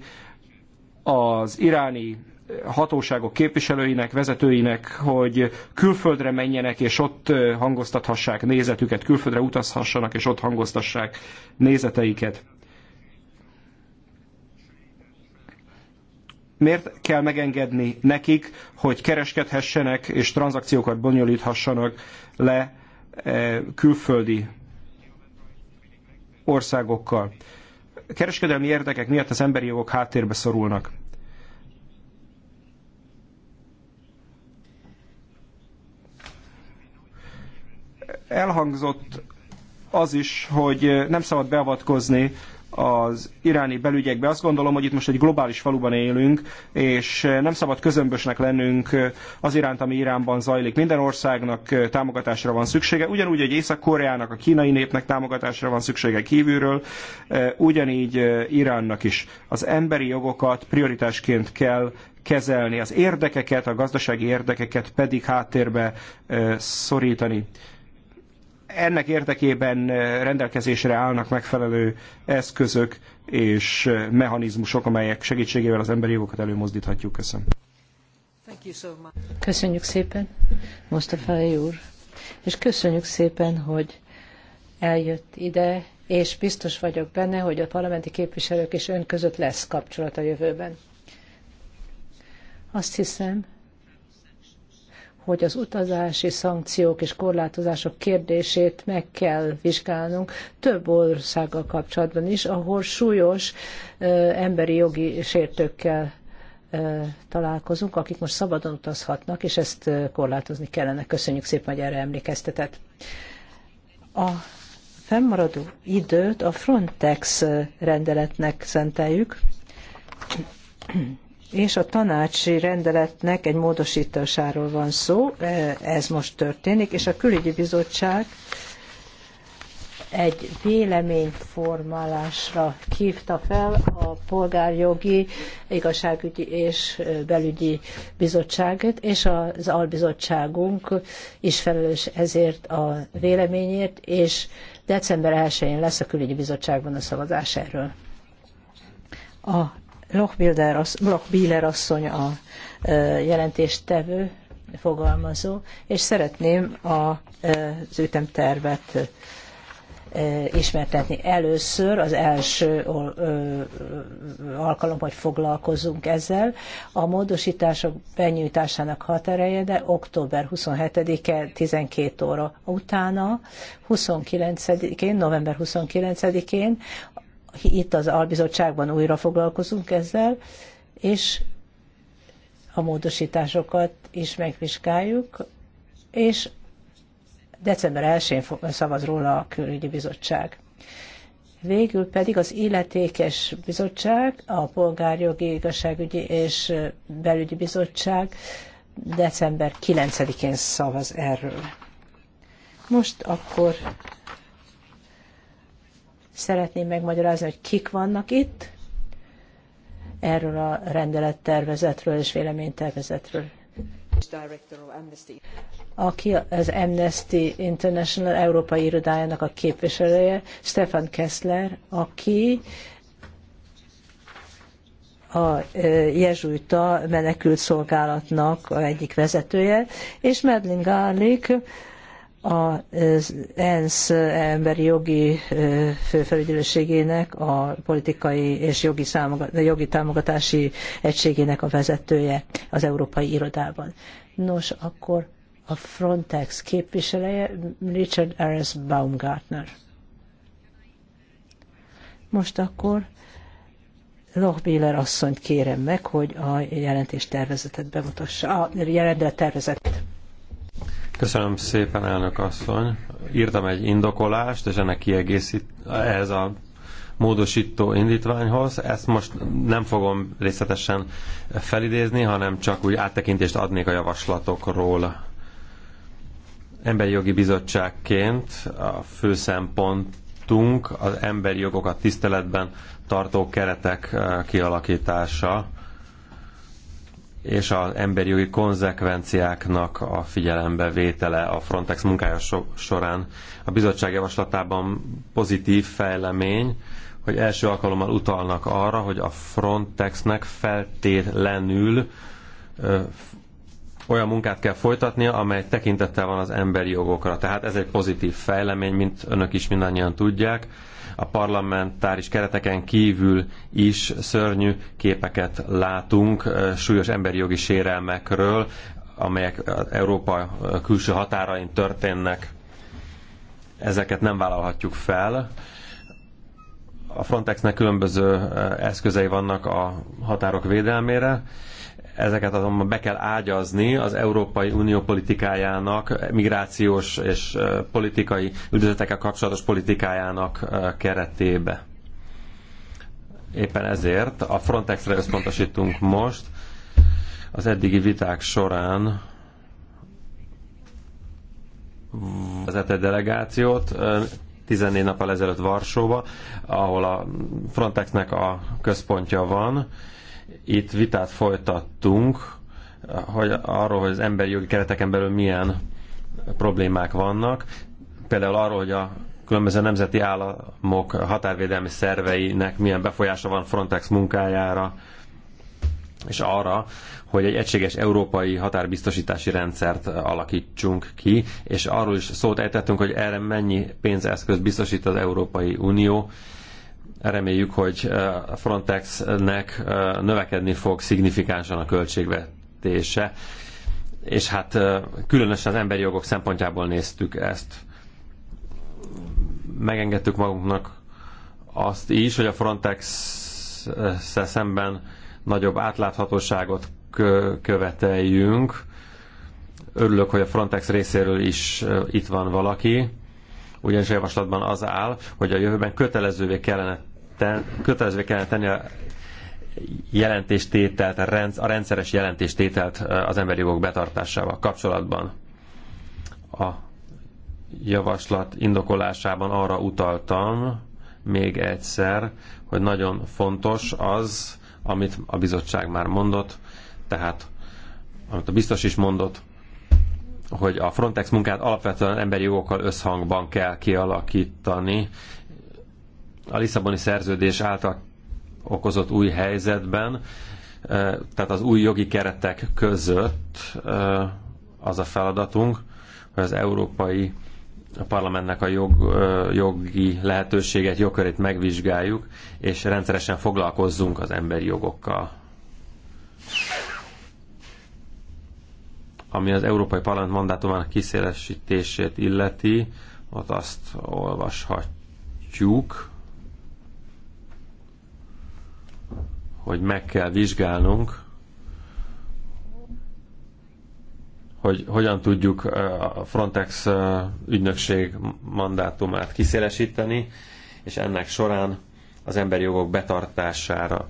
az iráni hatóságok képviselőinek, vezetőinek, hogy külföldre menjenek és ott hangoztathassák nézetüket, külföldre utazhassanak és ott hangoztassák nézeteiket. Miért kell megengedni nekik, hogy kereskedhessenek és tranzakciókat bonyolíthassanak le külföldi országokkal? kereskedelmi érdekek miatt az emberi jogok háttérbe szorulnak. Elhangzott az is, hogy nem szabad beavatkozni az iráni belügyekbe. Azt gondolom, hogy itt most egy globális faluban élünk, és nem szabad közömbösnek lennünk az iránt, ami Iránban zajlik. Minden országnak támogatásra van szüksége, ugyanúgy egy Észak-Koreának, a kínai népnek támogatásra van szüksége kívülről, ugyanígy Iránnak is. Az emberi jogokat prioritásként kell kezelni, az érdekeket, a gazdasági érdekeket pedig háttérbe szorítani ennek érdekében eh, rendelkezésre állnak megfelelő eszközök és eh, mechanizmusok, amelyek segítségével az emberi jogokat előmozdíthatjuk. Köszönöm. Köszönjük szépen, Mustafa úr, és köszönjük szépen, hogy eljött ide, és biztos vagyok benne, hogy a parlamenti képviselők és ön között lesz kapcsolat a jövőben. Azt hiszem, hogy az utazási szankciók és korlátozások kérdését meg kell vizsgálnunk több országgal kapcsolatban is, ahol súlyos emberi jogi sértőkkel találkozunk, akik most szabadon utazhatnak, és ezt korlátozni kellene. Köszönjük szépen, hogy erre emlékeztetett. A fennmaradó időt a Frontex rendeletnek szenteljük és a tanácsi rendeletnek egy módosításáról van szó, e, ez most történik, és a külügyi bizottság egy véleményformálásra hívta fel a polgárjogi, igazságügyi és e, belügyi bizottságot, és az albizottságunk is felelős ezért a véleményért, és december 1-én lesz a külügyi bizottságban a szavazás erről. A Lochbiller asszony a jelentéstevő, fogalmazó, és szeretném az ütemtervet ismertetni. Először az első alkalom, hogy foglalkozunk ezzel. A módosítások benyújtásának határeje, de október 27-e 12 óra utána, 29-én, november 29-én itt az albizottságban újra foglalkozunk ezzel, és a módosításokat is megvizsgáljuk, és december 1-én szavaz róla a külügyi bizottság. Végül pedig az illetékes bizottság, a polgárjogi, igazságügyi és belügyi bizottság december 9-én szavaz erről. Most akkor Szeretném megmagyarázni, hogy kik vannak itt erről a rendelettervezetről és véleménytervezetről. Aki az Amnesty International Európai Irodájának a képviselője, Stefan Kessler, aki a jezsuita menekült szolgálatnak egyik vezetője, és Medlin Garlick, az ENSZ emberi jogi főfelügyelőségének, a politikai és jogi, jogi támogatási egységének a vezetője az Európai Irodában. Nos, akkor a Frontex képviselője Richard Ares Baumgartner. Most akkor Lochbiller asszonyt kérem meg, hogy a jelentés tervezetet bemutassa. A jelentés tervezetet. Köszönöm szépen, elnök asszony. Írtam egy indokolást, és ennek kiegészít, ez a módosító indítványhoz. Ezt most nem fogom részletesen felidézni, hanem csak úgy áttekintést adnék a javaslatokról. Emberi Jogi Bizottságként a fő szempontunk az emberi jogokat tiszteletben tartó keretek eh, kialakítása és az emberi jogi konzekvenciáknak a figyelembevétele a Frontex munkája során. A bizottság javaslatában pozitív fejlemény, hogy első alkalommal utalnak arra, hogy a Frontexnek feltétlenül ö, olyan munkát kell folytatnia, amely tekintettel van az emberi jogokra. Tehát ez egy pozitív fejlemény, mint önök is mindannyian tudják a parlamentáris kereteken kívül is szörnyű képeket látunk súlyos emberi jogi sérelmekről, amelyek Európa külső határain történnek. Ezeket nem vállalhatjuk fel a Frontexnek különböző eszközei vannak a határok védelmére, Ezeket azonban be kell ágyazni az Európai Unió politikájának, migrációs és politikai üldözöttekkel kapcsolatos politikájának keretébe. Éppen ezért a Frontexre összpontosítunk most. Az eddigi viták során vezet egy delegációt 14 nappal ezelőtt Varsóba, ahol a Frontexnek a központja van, itt vitát folytattunk hogy arról, hogy az emberi jogi kereteken belül milyen problémák vannak. Például arról, hogy a különböző nemzeti államok határvédelmi szerveinek milyen befolyása van Frontex munkájára, és arra, hogy egy egységes európai határbiztosítási rendszert alakítsunk ki, és arról is szót ejtettünk, hogy erre mennyi pénzeszköz biztosít az Európai Unió, reméljük, hogy eh, a Frontexnek eh, növekedni fog szignifikánsan a költségvetése, és hát eh, különösen az emberi jogok szempontjából néztük ezt. Megengedtük magunknak azt is, hogy a frontex szemben nagyobb átláthatóságot követeljünk. Örülök, hogy a Frontex részéről is itt van valaki ugyanis a javaslatban az áll, hogy a jövőben kötelezővé kellene ten, kötelezővé kellene tenni a jelentéstételt, a rendszeres jelentéstételt az emberi jogok betartásával kapcsolatban. A javaslat indokolásában arra utaltam még egyszer, hogy nagyon fontos az, amit a bizottság már mondott, tehát amit a biztos is mondott, hogy a Frontex munkát alapvetően emberi jogokkal összhangban kell kialakítani, a Lisszaboni szerződés által okozott új helyzetben, e, tehát az új jogi keretek között e, az a feladatunk, hogy az Európai Parlamentnek a jog, e, jogi lehetőséget, jogkörét megvizsgáljuk, és rendszeresen foglalkozzunk az emberi jogokkal. Ami az Európai Parlament mandátumának kiszélesítését illeti, ott azt olvashatjuk, hogy meg kell vizsgálnunk, hogy hogyan tudjuk a Frontex ügynökség mandátumát kiszélesíteni, és ennek során az emberi jogok betartására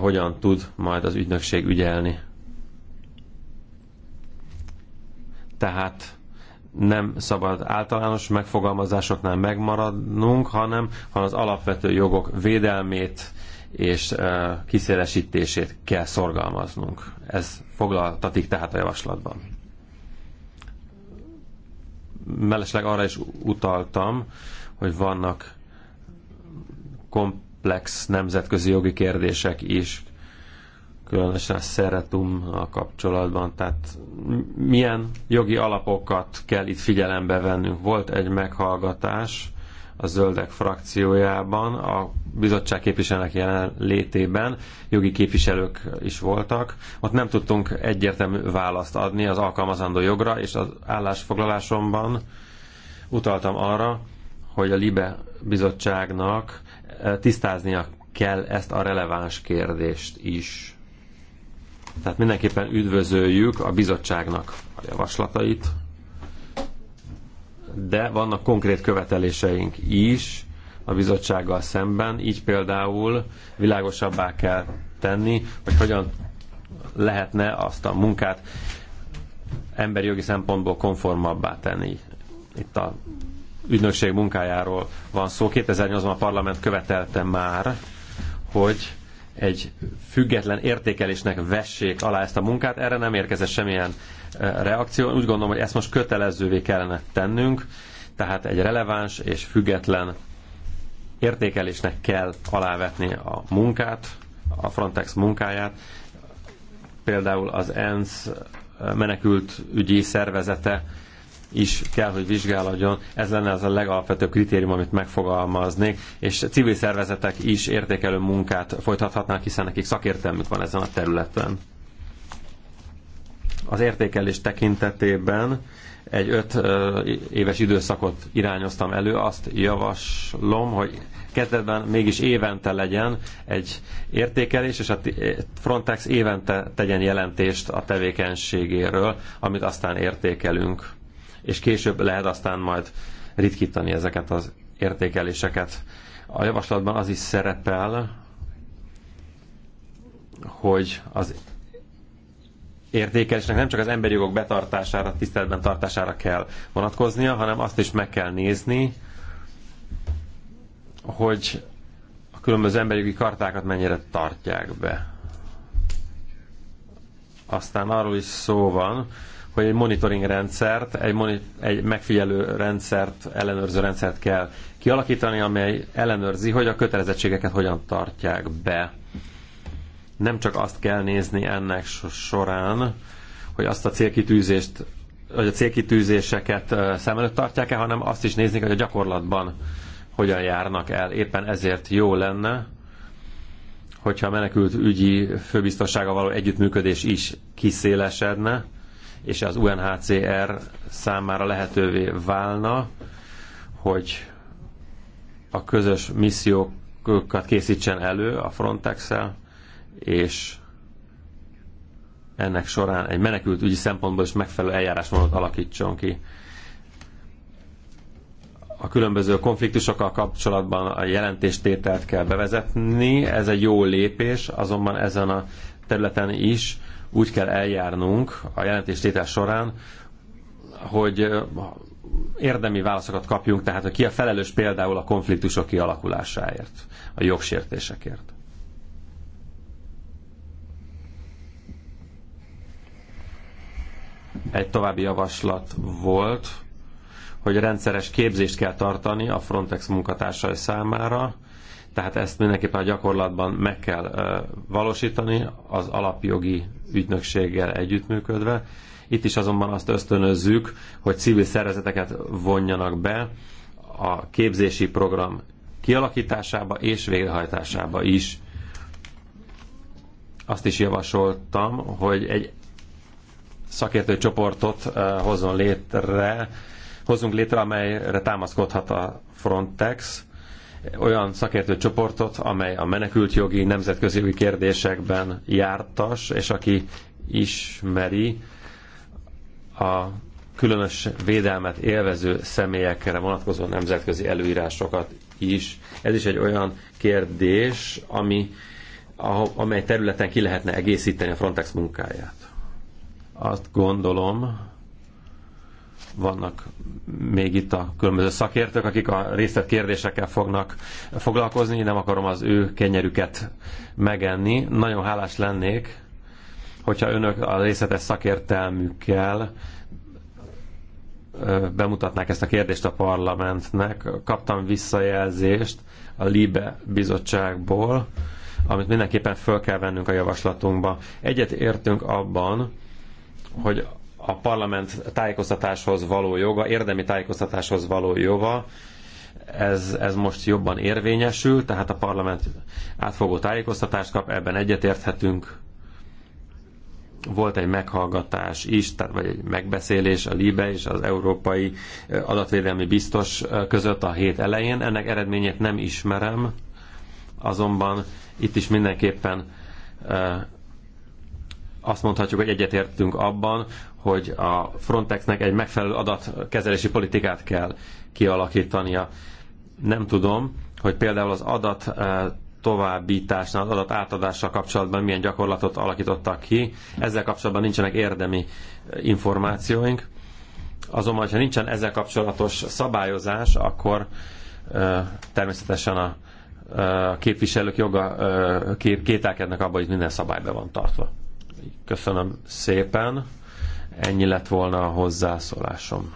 hogyan tud majd az ügynökség ügyelni. Tehát nem szabad általános megfogalmazásoknál megmaradnunk, hanem, hanem az alapvető jogok védelmét és kiszélesítését kell szorgalmaznunk. Ez foglaltatik tehát a javaslatban. Mellesleg arra is utaltam, hogy vannak komplex nemzetközi jogi kérdések is, különösen a szeretummal kapcsolatban. Tehát milyen jogi alapokat kell itt figyelembe vennünk? Volt egy meghallgatás a zöldek frakciójában, a bizottság képviselőnek jelen létében jogi képviselők is voltak. Ott nem tudtunk egyértelmű választ adni az alkalmazandó jogra, és az állásfoglalásomban utaltam arra, hogy a LIBE bizottságnak eh, tisztáznia kell ezt a releváns kérdést is. Tehát mindenképpen üdvözöljük a bizottságnak a javaslatait, de vannak konkrét követeléseink is a bizottsággal szemben, így például világosabbá kell tenni, hogy hogyan lehetne azt a munkát emberi jogi szempontból konformabbá tenni. Itt a ügynökség munkájáról van szó. 2008-ban a parlament követelte már, hogy egy független értékelésnek vessék alá ezt a munkát. Erre nem érkezett semmilyen reakció. Úgy gondolom, hogy ezt most kötelezővé kellene tennünk, tehát egy releváns és független értékelésnek kell alávetni a munkát, a Frontex munkáját. Például az ENSZ menekült ügyi szervezete is kell, hogy vizsgálódjon. Ez lenne az a legalapvetőbb kritérium, amit megfogalmaznék, és civil szervezetek is értékelő munkát folytathatnák, hiszen nekik szakértelmük van ezen a területen az értékelés tekintetében egy öt éves időszakot irányoztam elő, azt javaslom, hogy kezdetben mégis évente legyen egy értékelés, és a Frontex évente tegyen jelentést a tevékenységéről, amit aztán értékelünk. És később lehet aztán majd ritkítani ezeket az értékeléseket. A javaslatban az is szerepel, hogy az értékelésnek nem csak az emberi jogok betartására, tiszteletben tartására kell vonatkoznia, hanem azt is meg kell nézni, hogy a különböző emberi jogi kartákat mennyire tartják be. Aztán arról is szó van, hogy egy monitoring rendszert, egy, moni- egy megfigyelő rendszert, ellenőrző rendszert kell kialakítani, amely ellenőrzi, hogy a kötelezettségeket hogyan tartják be nem csak azt kell nézni ennek során, hogy azt a célkitűzést, vagy a célkitűzéseket szem előtt tartják-e, hanem azt is nézni, hogy a gyakorlatban hogyan járnak el. Éppen ezért jó lenne, hogyha a menekült ügyi főbiztossága való együttműködés is kiszélesedne, és az UNHCR számára lehetővé válna, hogy a közös missziókat készítsen elő a Frontex-el, és ennek során egy menekült ügyi szempontból is megfelelő eljárásmódot alakítson ki. A különböző konfliktusokkal kapcsolatban a jelentéstételt kell bevezetni, ez egy jó lépés, azonban ezen a területen is úgy kell eljárnunk a jelentéstétel során, hogy érdemi válaszokat kapjunk, tehát hogy ki a felelős például a konfliktusok kialakulásáért, a jogsértésekért. egy további javaslat volt, hogy rendszeres képzést kell tartani a Frontex munkatársai számára, tehát ezt mindenképpen a gyakorlatban meg kell valósítani az alapjogi ügynökséggel együttműködve. Itt is azonban azt ösztönözzük, hogy civil szervezeteket vonjanak be a képzési program kialakításába és végrehajtásába is. Azt is javasoltam, hogy egy szakértő csoportot eh, hozzon létre, hozzunk létre, amelyre támaszkodhat a Frontex, olyan szakértő csoportot, amely a menekültjogi, nemzetközi jogi kérdésekben jártas, és aki ismeri a különös védelmet élvező személyekre vonatkozó nemzetközi előírásokat is. Ez is egy olyan kérdés, ami, amely területen ki lehetne egészíteni a Frontex munkáját. Azt gondolom, vannak még itt a különböző szakértők, akik a részlet kérdésekkel fognak foglalkozni, nem akarom az ő kenyerüket megenni. Nagyon hálás lennék, hogyha önök a részletes szakértelmükkel bemutatnák ezt a kérdést a parlamentnek. Kaptam visszajelzést a LIBE bizottságból, amit mindenképpen föl kell vennünk a javaslatunkba. Egyet értünk abban, hogy a parlament tájékoztatáshoz való joga, érdemi tájékoztatáshoz való joga, ez, ez most jobban érvényesül, tehát a parlament átfogó tájékoztatást kap, ebben egyetérthetünk. Volt egy meghallgatás is, tehát, vagy egy megbeszélés a LIBE és az Európai Adatvédelmi Biztos között a hét elején. Ennek eredményét nem ismerem, azonban itt is mindenképpen eh, azt mondhatjuk, hogy egyetértünk abban, hogy a Frontexnek egy megfelelő adatkezelési politikát kell kialakítania. Nem tudom, hogy például az adat eh, továbbításnál, az adat átadással kapcsolatban milyen gyakorlatot alakítottak ki. Ezzel kapcsolatban nincsenek érdemi eh, információink. Azonban, ha nincsen ezzel kapcsolatos szabályozás, akkor eh, természetesen a képviselők joga kételkednek abban, hogy minden szabályban van tartva. Köszönöm szépen. Ennyi lett volna a hozzászólásom.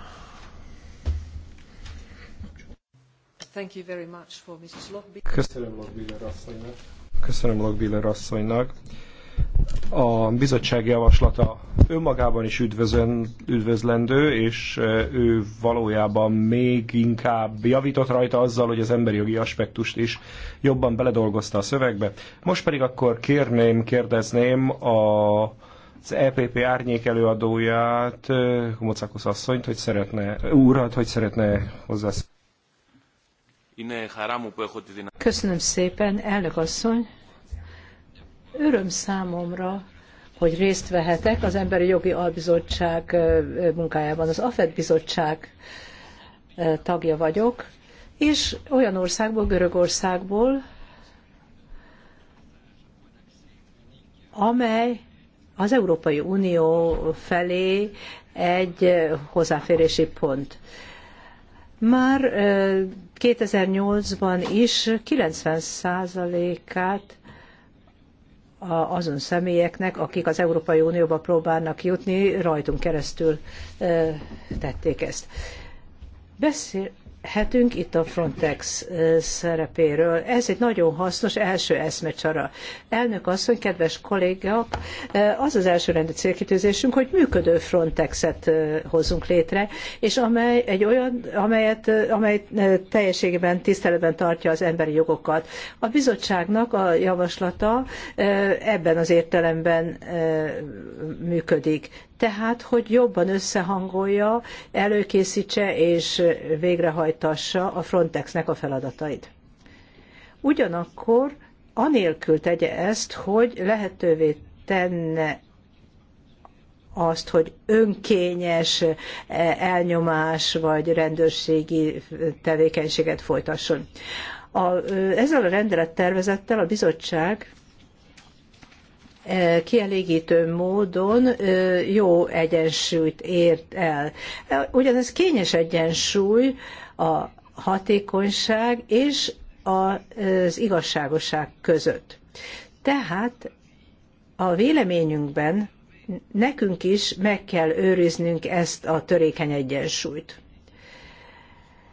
Köszönöm Logbiller asszonynak. Köszönöm Logbiller asszonynak. A bizottság javaslata önmagában is üdvözön, üdvözlendő, és ő valójában még inkább javított rajta azzal, hogy az emberi jogi aspektust is jobban beledolgozta a szövegbe. Most pedig akkor kérném, kérdezném a az EPP árnyék előadóját, Komocakos asszonyt, hogy szeretne, úrat, hogy szeretne hozzászólni. Köszönöm szépen, elnök asszony. Öröm számomra, hogy részt vehetek az Emberi Jogi Albizottság munkájában. Az AFED bizottság tagja vagyok, és olyan országból, Görögországból, amely az Európai Unió felé egy hozzáférési pont. Már 2008-ban is 90 százalékát azon személyeknek, akik az Európai Unióba próbálnak jutni, rajtunk keresztül tették ezt. Beszél, beszélhetünk itt a Frontex szerepéről. Ez egy nagyon hasznos első eszmecsara. Elnök asszony, kedves kollégák, az az első rendű célkitűzésünk, hogy működő Frontexet hozzunk létre, és amely egy olyan, amelyet, amely teljességében tiszteletben tartja az emberi jogokat. A bizottságnak a javaslata ebben az értelemben működik tehát hogy jobban összehangolja, előkészítse és végrehajtassa a Frontexnek a feladatait. Ugyanakkor anélkül tegye ezt, hogy lehetővé tenne azt, hogy önkényes e, elnyomás vagy rendőrségi tevékenységet folytasson. A, ezzel a rendelettervezettel a bizottság kielégítő módon jó egyensúlyt ért el. Ugyanez kényes egyensúly a hatékonyság és az igazságosság között. Tehát a véleményünkben nekünk is meg kell őriznünk ezt a törékeny egyensúlyt,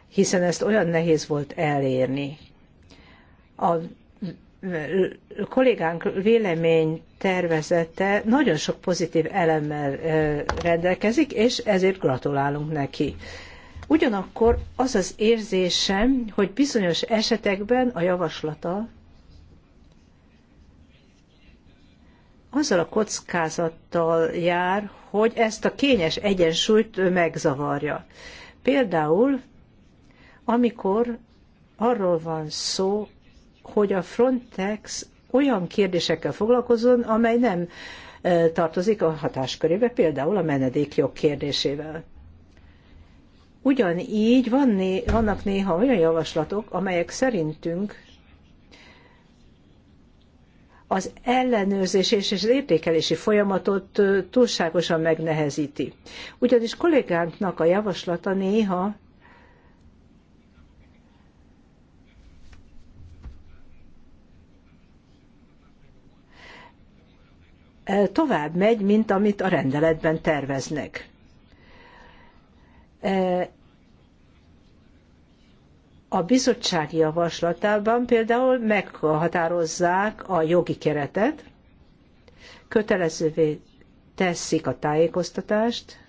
hiszen ezt olyan nehéz volt elérni. A kollégánk vélemény tervezete nagyon sok pozitív elemmel rendelkezik, és ezért gratulálunk neki. Ugyanakkor az az érzésem, hogy bizonyos esetekben a javaslata azzal a kockázattal jár, hogy ezt a kényes egyensúlyt megzavarja. Például, amikor arról van szó, hogy a Frontex olyan kérdésekkel foglalkozzon, amely nem e, tartozik a hatáskörébe, például a menedékjog kérdésével. Ugyanígy van né, vannak néha olyan javaslatok, amelyek szerintünk az ellenőrzés és az értékelési folyamatot e, túlságosan megnehezíti. Ugyanis kollégánknak a javaslata néha tovább megy, mint amit a rendeletben terveznek. A bizottság javaslatában például meghatározzák a jogi keretet, kötelezővé teszik a tájékoztatást,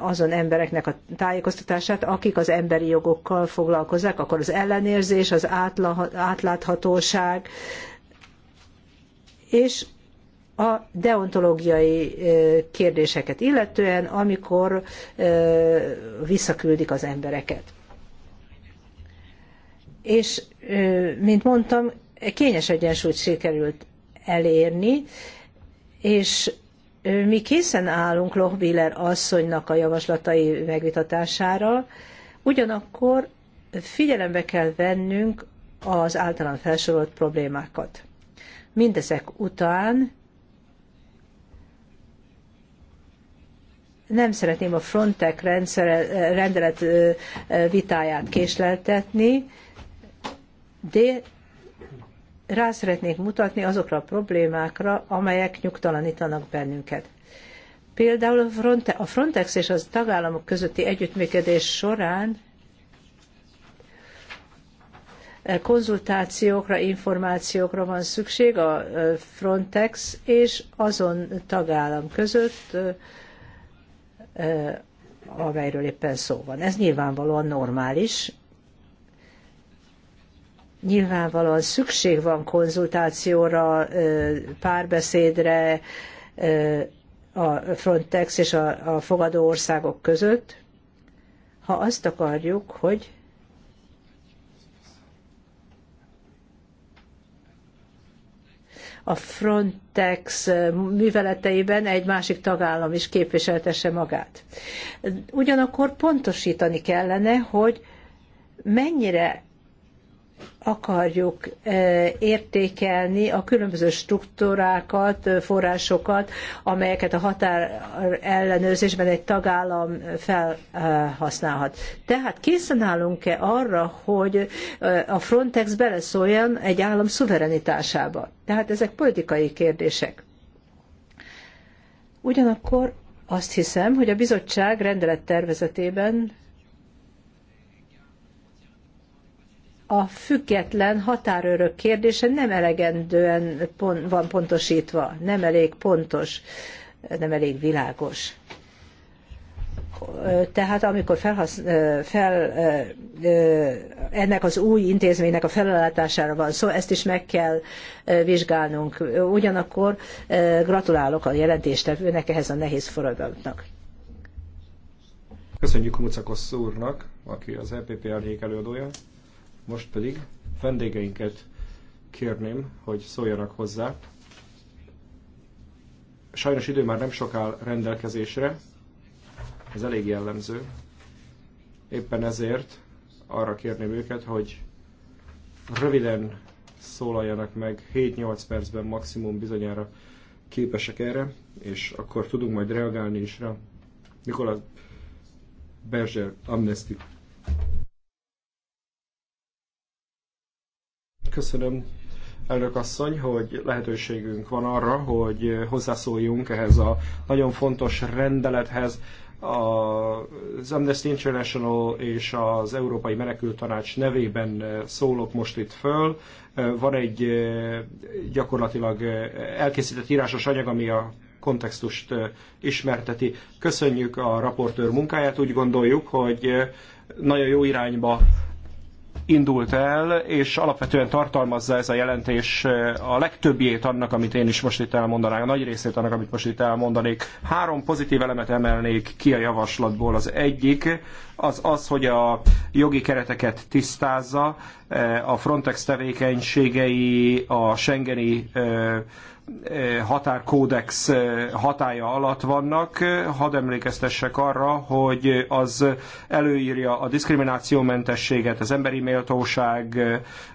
azon embereknek a tájékoztatását, akik az emberi jogokkal foglalkoznak, akkor az ellenérzés, az átláthatóság, és a deontológiai kérdéseket illetően, amikor visszaküldik az embereket. És, mint mondtam, kényes egyensúlyt sikerült elérni, és mi készen állunk Lochbiller asszonynak a javaslatai megvitatására, ugyanakkor figyelembe kell vennünk az általán felsorolt problémákat. Mindezek után nem szeretném a Frontex rendelet vitáját késleltetni, de rá szeretnék mutatni azokra a problémákra, amelyek nyugtalanítanak bennünket. Például a Frontex és az tagállamok közötti együttműködés során konzultációkra, információkra van szükség a Frontex és azon tagállam között, amelyről éppen szó van. Ez nyilvánvalóan normális. Nyilvánvalóan szükség van konzultációra, párbeszédre a Frontex és a fogadó országok között, ha azt akarjuk, hogy a Frontex műveleteiben egy másik tagállam is képviseltesse magát. Ugyanakkor pontosítani kellene, hogy mennyire akarjuk e, értékelni a különböző struktúrákat, e, forrásokat, amelyeket a határ ellenőrzésben egy tagállam felhasználhat. E, Tehát készen állunk-e arra, hogy a Frontex beleszóljon egy állam szuverenitásába? Tehát ezek politikai kérdések. Ugyanakkor azt hiszem, hogy a bizottság rendelettervezetében a független határőrök kérdése nem elegendően pon- van pontosítva, nem elég pontos, nem elég világos. Tehát amikor felhasz, fel, ennek az új intézménynek a feladatására van szó, ezt is meg kell vizsgálnunk. Ugyanakkor gratulálok a jelentéstevőnek ehhez a nehéz forradalomnak. Köszönjük Mucakos úrnak, aki az EPP elnék előadója. Most pedig vendégeinket kérném, hogy szóljanak hozzá. Sajnos idő már nem sok áll rendelkezésre, ez elég jellemző. Éppen ezért arra kérném őket, hogy röviden szólaljanak meg, 7-8 percben maximum bizonyára képesek erre, és akkor tudunk majd reagálni is rá. Nikola Berger, Amnesty Köszönöm, elnök asszony, hogy lehetőségünk van arra, hogy hozzászóljunk ehhez a nagyon fontos rendelethez. Az Amnesty International és az Európai Menekült Tanács nevében szólok most itt föl. Van egy gyakorlatilag elkészített írásos anyag, ami a kontextust ismerteti. Köszönjük a raportőr munkáját, úgy gondoljuk, hogy nagyon jó irányba indult el, és alapvetően tartalmazza ez a jelentés eh, a legtöbbjét annak, amit én is most itt elmondanám, a nagy részét annak, amit most itt elmondanék. Három pozitív elemet emelnék ki a javaslatból. Az egyik az az, hogy a jogi kereteket tisztázza, eh, a Frontex tevékenységei, a Schengeni eh, határkódex eh, hatája alatt vannak. Hadd emlékeztessek arra, hogy az előírja a diszkriminációmentességet, az emberi méltóság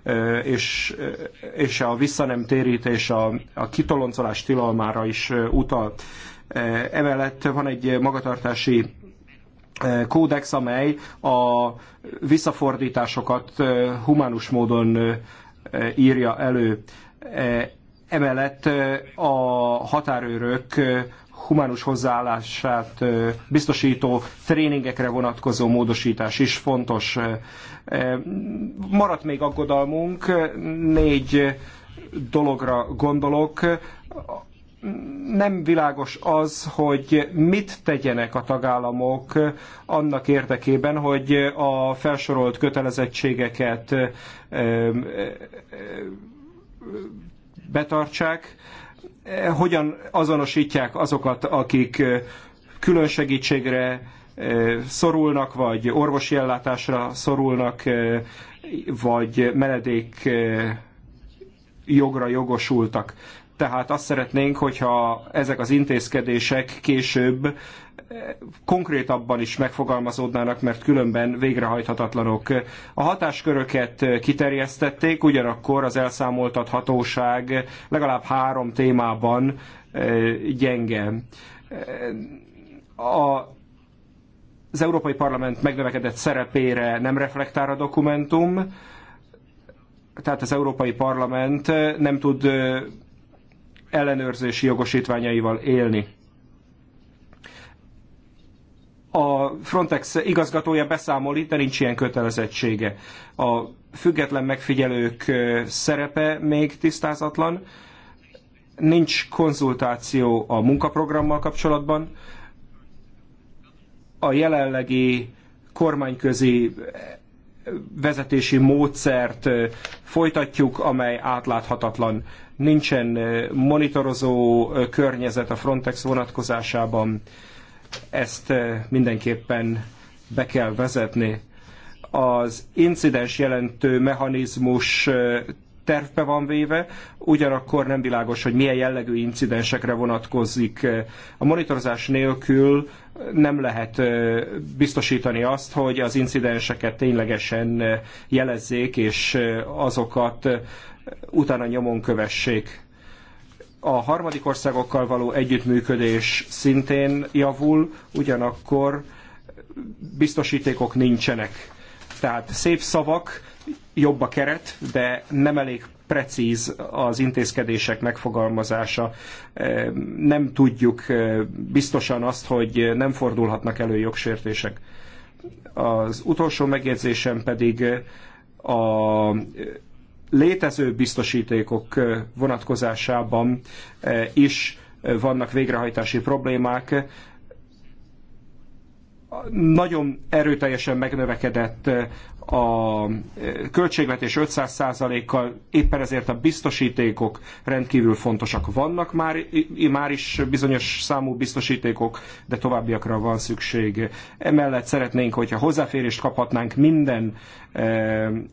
eh, és, eh, és a visszanemtérítés, a, a kitoloncolás tilalmára is utal. Emellett van egy magatartási kódex, amely a visszafordításokat humánus módon írja elő Emellett a határőrök humánus hozzáállását biztosító tréningekre vonatkozó módosítás is fontos. Maradt még aggodalmunk, négy dologra gondolok. Nem világos az, hogy mit tegyenek a tagállamok annak érdekében, hogy a felsorolt kötelezettségeket betartsák, hogyan azonosítják azokat, akik külön segítségre szorulnak, vagy orvosi ellátásra szorulnak, vagy menedék jogra jogosultak. Tehát azt szeretnénk, hogyha ezek az intézkedések később eh, konkrétabban is megfogalmazódnának, mert különben végrehajthatatlanok. A hatásköröket eh, kiterjesztették, ugyanakkor az elszámoltathatóság legalább három témában eh, gyenge. A az Európai Parlament megnövekedett szerepére nem reflektál a dokumentum, tehát az Európai Parlament nem tud ellenőrzési jogosítványaival élni. A Frontex igazgatója beszámol itt, de nincs ilyen kötelezettsége. A független megfigyelők szerepe még tisztázatlan, nincs konzultáció a munkaprogrammal kapcsolatban, a jelenlegi kormányközi vezetési módszert folytatjuk, amely átláthatatlan nincsen monitorozó környezet a Frontex vonatkozásában, ezt mindenképpen be kell vezetni. Az incidens jelentő mechanizmus tervbe van véve, ugyanakkor nem világos, hogy milyen jellegű incidensekre vonatkozik. A monitorozás nélkül nem lehet biztosítani azt, hogy az incidenseket ténylegesen jelezzék, és azokat utána nyomon kövessék. A harmadik országokkal való együttműködés szintén javul, ugyanakkor biztosítékok nincsenek. Tehát szép szavak, jobb a keret, de nem elég precíz az intézkedések megfogalmazása. Nem tudjuk biztosan azt, hogy nem fordulhatnak elő jogsértések. Az utolsó megjegyzésem pedig a létező biztosítékok vonatkozásában is vannak végrehajtási problémák. Nagyon erőteljesen megnövekedett a költségvetés 500%-kal, éppen ezért a biztosítékok rendkívül fontosak. Vannak már, már is bizonyos számú biztosítékok, de továbbiakra van szükség. Emellett szeretnénk, hogyha hozzáférést kaphatnánk minden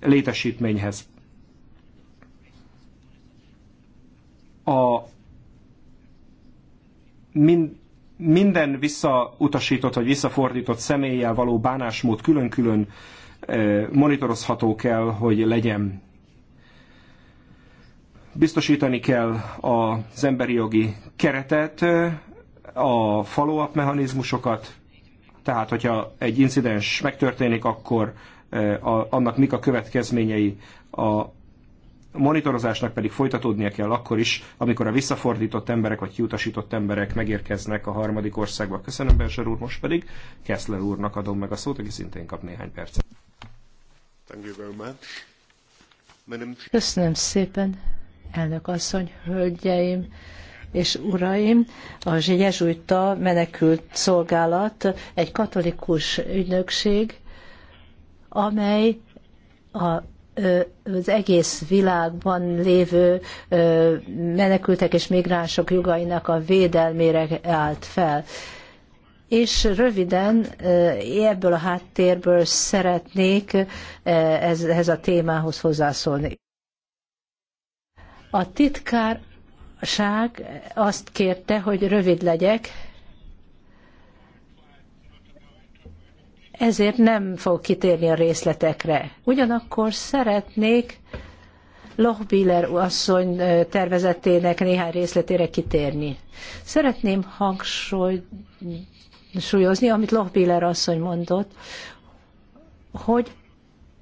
létesítményhez. a mind, minden visszautasított vagy visszafordított személlyel való bánásmód külön-külön eh, monitorozható kell, hogy legyen. Biztosítani kell az emberi jogi keretet, eh, a follow-up mechanizmusokat, tehát hogyha egy incidens megtörténik, akkor eh, annak mik a következményei a monitorozásnak pedig folytatódnia kell akkor is, amikor a visszafordított emberek vagy kiutasított emberek megérkeznek a harmadik országba. Köszönöm, Belser úr, most pedig Kessler úrnak adom meg a szót, aki szintén kap néhány percet. Köszönöm szépen, elnök asszony, hölgyeim és uraim, a Jezsuita menekült szolgálat egy katolikus ügynökség, amely a az egész világban lévő menekültek és migránsok jogainak a védelmére állt fel. És röviden ebből a háttérből szeretnék ehhez a témához hozzászólni. A titkárság azt kérte, hogy rövid legyek, ezért nem fog kitérni a részletekre. Ugyanakkor szeretnék Lochbiller asszony tervezetének néhány részletére kitérni. Szeretném hangsúlyozni, amit Lochbiller asszony mondott, hogy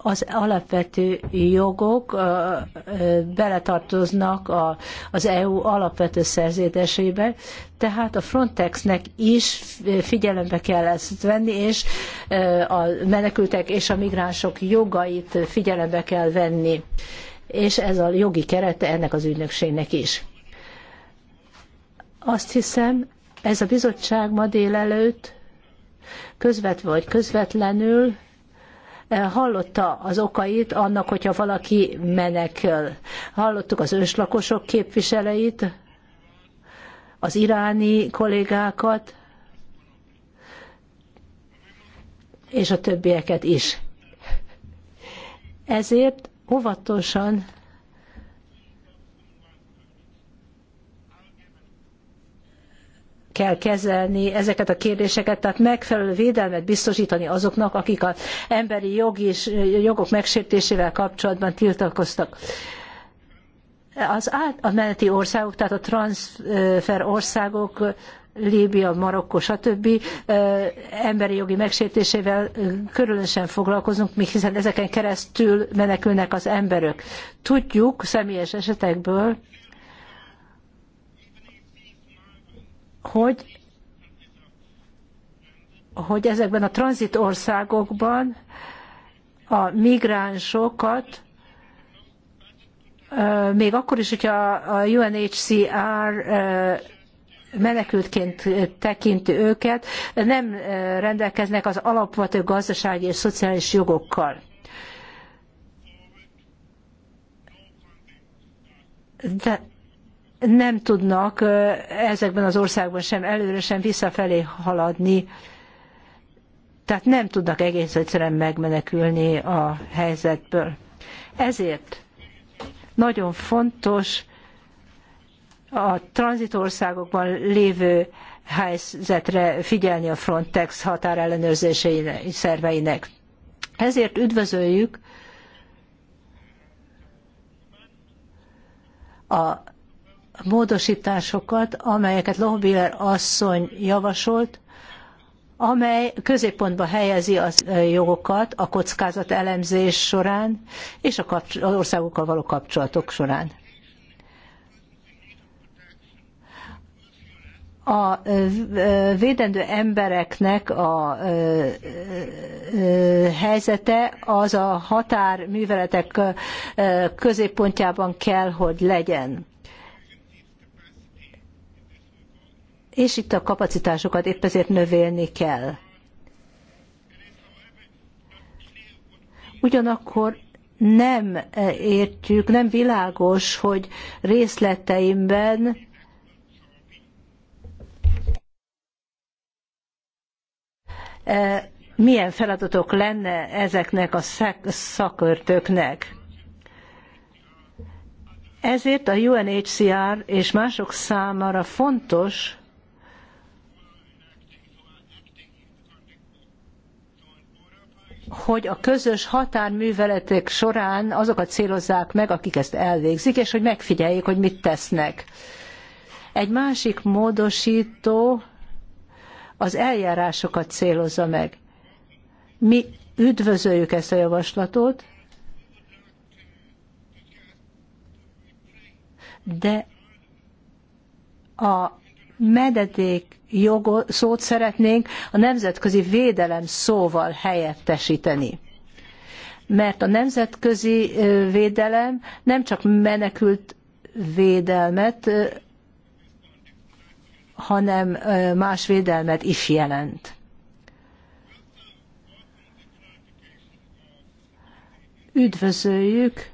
az alapvető jogok beletartoznak a, az EU alapvető szerződésébe, tehát a Frontexnek is figyelembe kell ezt venni, és a menekültek és a migránsok jogait figyelembe kell venni. És ez a jogi kerete ennek az ügynökségnek is. Azt hiszem, ez a bizottság ma délelőtt közvetve vagy közvetlenül hallotta az okait annak, hogyha valaki menekül. Hallottuk az őslakosok képviseleit, az iráni kollégákat, és a többieket is. Ezért óvatosan kell kezelni ezeket a kérdéseket, tehát megfelelő védelmet biztosítani azoknak, akik az emberi jogi és jogok megsértésével kapcsolatban tiltakoztak. Az átmeneti országok, tehát a transfer országok Líbia, Marokko, stb. emberi jogi megsértésével körülösen foglalkozunk, hiszen ezeken keresztül menekülnek az emberek. Tudjuk személyes esetekből, hogy hogy ezekben a tranzit országokban a migránsokat még akkor is, hogyha a UNHCR menekültként tekinti őket, nem rendelkeznek az alapvető gazdasági és szociális jogokkal. De nem tudnak ezekben az országban sem előre, sem visszafelé haladni. Tehát nem tudnak egész egyszerűen megmenekülni a helyzetből. Ezért nagyon fontos a tranzitországokban lévő helyzetre figyelni a Frontex határellenőrzései szerveinek. Ezért üdvözöljük a módosításokat, amelyeket Lohbiller asszony javasolt, amely középpontba helyezi a jogokat a kockázat elemzés során és a kapcs- az országokkal való kapcsolatok során. a védendő embereknek a helyzete az a határműveletek középpontjában kell, hogy legyen. és itt a kapacitásokat épp ezért növelni kell. Ugyanakkor nem eh, értjük, nem világos, hogy részleteimben eh, milyen feladatok lenne ezeknek a szakörtöknek. Ezért a UNHCR és mások számára fontos, hogy a közös határműveletek során azokat célozzák meg, akik ezt elvégzik, és hogy megfigyeljék, hogy mit tesznek. Egy másik módosító az eljárásokat célozza meg. Mi üdvözöljük ezt a javaslatot, de a mededék jogot, szót szeretnénk a nemzetközi védelem szóval helyettesíteni. Mert a nemzetközi védelem nem csak menekült védelmet, hanem más védelmet is jelent. Üdvözöljük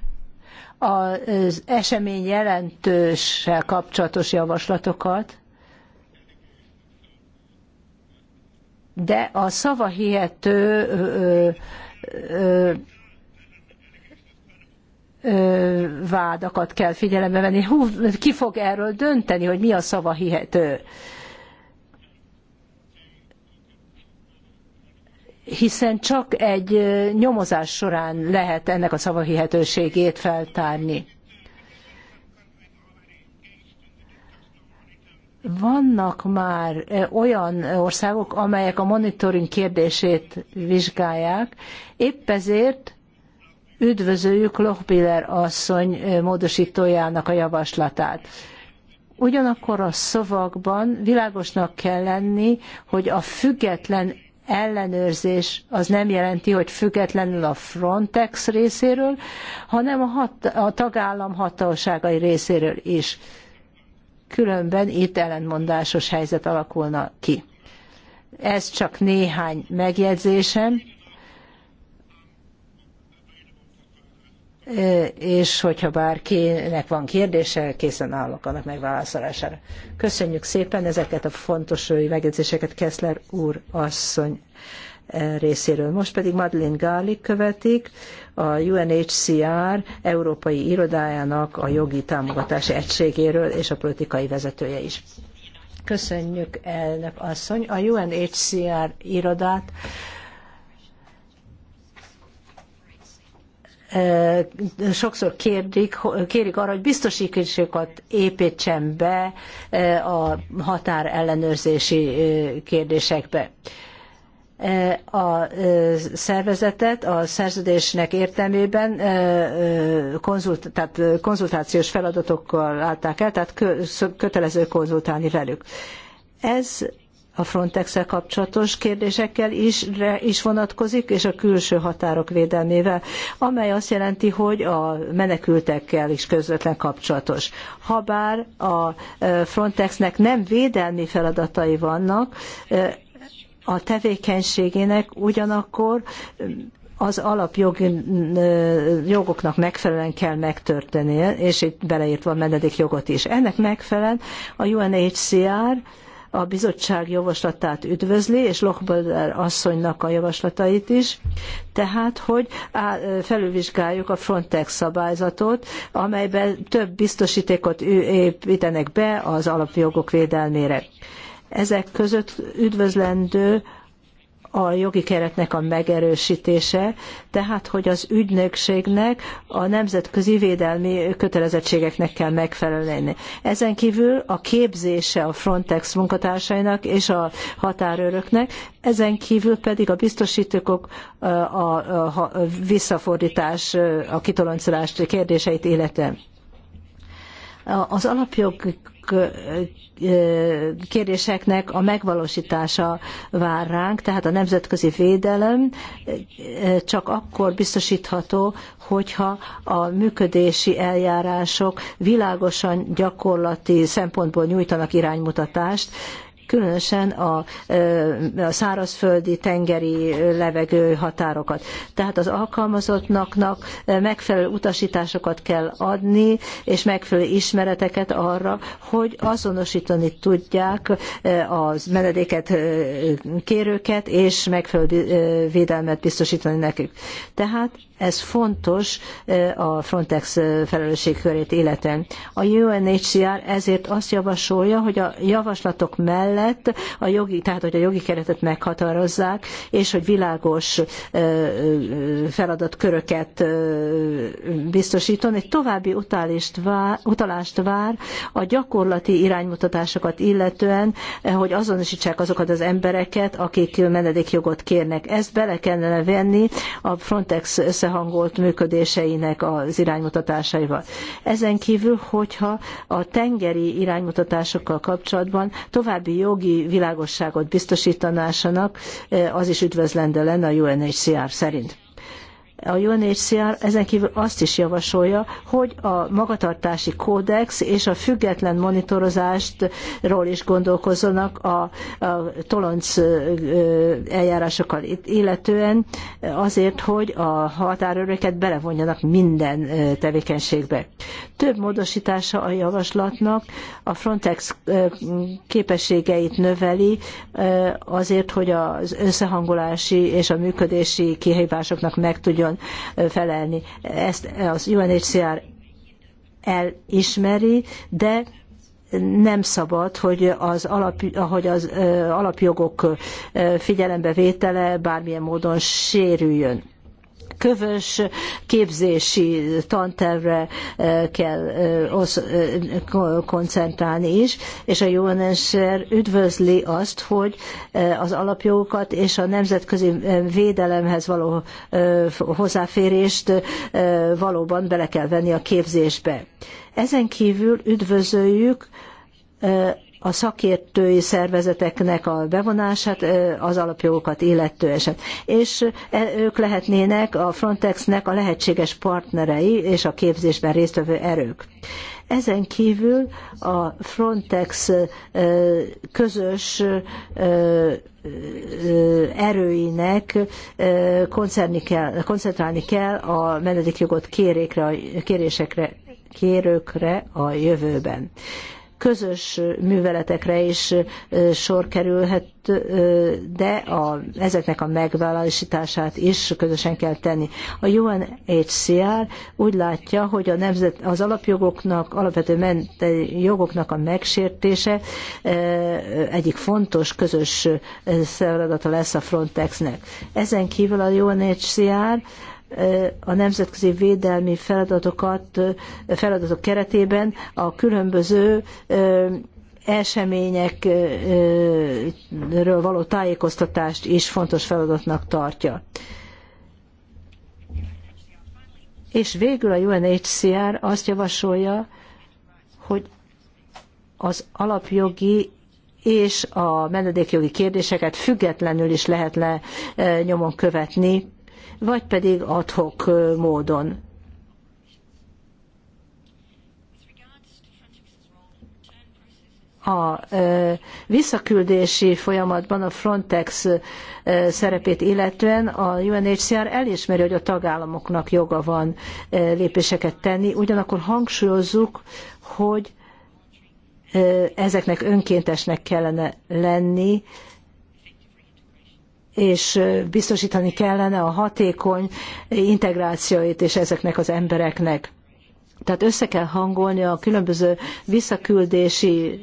az esemény jelentőssel kapcsolatos javaslatokat, de a hihető vádakat kell figyelembe venni. Hú, ki fog erről dönteni, hogy mi a hihető? Hiszen csak egy nyomozás során lehet ennek a hihetőségét feltárni. Vannak már olyan országok, amelyek a monitoring kérdését vizsgálják, épp ezért üdvözöljük Lochbiller asszony módosítójának a javaslatát. Ugyanakkor a szavakban világosnak kell lenni, hogy a független ellenőrzés az nem jelenti, hogy függetlenül a Frontex részéről, hanem a, hat, a tagállam hatóságai részéről is különben itt ellentmondásos helyzet alakulna ki. Ez csak néhány megjegyzésem, és hogyha bárkinek van kérdése, készen állok annak megválaszolására. Köszönjük szépen ezeket a fontos megjegyzéseket Keszler úr asszony részéről. Most pedig Madeleine Garlick követik, a UNHCR európai irodájának a jogi támogatási egységéről és a politikai vezetője is. Köszönjük, elnök asszony. A UNHCR irodát sokszor kérdik, kérik arra, hogy biztosítékokat építsen be a határellenőrzési kérdésekbe. E, a e, szervezetet a szerződésnek értelmében e, konzult, tehát konzultációs feladatokkal látták el, tehát kötelező konzultálni velük. Ez a frontex -el kapcsolatos kérdésekkel is, is vonatkozik, és a külső határok védelmével, amely azt jelenti, hogy a menekültekkel is közvetlen kapcsolatos. Habár a Frontexnek nem védelmi feladatai vannak, a tevékenységének ugyanakkor az alapjogoknak megfelelően kell megtörténnie, és itt beleértve a menedékjogot is. Ennek megfelelően a UNHCR a bizottság javaslatát üdvözli, és Lochbader asszonynak a javaslatait is, tehát, hogy felülvizsgáljuk a Frontex szabályzatot, amelyben több biztosítékot építenek be az alapjogok védelmére. Ezek között üdvözlendő a jogi keretnek a megerősítése, tehát hogy az ügynökségnek a nemzetközi védelmi kötelezettségeknek kell megfelelni. Ezen kívül a képzése a Frontex munkatársainak és a határőröknek, ezen kívül pedig a biztosítókok a, visszafordítás, a kitoloncolás kérdéseit illetően. Az alapjogi kéréseknek a megvalósítása vár ránk, tehát a nemzetközi védelem csak akkor biztosítható, hogyha a működési eljárások világosan gyakorlati szempontból nyújtanak iránymutatást, különösen a, a szárazföldi, tengeri levegő határokat. Tehát az alkalmazottnak megfelelő utasításokat kell adni, és megfelelő ismereteket arra, hogy azonosítani tudják az menedéket kérőket, és megfelelő védelmet biztosítani nekik. Tehát ez fontos a Frontex felelősségkörét illetően. A UNHCR ezért azt javasolja, hogy a javaslatok mellett mellett, a jogi, tehát hogy a jogi keretet meghatározzák, és hogy világos feladatköröket biztosíton. Egy további utalást vár, utalást vár a gyakorlati iránymutatásokat illetően, eh, hogy azonosítsák azokat az embereket, akik menedékjogot kérnek. Ezt bele kellene venni a Frontex összehangolt működéseinek az iránymutatásaival. Ezen kívül, hogyha a tengeri iránymutatásokkal kapcsolatban további jogi világosságot biztosítanásának, eh, az is üdvözlendő lenne a UNHCR szerint. A UNHCR ezen kívül azt is javasolja, hogy a magatartási kódex és a független monitorozástról is gondolkozzanak a, a tolonc eljárásokkal illetően, azért, hogy a határőröket belevonjanak minden tevékenységbe. Több módosítása a javaslatnak a Frontex képességeit növeli azért, hogy az összehangolási és a működési kihívásoknak meg tudjon tudjon felelni. Ezt az UNHCR elismeri, de nem szabad, hogy az, alap, hogy az alapjogok figyelembevétele bármilyen módon sérüljön kövös képzési tantervre eh, kell eh, eh, koncentrálni is, és a UNHCR üdvözli azt, hogy az alapjogokat és a nemzetközi védelemhez való hozzáférést valóban bele kell venni a képzésbe. Ezen kívül üdvözöljük a szakértői szervezeteknek a bevonását az alapjogokat illető eset. És ők lehetnének a Frontexnek a lehetséges partnerei és a képzésben résztvevő erők. Ezen kívül a Frontex közös erőinek kell, koncentrálni kell a menedékjogot kérékre, kérésekre, kérőkre a jövőben közös műveletekre is sor kerülhet, de a, ezeknek a megvalósítását is közösen kell tenni. A UNHCR úgy látja, hogy a nemzet, az alapjogoknak, alapvető mente, jogoknak a megsértése egyik fontos közös feladata lesz a Frontexnek. Ezen kívül a UNHCR a nemzetközi védelmi feladatokat, feladatok keretében a különböző eseményekről való tájékoztatást is fontos feladatnak tartja. És végül a UNHCR azt javasolja, hogy az alapjogi és a menedékjogi kérdéseket függetlenül is lehet le nyomon követni vagy pedig adhok módon. a visszaküldési folyamatban a Frontex szerepét illetően a UNHCR elismeri, hogy a tagállamoknak joga van lépéseket tenni, ugyanakkor hangsúlyozzuk, hogy ezeknek önkéntesnek kellene lenni, és biztosítani kellene a hatékony integrációit és ezeknek az embereknek. Tehát össze kell hangolni a különböző visszaküldési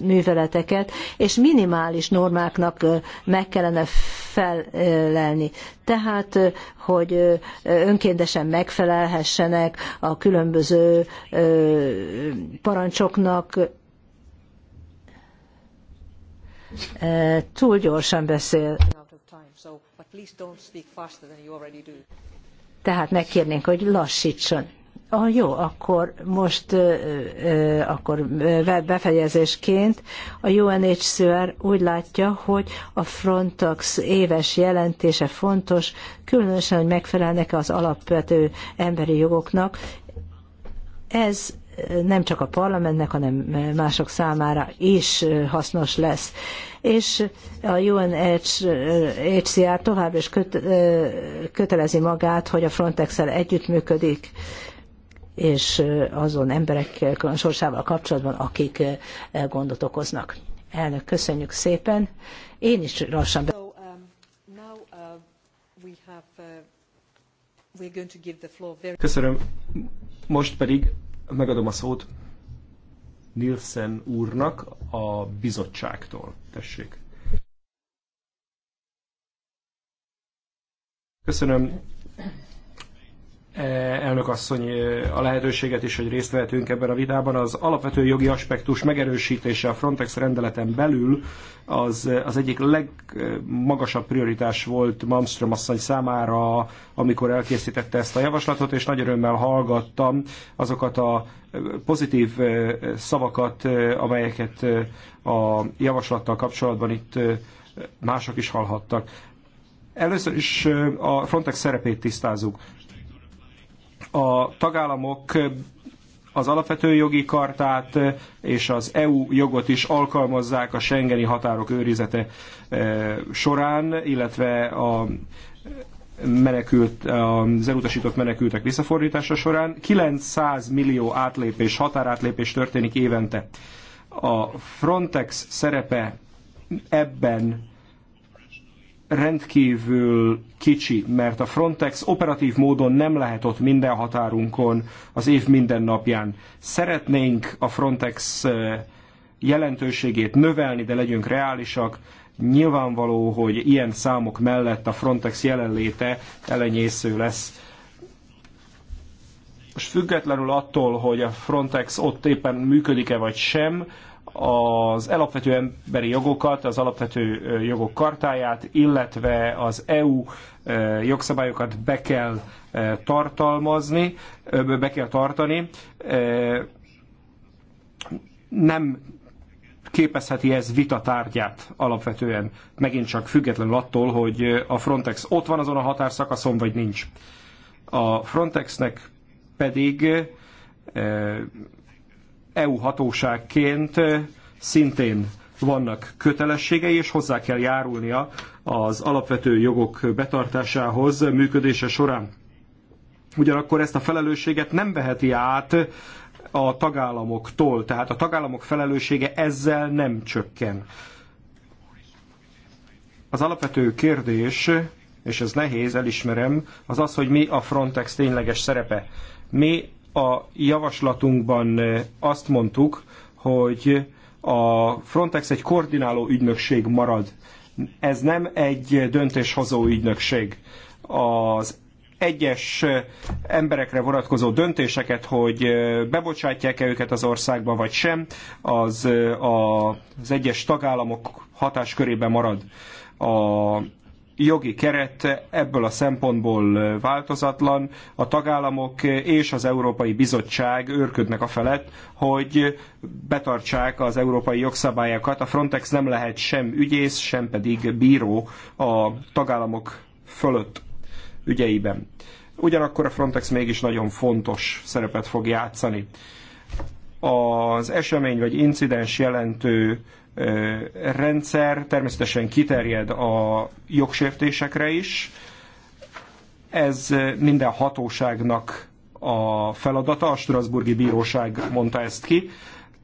műveleteket, és minimális normáknak meg kellene felelni. Tehát, hogy önkéntesen megfelelhessenek a különböző parancsoknak, túl gyorsan beszél. Tehát megkérnénk, hogy lassítson. Ah, jó, akkor most akkor befejezésként a UNHCR úgy látja, hogy a Frontex éves jelentése fontos, különösen, hogy megfelelnek az alapvető emberi jogoknak. Ez nem csak a parlamentnek, hanem mások számára is hasznos lesz. És a UNHCR továbbra is köt, kötelezi magát, hogy a Frontex-el együttműködik, és azon emberek sorsával kapcsolatban, akik gondot okoznak. Elnök, köszönjük szépen. Én is lassan... Be- Köszönöm. Most pedig Megadom a szót Nielsen úrnak a bizottságtól. Tessék. Köszönöm, elnökasszony a lehetőséget is, hogy részt vehetünk ebben a vitában. Az alapvető jogi aspektus megerősítése a Frontex rendeleten belül az, az egyik legmagasabb prioritás volt Malmström asszony számára, amikor elkészítette ezt a javaslatot, és nagy örömmel hallgattam azokat a pozitív szavakat, amelyeket a javaslattal kapcsolatban itt mások is hallhattak. Először is a Frontex szerepét tisztázunk a tagállamok az alapvető jogi kartát és az EU jogot is alkalmazzák a Schengeni határok őrizete e, során, illetve a menekült, az elutasított menekültek visszafordítása során. 900 millió átlépés, határátlépés történik évente. A Frontex szerepe ebben rendkívül kicsi, mert a Frontex operatív módon nem lehet ott minden határunkon az év minden napján. Szeretnénk a Frontex eh, jelentőségét növelni, de legyünk reálisak. Nyilvánvaló, hogy ilyen számok mellett a Frontex jelenléte elenyésző lesz. Most függetlenül attól, hogy a Frontex ott éppen működik-e vagy sem, az alapvető emberi jogokat, az alapvető jogok kartáját, illetve az EU jogszabályokat be kell tartalmazni, be kell tartani. Nem képezheti ez vita tárgyát alapvetően, megint csak függetlenül attól, hogy a Frontex ott van azon a határszakaszon, vagy nincs. A Frontexnek pedig EU hatóságként szintén vannak kötelességei, és hozzá kell járulnia az alapvető jogok betartásához működése során. Ugyanakkor ezt a felelősséget nem veheti át a tagállamoktól, tehát a tagállamok felelőssége ezzel nem csökken. Az alapvető kérdés, és ez nehéz, elismerem, az az, hogy mi a Frontex tényleges szerepe. Mi a javaslatunkban azt mondtuk, hogy a Frontex egy koordináló ügynökség marad. Ez nem egy döntéshozó ügynökség. Az egyes emberekre vonatkozó döntéseket, hogy bebocsátják-e őket az országba vagy sem, az az egyes tagállamok hatáskörében marad. A jogi keret ebből a szempontból változatlan. A tagállamok és az Európai Bizottság őrködnek a felett, hogy betartsák az európai jogszabályokat. A Frontex nem lehet sem ügyész, sem pedig bíró a tagállamok fölött ügyeiben. Ugyanakkor a Frontex mégis nagyon fontos szerepet fog játszani. Az esemény vagy incidens jelentő rendszer természetesen kiterjed a jogsértésekre is. Ez minden hatóságnak a feladata, a Strasburgi Bíróság mondta ezt ki,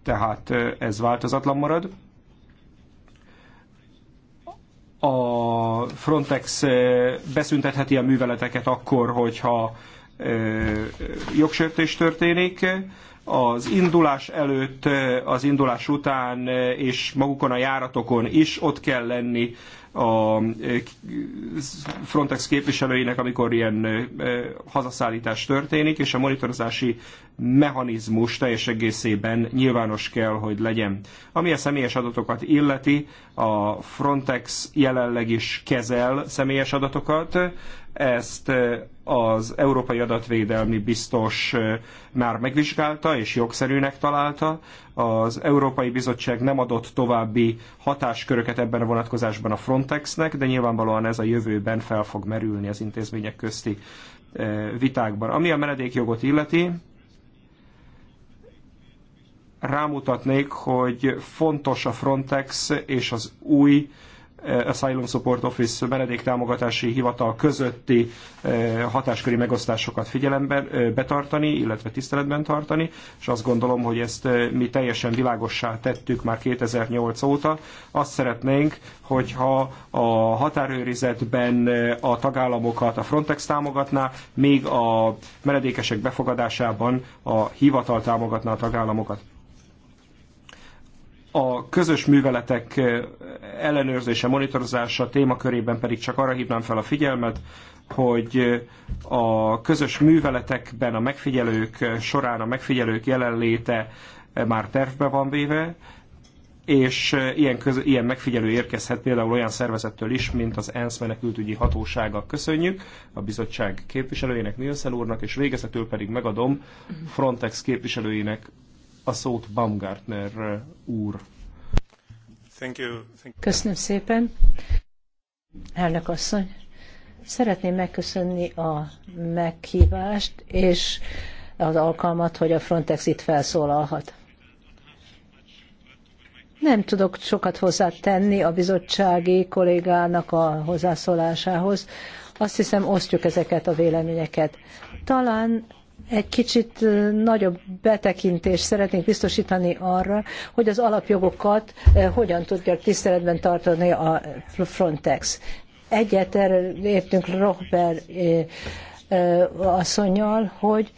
tehát ez változatlan marad. A Frontex beszüntetheti a műveleteket akkor, hogyha jogsértés történik, az indulás előtt, az indulás után és magukon a járatokon is ott kell lenni a Frontex képviselőinek, amikor ilyen hazaszállítás történik, és a monitorozási mechanizmus teljes egészében nyilvános kell, hogy legyen. Ami a személyes adatokat illeti, a Frontex jelenleg is kezel személyes adatokat, ezt az Európai Adatvédelmi Biztos már megvizsgálta és jogszerűnek találta. Az Európai Bizottság nem adott további hatásköröket ebben a vonatkozásban a Frontexnek, de nyilvánvalóan ez a jövőben fel fog merülni az intézmények közti vitákban. Ami a menedékjogot illeti, rámutatnék, hogy fontos a Frontex és az új Eh, Asylum Support Office menedéktámogatási hivatal közötti eh, hatásköri megosztásokat figyelemben eh, betartani, illetve tiszteletben tartani, és azt gondolom, hogy ezt mi teljesen világossá tettük már 2008 óta. Azt szeretnénk, hogyha a határőrizetben a tagállamokat a Frontex támogatná, még a menedékesek befogadásában a hivatal támogatná a tagállamokat a közös műveletek eh, ellenőrzése, monitorozása témakörében pedig csak arra hívnám fel a figyelmet, hogy eh, a közös műveletekben a megfigyelők eh, során a megfigyelők jelenléte már tervbe van véve, és ilyen, ilyen megfigyelő érkezhet például olyan szervezettől is, mint az ENSZ menekültügyi hatósága. Köszönjük a bizottság képviselőjének, Nielsen úrnak, és végezetül pedig megadom Frontex képviselőjének, a szót Baumgartner úr. Thank you. Thank you. Köszönöm szépen. Elnök asszony, szeretném megköszönni a meghívást és az alkalmat, hogy a Frontex itt felszólalhat. Nem tudok sokat hozzátenni a bizottsági kollégának a hozzászólásához. Azt hiszem, osztjuk ezeket a véleményeket. Talán egy kicsit nagyobb betekintést szeretnénk biztosítani arra, hogy az alapjogokat hogyan tudja tiszteletben tartani a Frontex. Egyet erről értünk Robert asszonyjal, hogy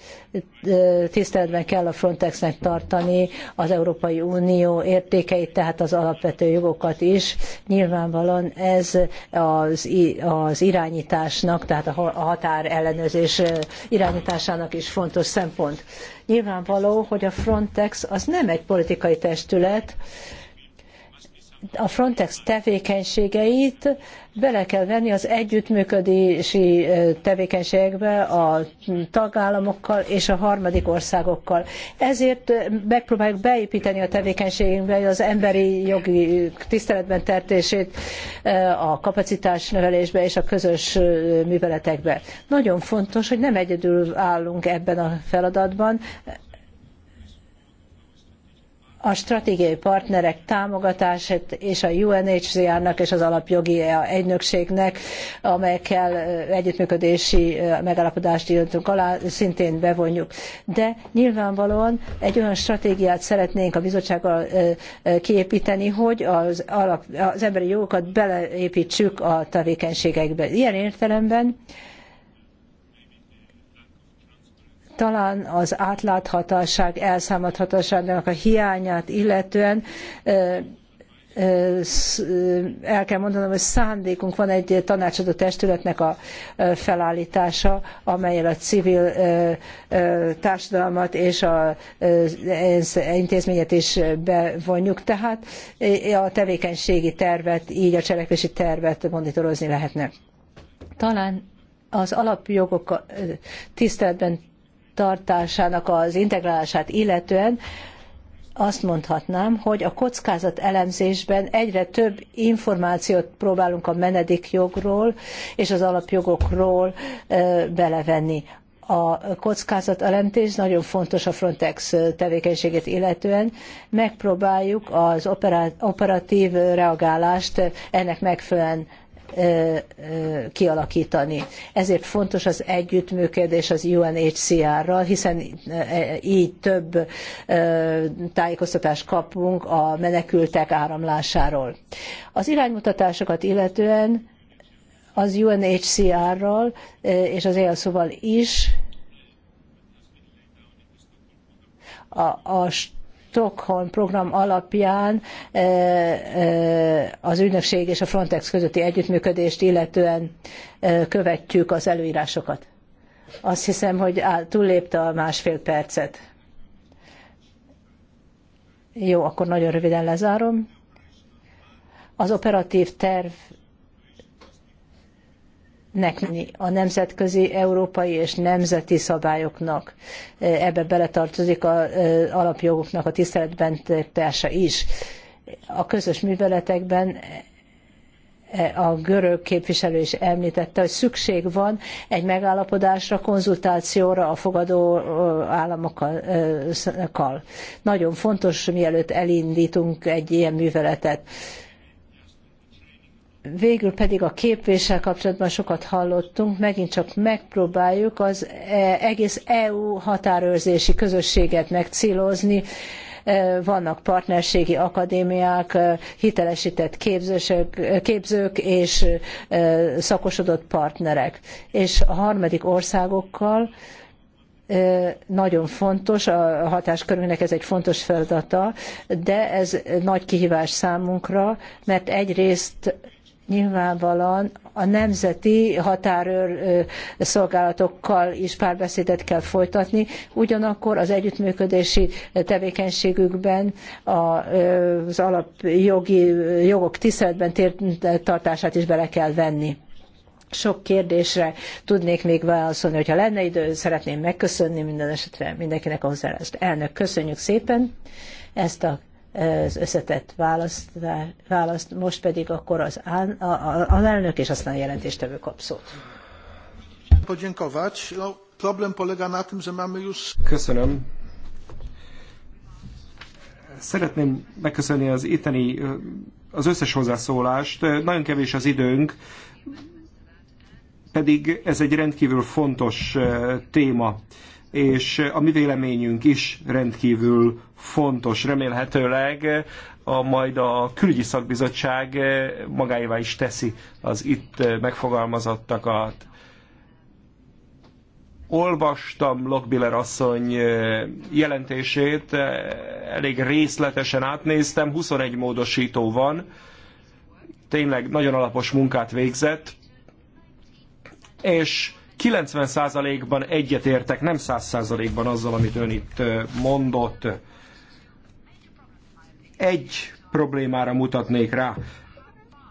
tiszteletben kell a Frontexnek tartani az Európai Unió értékeit, tehát az alapvető jogokat is. Nyilvánvalóan ez az, az irányításnak, tehát a határ ellenőrzés irányításának is fontos szempont. Nyilvánvaló, hogy a Frontex az nem egy politikai testület, a Frontex tevékenységeit bele kell venni az együttműködési tevékenységekbe a tagállamokkal és a harmadik országokkal. Ezért megpróbáljuk beépíteni a tevékenységünkbe az emberi jogi tiszteletben tartását a kapacitás növelésbe és a közös műveletekbe. Nagyon fontos, hogy nem egyedül állunk ebben a feladatban, a stratégiai partnerek támogatását és a UNHCR-nak és az alapjogi egynökségnek, amelyekkel együttműködési megállapodást írtunk alá, szintén bevonjuk. De nyilvánvalóan egy olyan stratégiát szeretnénk a bizottsággal kiépíteni, hogy az, alap, az emberi jogokat beleépítsük a tevékenységekbe. Ilyen értelemben talán az átláthatóság, elszámadhatóságnak a hiányát illetően el kell mondanom, hogy szándékunk van egy tanácsadó testületnek a felállítása, amelyel a civil társadalmat és az intézményet is bevonjuk, tehát a tevékenységi tervet, így a cselekvési tervet monitorozni lehetne. Talán az alapjogok tiszteletben tartásának az integrálását illetően azt mondhatnám, hogy a kockázat elemzésben egyre több információt próbálunk a menedékjogról és az alapjogokról belevenni. A kockázat elemzés nagyon fontos a Frontex tevékenységét illetően. Megpróbáljuk az operatív reagálást ennek megfelelően kialakítani. Ezért fontos az együttműködés az UNHCR-ral, hiszen így több tájékoztatást kapunk a menekültek áramlásáról. Az iránymutatásokat illetően az UNHCR-ral és az EASZ-val is a, a Stockholm program alapján eh, eh, az ügynökség és a Frontex közötti együttműködést illetően eh, követjük az előírásokat. Azt hiszem, hogy túllépte a másfél percet. Jó, akkor nagyon röviden lezárom. Az operatív terv nekni a nemzetközi, európai és nemzeti szabályoknak. E, ebbe beletartozik az e, alapjogoknak a tiszteletben tartása is. A közös műveletekben e, a görög képviselő is említette, hogy szükség van egy megállapodásra, konzultációra a fogadó államokkal. Nagyon fontos, mielőtt elindítunk egy ilyen műveletet Végül pedig a képvéssel kapcsolatban sokat hallottunk, megint csak megpróbáljuk az e, egész EU határőrzési közösséget megcélozni. E, vannak partnerségi akadémiák, e, hitelesített képzősök, képzők és szakosodott partnerek. És a harmadik országokkal nagyon fontos, a hatáskörünknek ez egy fontos feladata, de ez nagy kihívás számunkra, mert egyrészt nyilvánvalóan a nemzeti határőr szolgálatokkal is párbeszédet kell folytatni, ugyanakkor az együttműködési tevékenységükben az alapjogi jogok tiszteletben tartását is bele kell venni. Sok kérdésre tudnék még válaszolni, hogyha lenne idő, szeretném megköszönni minden esetre mindenkinek a hozzáállást. Elnök, köszönjük szépen ezt a az összetett választ, választ, most pedig akkor az, án, a, a, a, elnök és aztán a jelentéstevő kap szót. Köszönöm. Szeretném megköszönni az itteni, az összes hozzászólást. Nagyon kevés az időnk, pedig ez egy rendkívül fontos eh, téma, és a mi véleményünk is rendkívül fontos. Remélhetőleg a, majd a külügyi szakbizottság magáévá is teszi az itt megfogalmazottakat. Olvastam Lockbiller asszony jelentését, elég részletesen átnéztem, 21 módosító van, tényleg nagyon alapos munkát végzett, és 90%-ban egyetértek, nem 100%-ban azzal, amit ön itt mondott. Egy problémára mutatnék rá.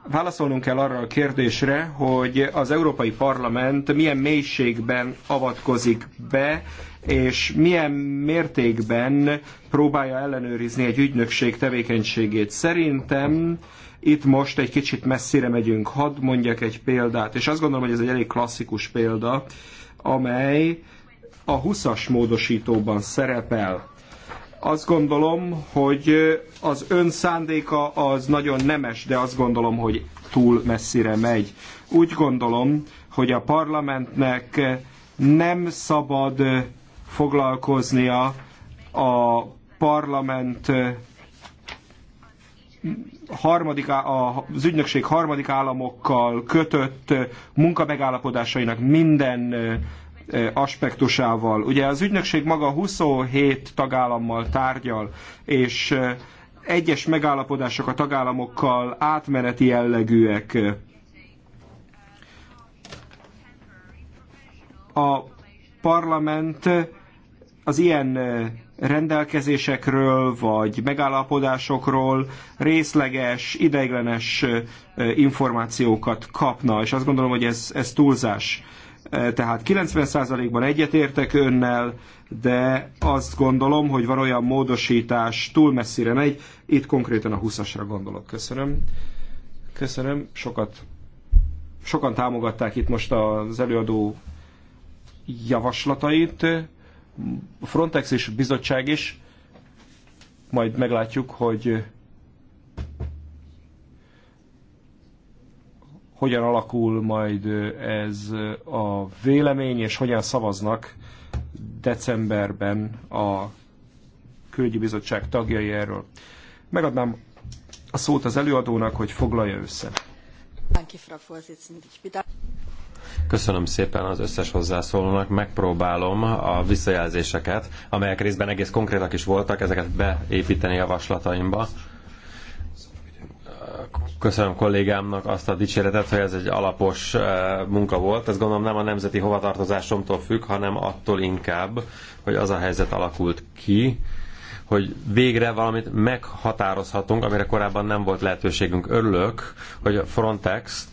Válaszolnunk kell arra a kérdésre, hogy az Európai Parlament milyen mélységben avatkozik be, és milyen mértékben próbálja ellenőrizni egy ügynökség tevékenységét. Szerintem itt most egy kicsit messzire megyünk. Hadd mondjak egy példát, és azt gondolom, hogy ez egy elég klasszikus példa, amely a 20-as módosítóban szerepel. Azt gondolom, hogy az ön szándéka az nagyon nemes, de azt gondolom, hogy túl messzire megy. Úgy gondolom, hogy a parlamentnek nem szabad foglalkoznia a parlament harmadik, az ügynökség harmadik államokkal kötött munkamegállapodásainak minden aspektusával. Ugye az ügynökség maga 27 tagállammal tárgyal, és egyes megállapodások a tagállamokkal átmeneti jellegűek. A parlament az ilyen rendelkezésekről vagy megállapodásokról részleges, ideiglenes információkat kapna, és azt gondolom, hogy ez, ez túlzás. Eh, tehát 90%-ban egyetértek önnel, de azt gondolom, hogy van olyan módosítás, túl messzire megy, itt konkrétan a 20-asra gondolok. Köszönöm. Köszönöm, sokat, sokan támogatták itt most az előadó javaslatait, Frontex és bizottság is, majd meglátjuk, hogy hogyan alakul majd ez a vélemény, és hogyan szavaznak decemberben a külügyi bizottság tagjai erről. Megadnám a szót az előadónak, hogy foglalja össze. Köszönöm szépen az összes hozzászólónak, megpróbálom a visszajelzéseket, amelyek részben egész konkrétak is voltak, ezeket beépíteni javaslataimba köszönöm kollégámnak azt a dicséretet, hogy ez egy alapos eh, munka volt. Ez gondolom nem a nemzeti hovatartozásomtól függ, hanem attól inkább, hogy az a helyzet alakult ki, hogy végre valamit meghatározhatunk, amire korábban nem volt lehetőségünk. Örülök, hogy a Frontex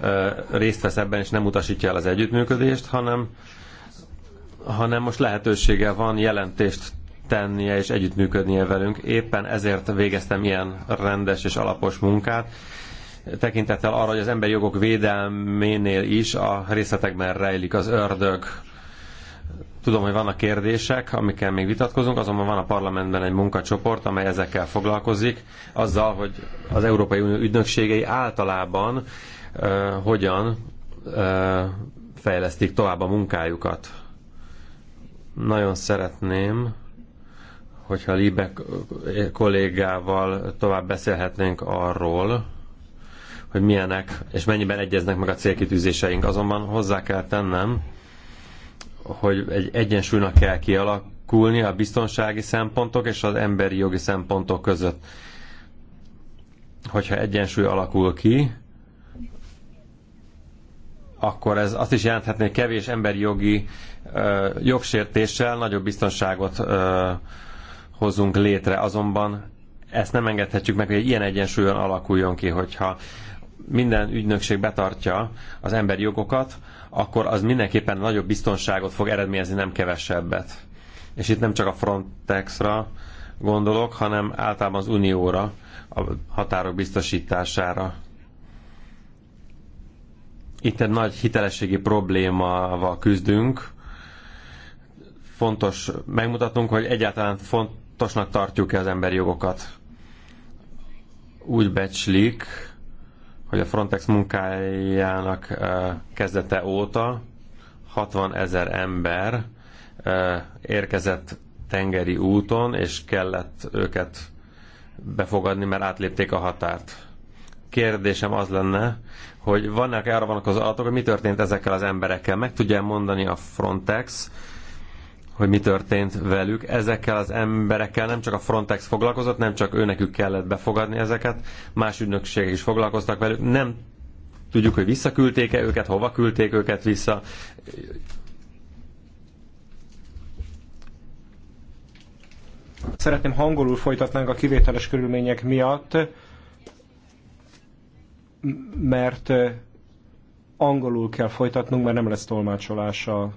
eh, részt vesz ebben, és nem utasítja el az együttműködést, hanem, hanem most lehetősége van jelentést tennie és együttműködnie velünk. Éppen ezért végeztem ilyen rendes és alapos munkát, tekintettel arra, hogy az emberi jogok védelménél is a részletekben rejlik az ördög. Tudom, hogy vannak kérdések, amikkel még vitatkozunk, azonban van a parlamentben egy munkacsoport, amely ezekkel foglalkozik, azzal, hogy az Európai Unió ügynökségei általában uh, hogyan uh, fejlesztik tovább a munkájukat. Nagyon szeretném, hogyha Liebe kollégával tovább beszélhetnénk arról, hogy milyenek és mennyiben egyeznek meg a célkitűzéseink. Azonban hozzá kell tennem, hogy egy egyensúlynak kell kialakulni a biztonsági szempontok és az emberi jogi szempontok között. Hogyha egyensúly alakul ki, akkor ez azt is jelenthetné, hogy kevés emberi jogi ö, jogsértéssel nagyobb biztonságot ö, hozzunk létre. Azonban ezt nem engedhetjük meg, hogy egy ilyen egyensúlyon alakuljon ki, hogyha minden ügynökség betartja az emberi jogokat, akkor az mindenképpen nagyobb biztonságot fog eredményezni, nem kevesebbet. És itt nem csak a Frontexra gondolok, hanem általában az Unióra, a határok biztosítására. Itt egy nagy hitelességi problémával küzdünk. Fontos megmutatnunk, hogy egyáltalán font, fontosnak tartjuk-e az emberi jogokat? Úgy becslik, hogy a Frontex munkájának kezdete óta 60 ezer ember érkezett tengeri úton, és kellett őket befogadni, mert átlépték a határt. Kérdésem az lenne, hogy vannak e arra vannak az adatok, hogy mi történt ezekkel az emberekkel? Meg tudja mondani a Frontex, hogy mi történt velük. Ezekkel az emberekkel nem csak a Frontex foglalkozott, nem csak őnekük kellett befogadni ezeket, más ügynökségek is foglalkoztak velük. Nem tudjuk, hogy visszaküldték-e őket, hova küldték őket vissza. Szeretném hangolul folytatnánk a kivételes körülmények miatt, mert angolul kell folytatnunk, mert nem lesz tolmácsolása.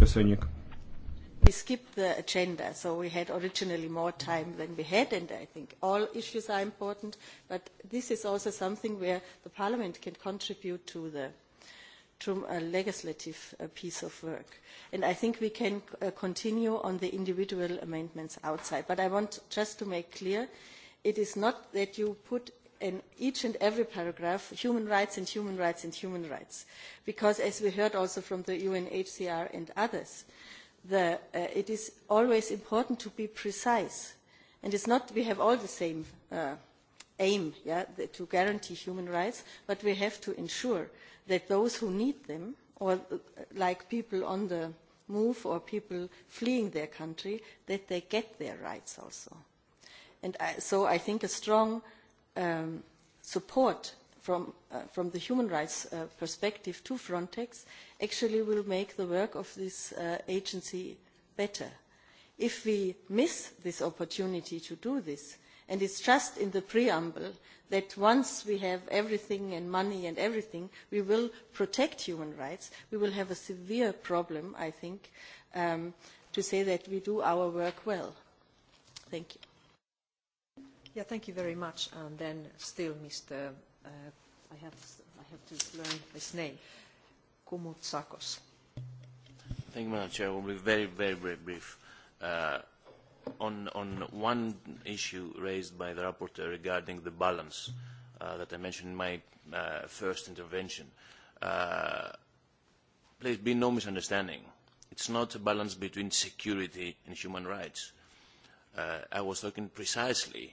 Köszönjük. We skipped the agenda, so we had originally more time than we had, and I think all issues are important, but this is also something where the Parliament can contribute to the to a legislative uh, piece of work. And I think we can uh, continue on the individual amendments outside. But I want just to make clear, it is not that you put in each and every paragraph human rights and human rights and human rights because as we heard also from the UNHCR and others the, uh, it is always important to be precise and it's not we have all the same uh, aim yeah, the, to guarantee human rights but we have to ensure that those who need them or uh, like people on the move or people fleeing their country that they get their rights also and I, so I think a strong um, support from, uh, from the human rights uh, perspective to Frontex actually will make the work of this uh, agency better. If we miss this opportunity to do this, and it's just in the preamble that once we have everything and money and everything, we will protect human rights, we will have a severe problem, I think, um, to say that we do our work well. Thank you. Yeah, thank you very much. And then still, Mr. Uh, I have I have to learn his name, Kumutsakos. Thank you, Madam Chair. I will be very, very, very brief. Uh, on on one issue raised by the rapporteur regarding the balance uh, that I mentioned in my uh, first intervention, uh, please be no misunderstanding. It's not a balance between security and human rights. Uh, I was talking precisely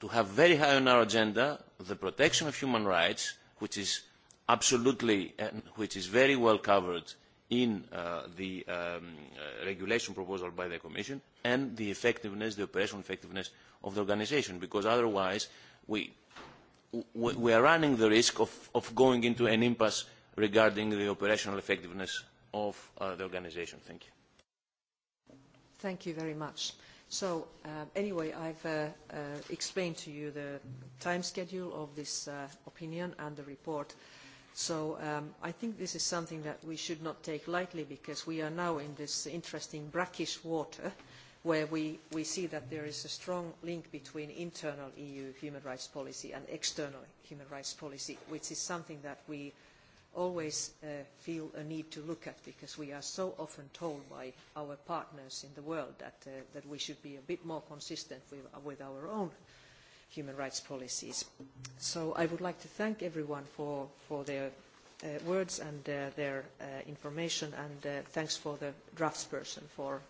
to have very high on our agenda the protection of human rights, which is absolutely and which is very well covered in uh, the um, uh, regulation proposal by the Commission, and the effectiveness, the operational effectiveness of the organisation, because otherwise we, are running the risk of, going into an impasse regarding the operational effectiveness of uh, the organisation. Thank you. Thank you very much. So uh, anyway, I've uh, uh, explained to you the time schedule of this uh, opinion and the report. So um, I think this is something that we should not take lightly because we are now in this interesting brackish water where we, we see that there is a strong link between internal EU human rights policy and external human rights policy, which is something that we uh, always uh, feel a need to look at because we are so often told by our partners in the world that, uh, that we should be a bit more consistent with, uh, with our own human rights policies. So I would like to thank everyone for, for their uh, words and uh, their uh, information and thanks for the draftsperson for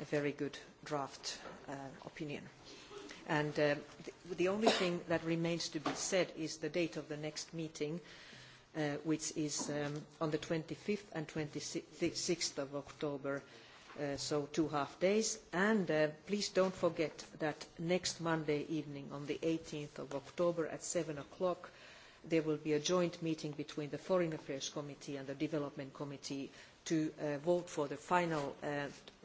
a very good draft opinion. And the, the only thing that remains to be said is the date of the next meeting. Uh, Uh, which is um, on the 25th and 26th of October, uh, so two half days. And uh, please don't forget that next Monday evening, on the 18th of October at 7 o'clock, there will be a joint meeting between the Foreign Affairs Committee and the Development Committee to uh, vote for the final uh,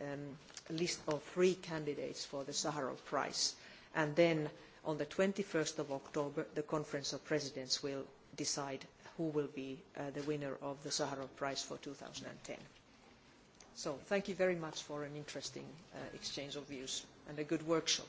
um, list of three candidates for the Sakharov Prize. And then on the 21st of October, the Conference of Presidents will decide who will be uh, the winner of the Sakharov Prize for 2010. So thank you very much for an interesting uh, exchange of views and a good workshop.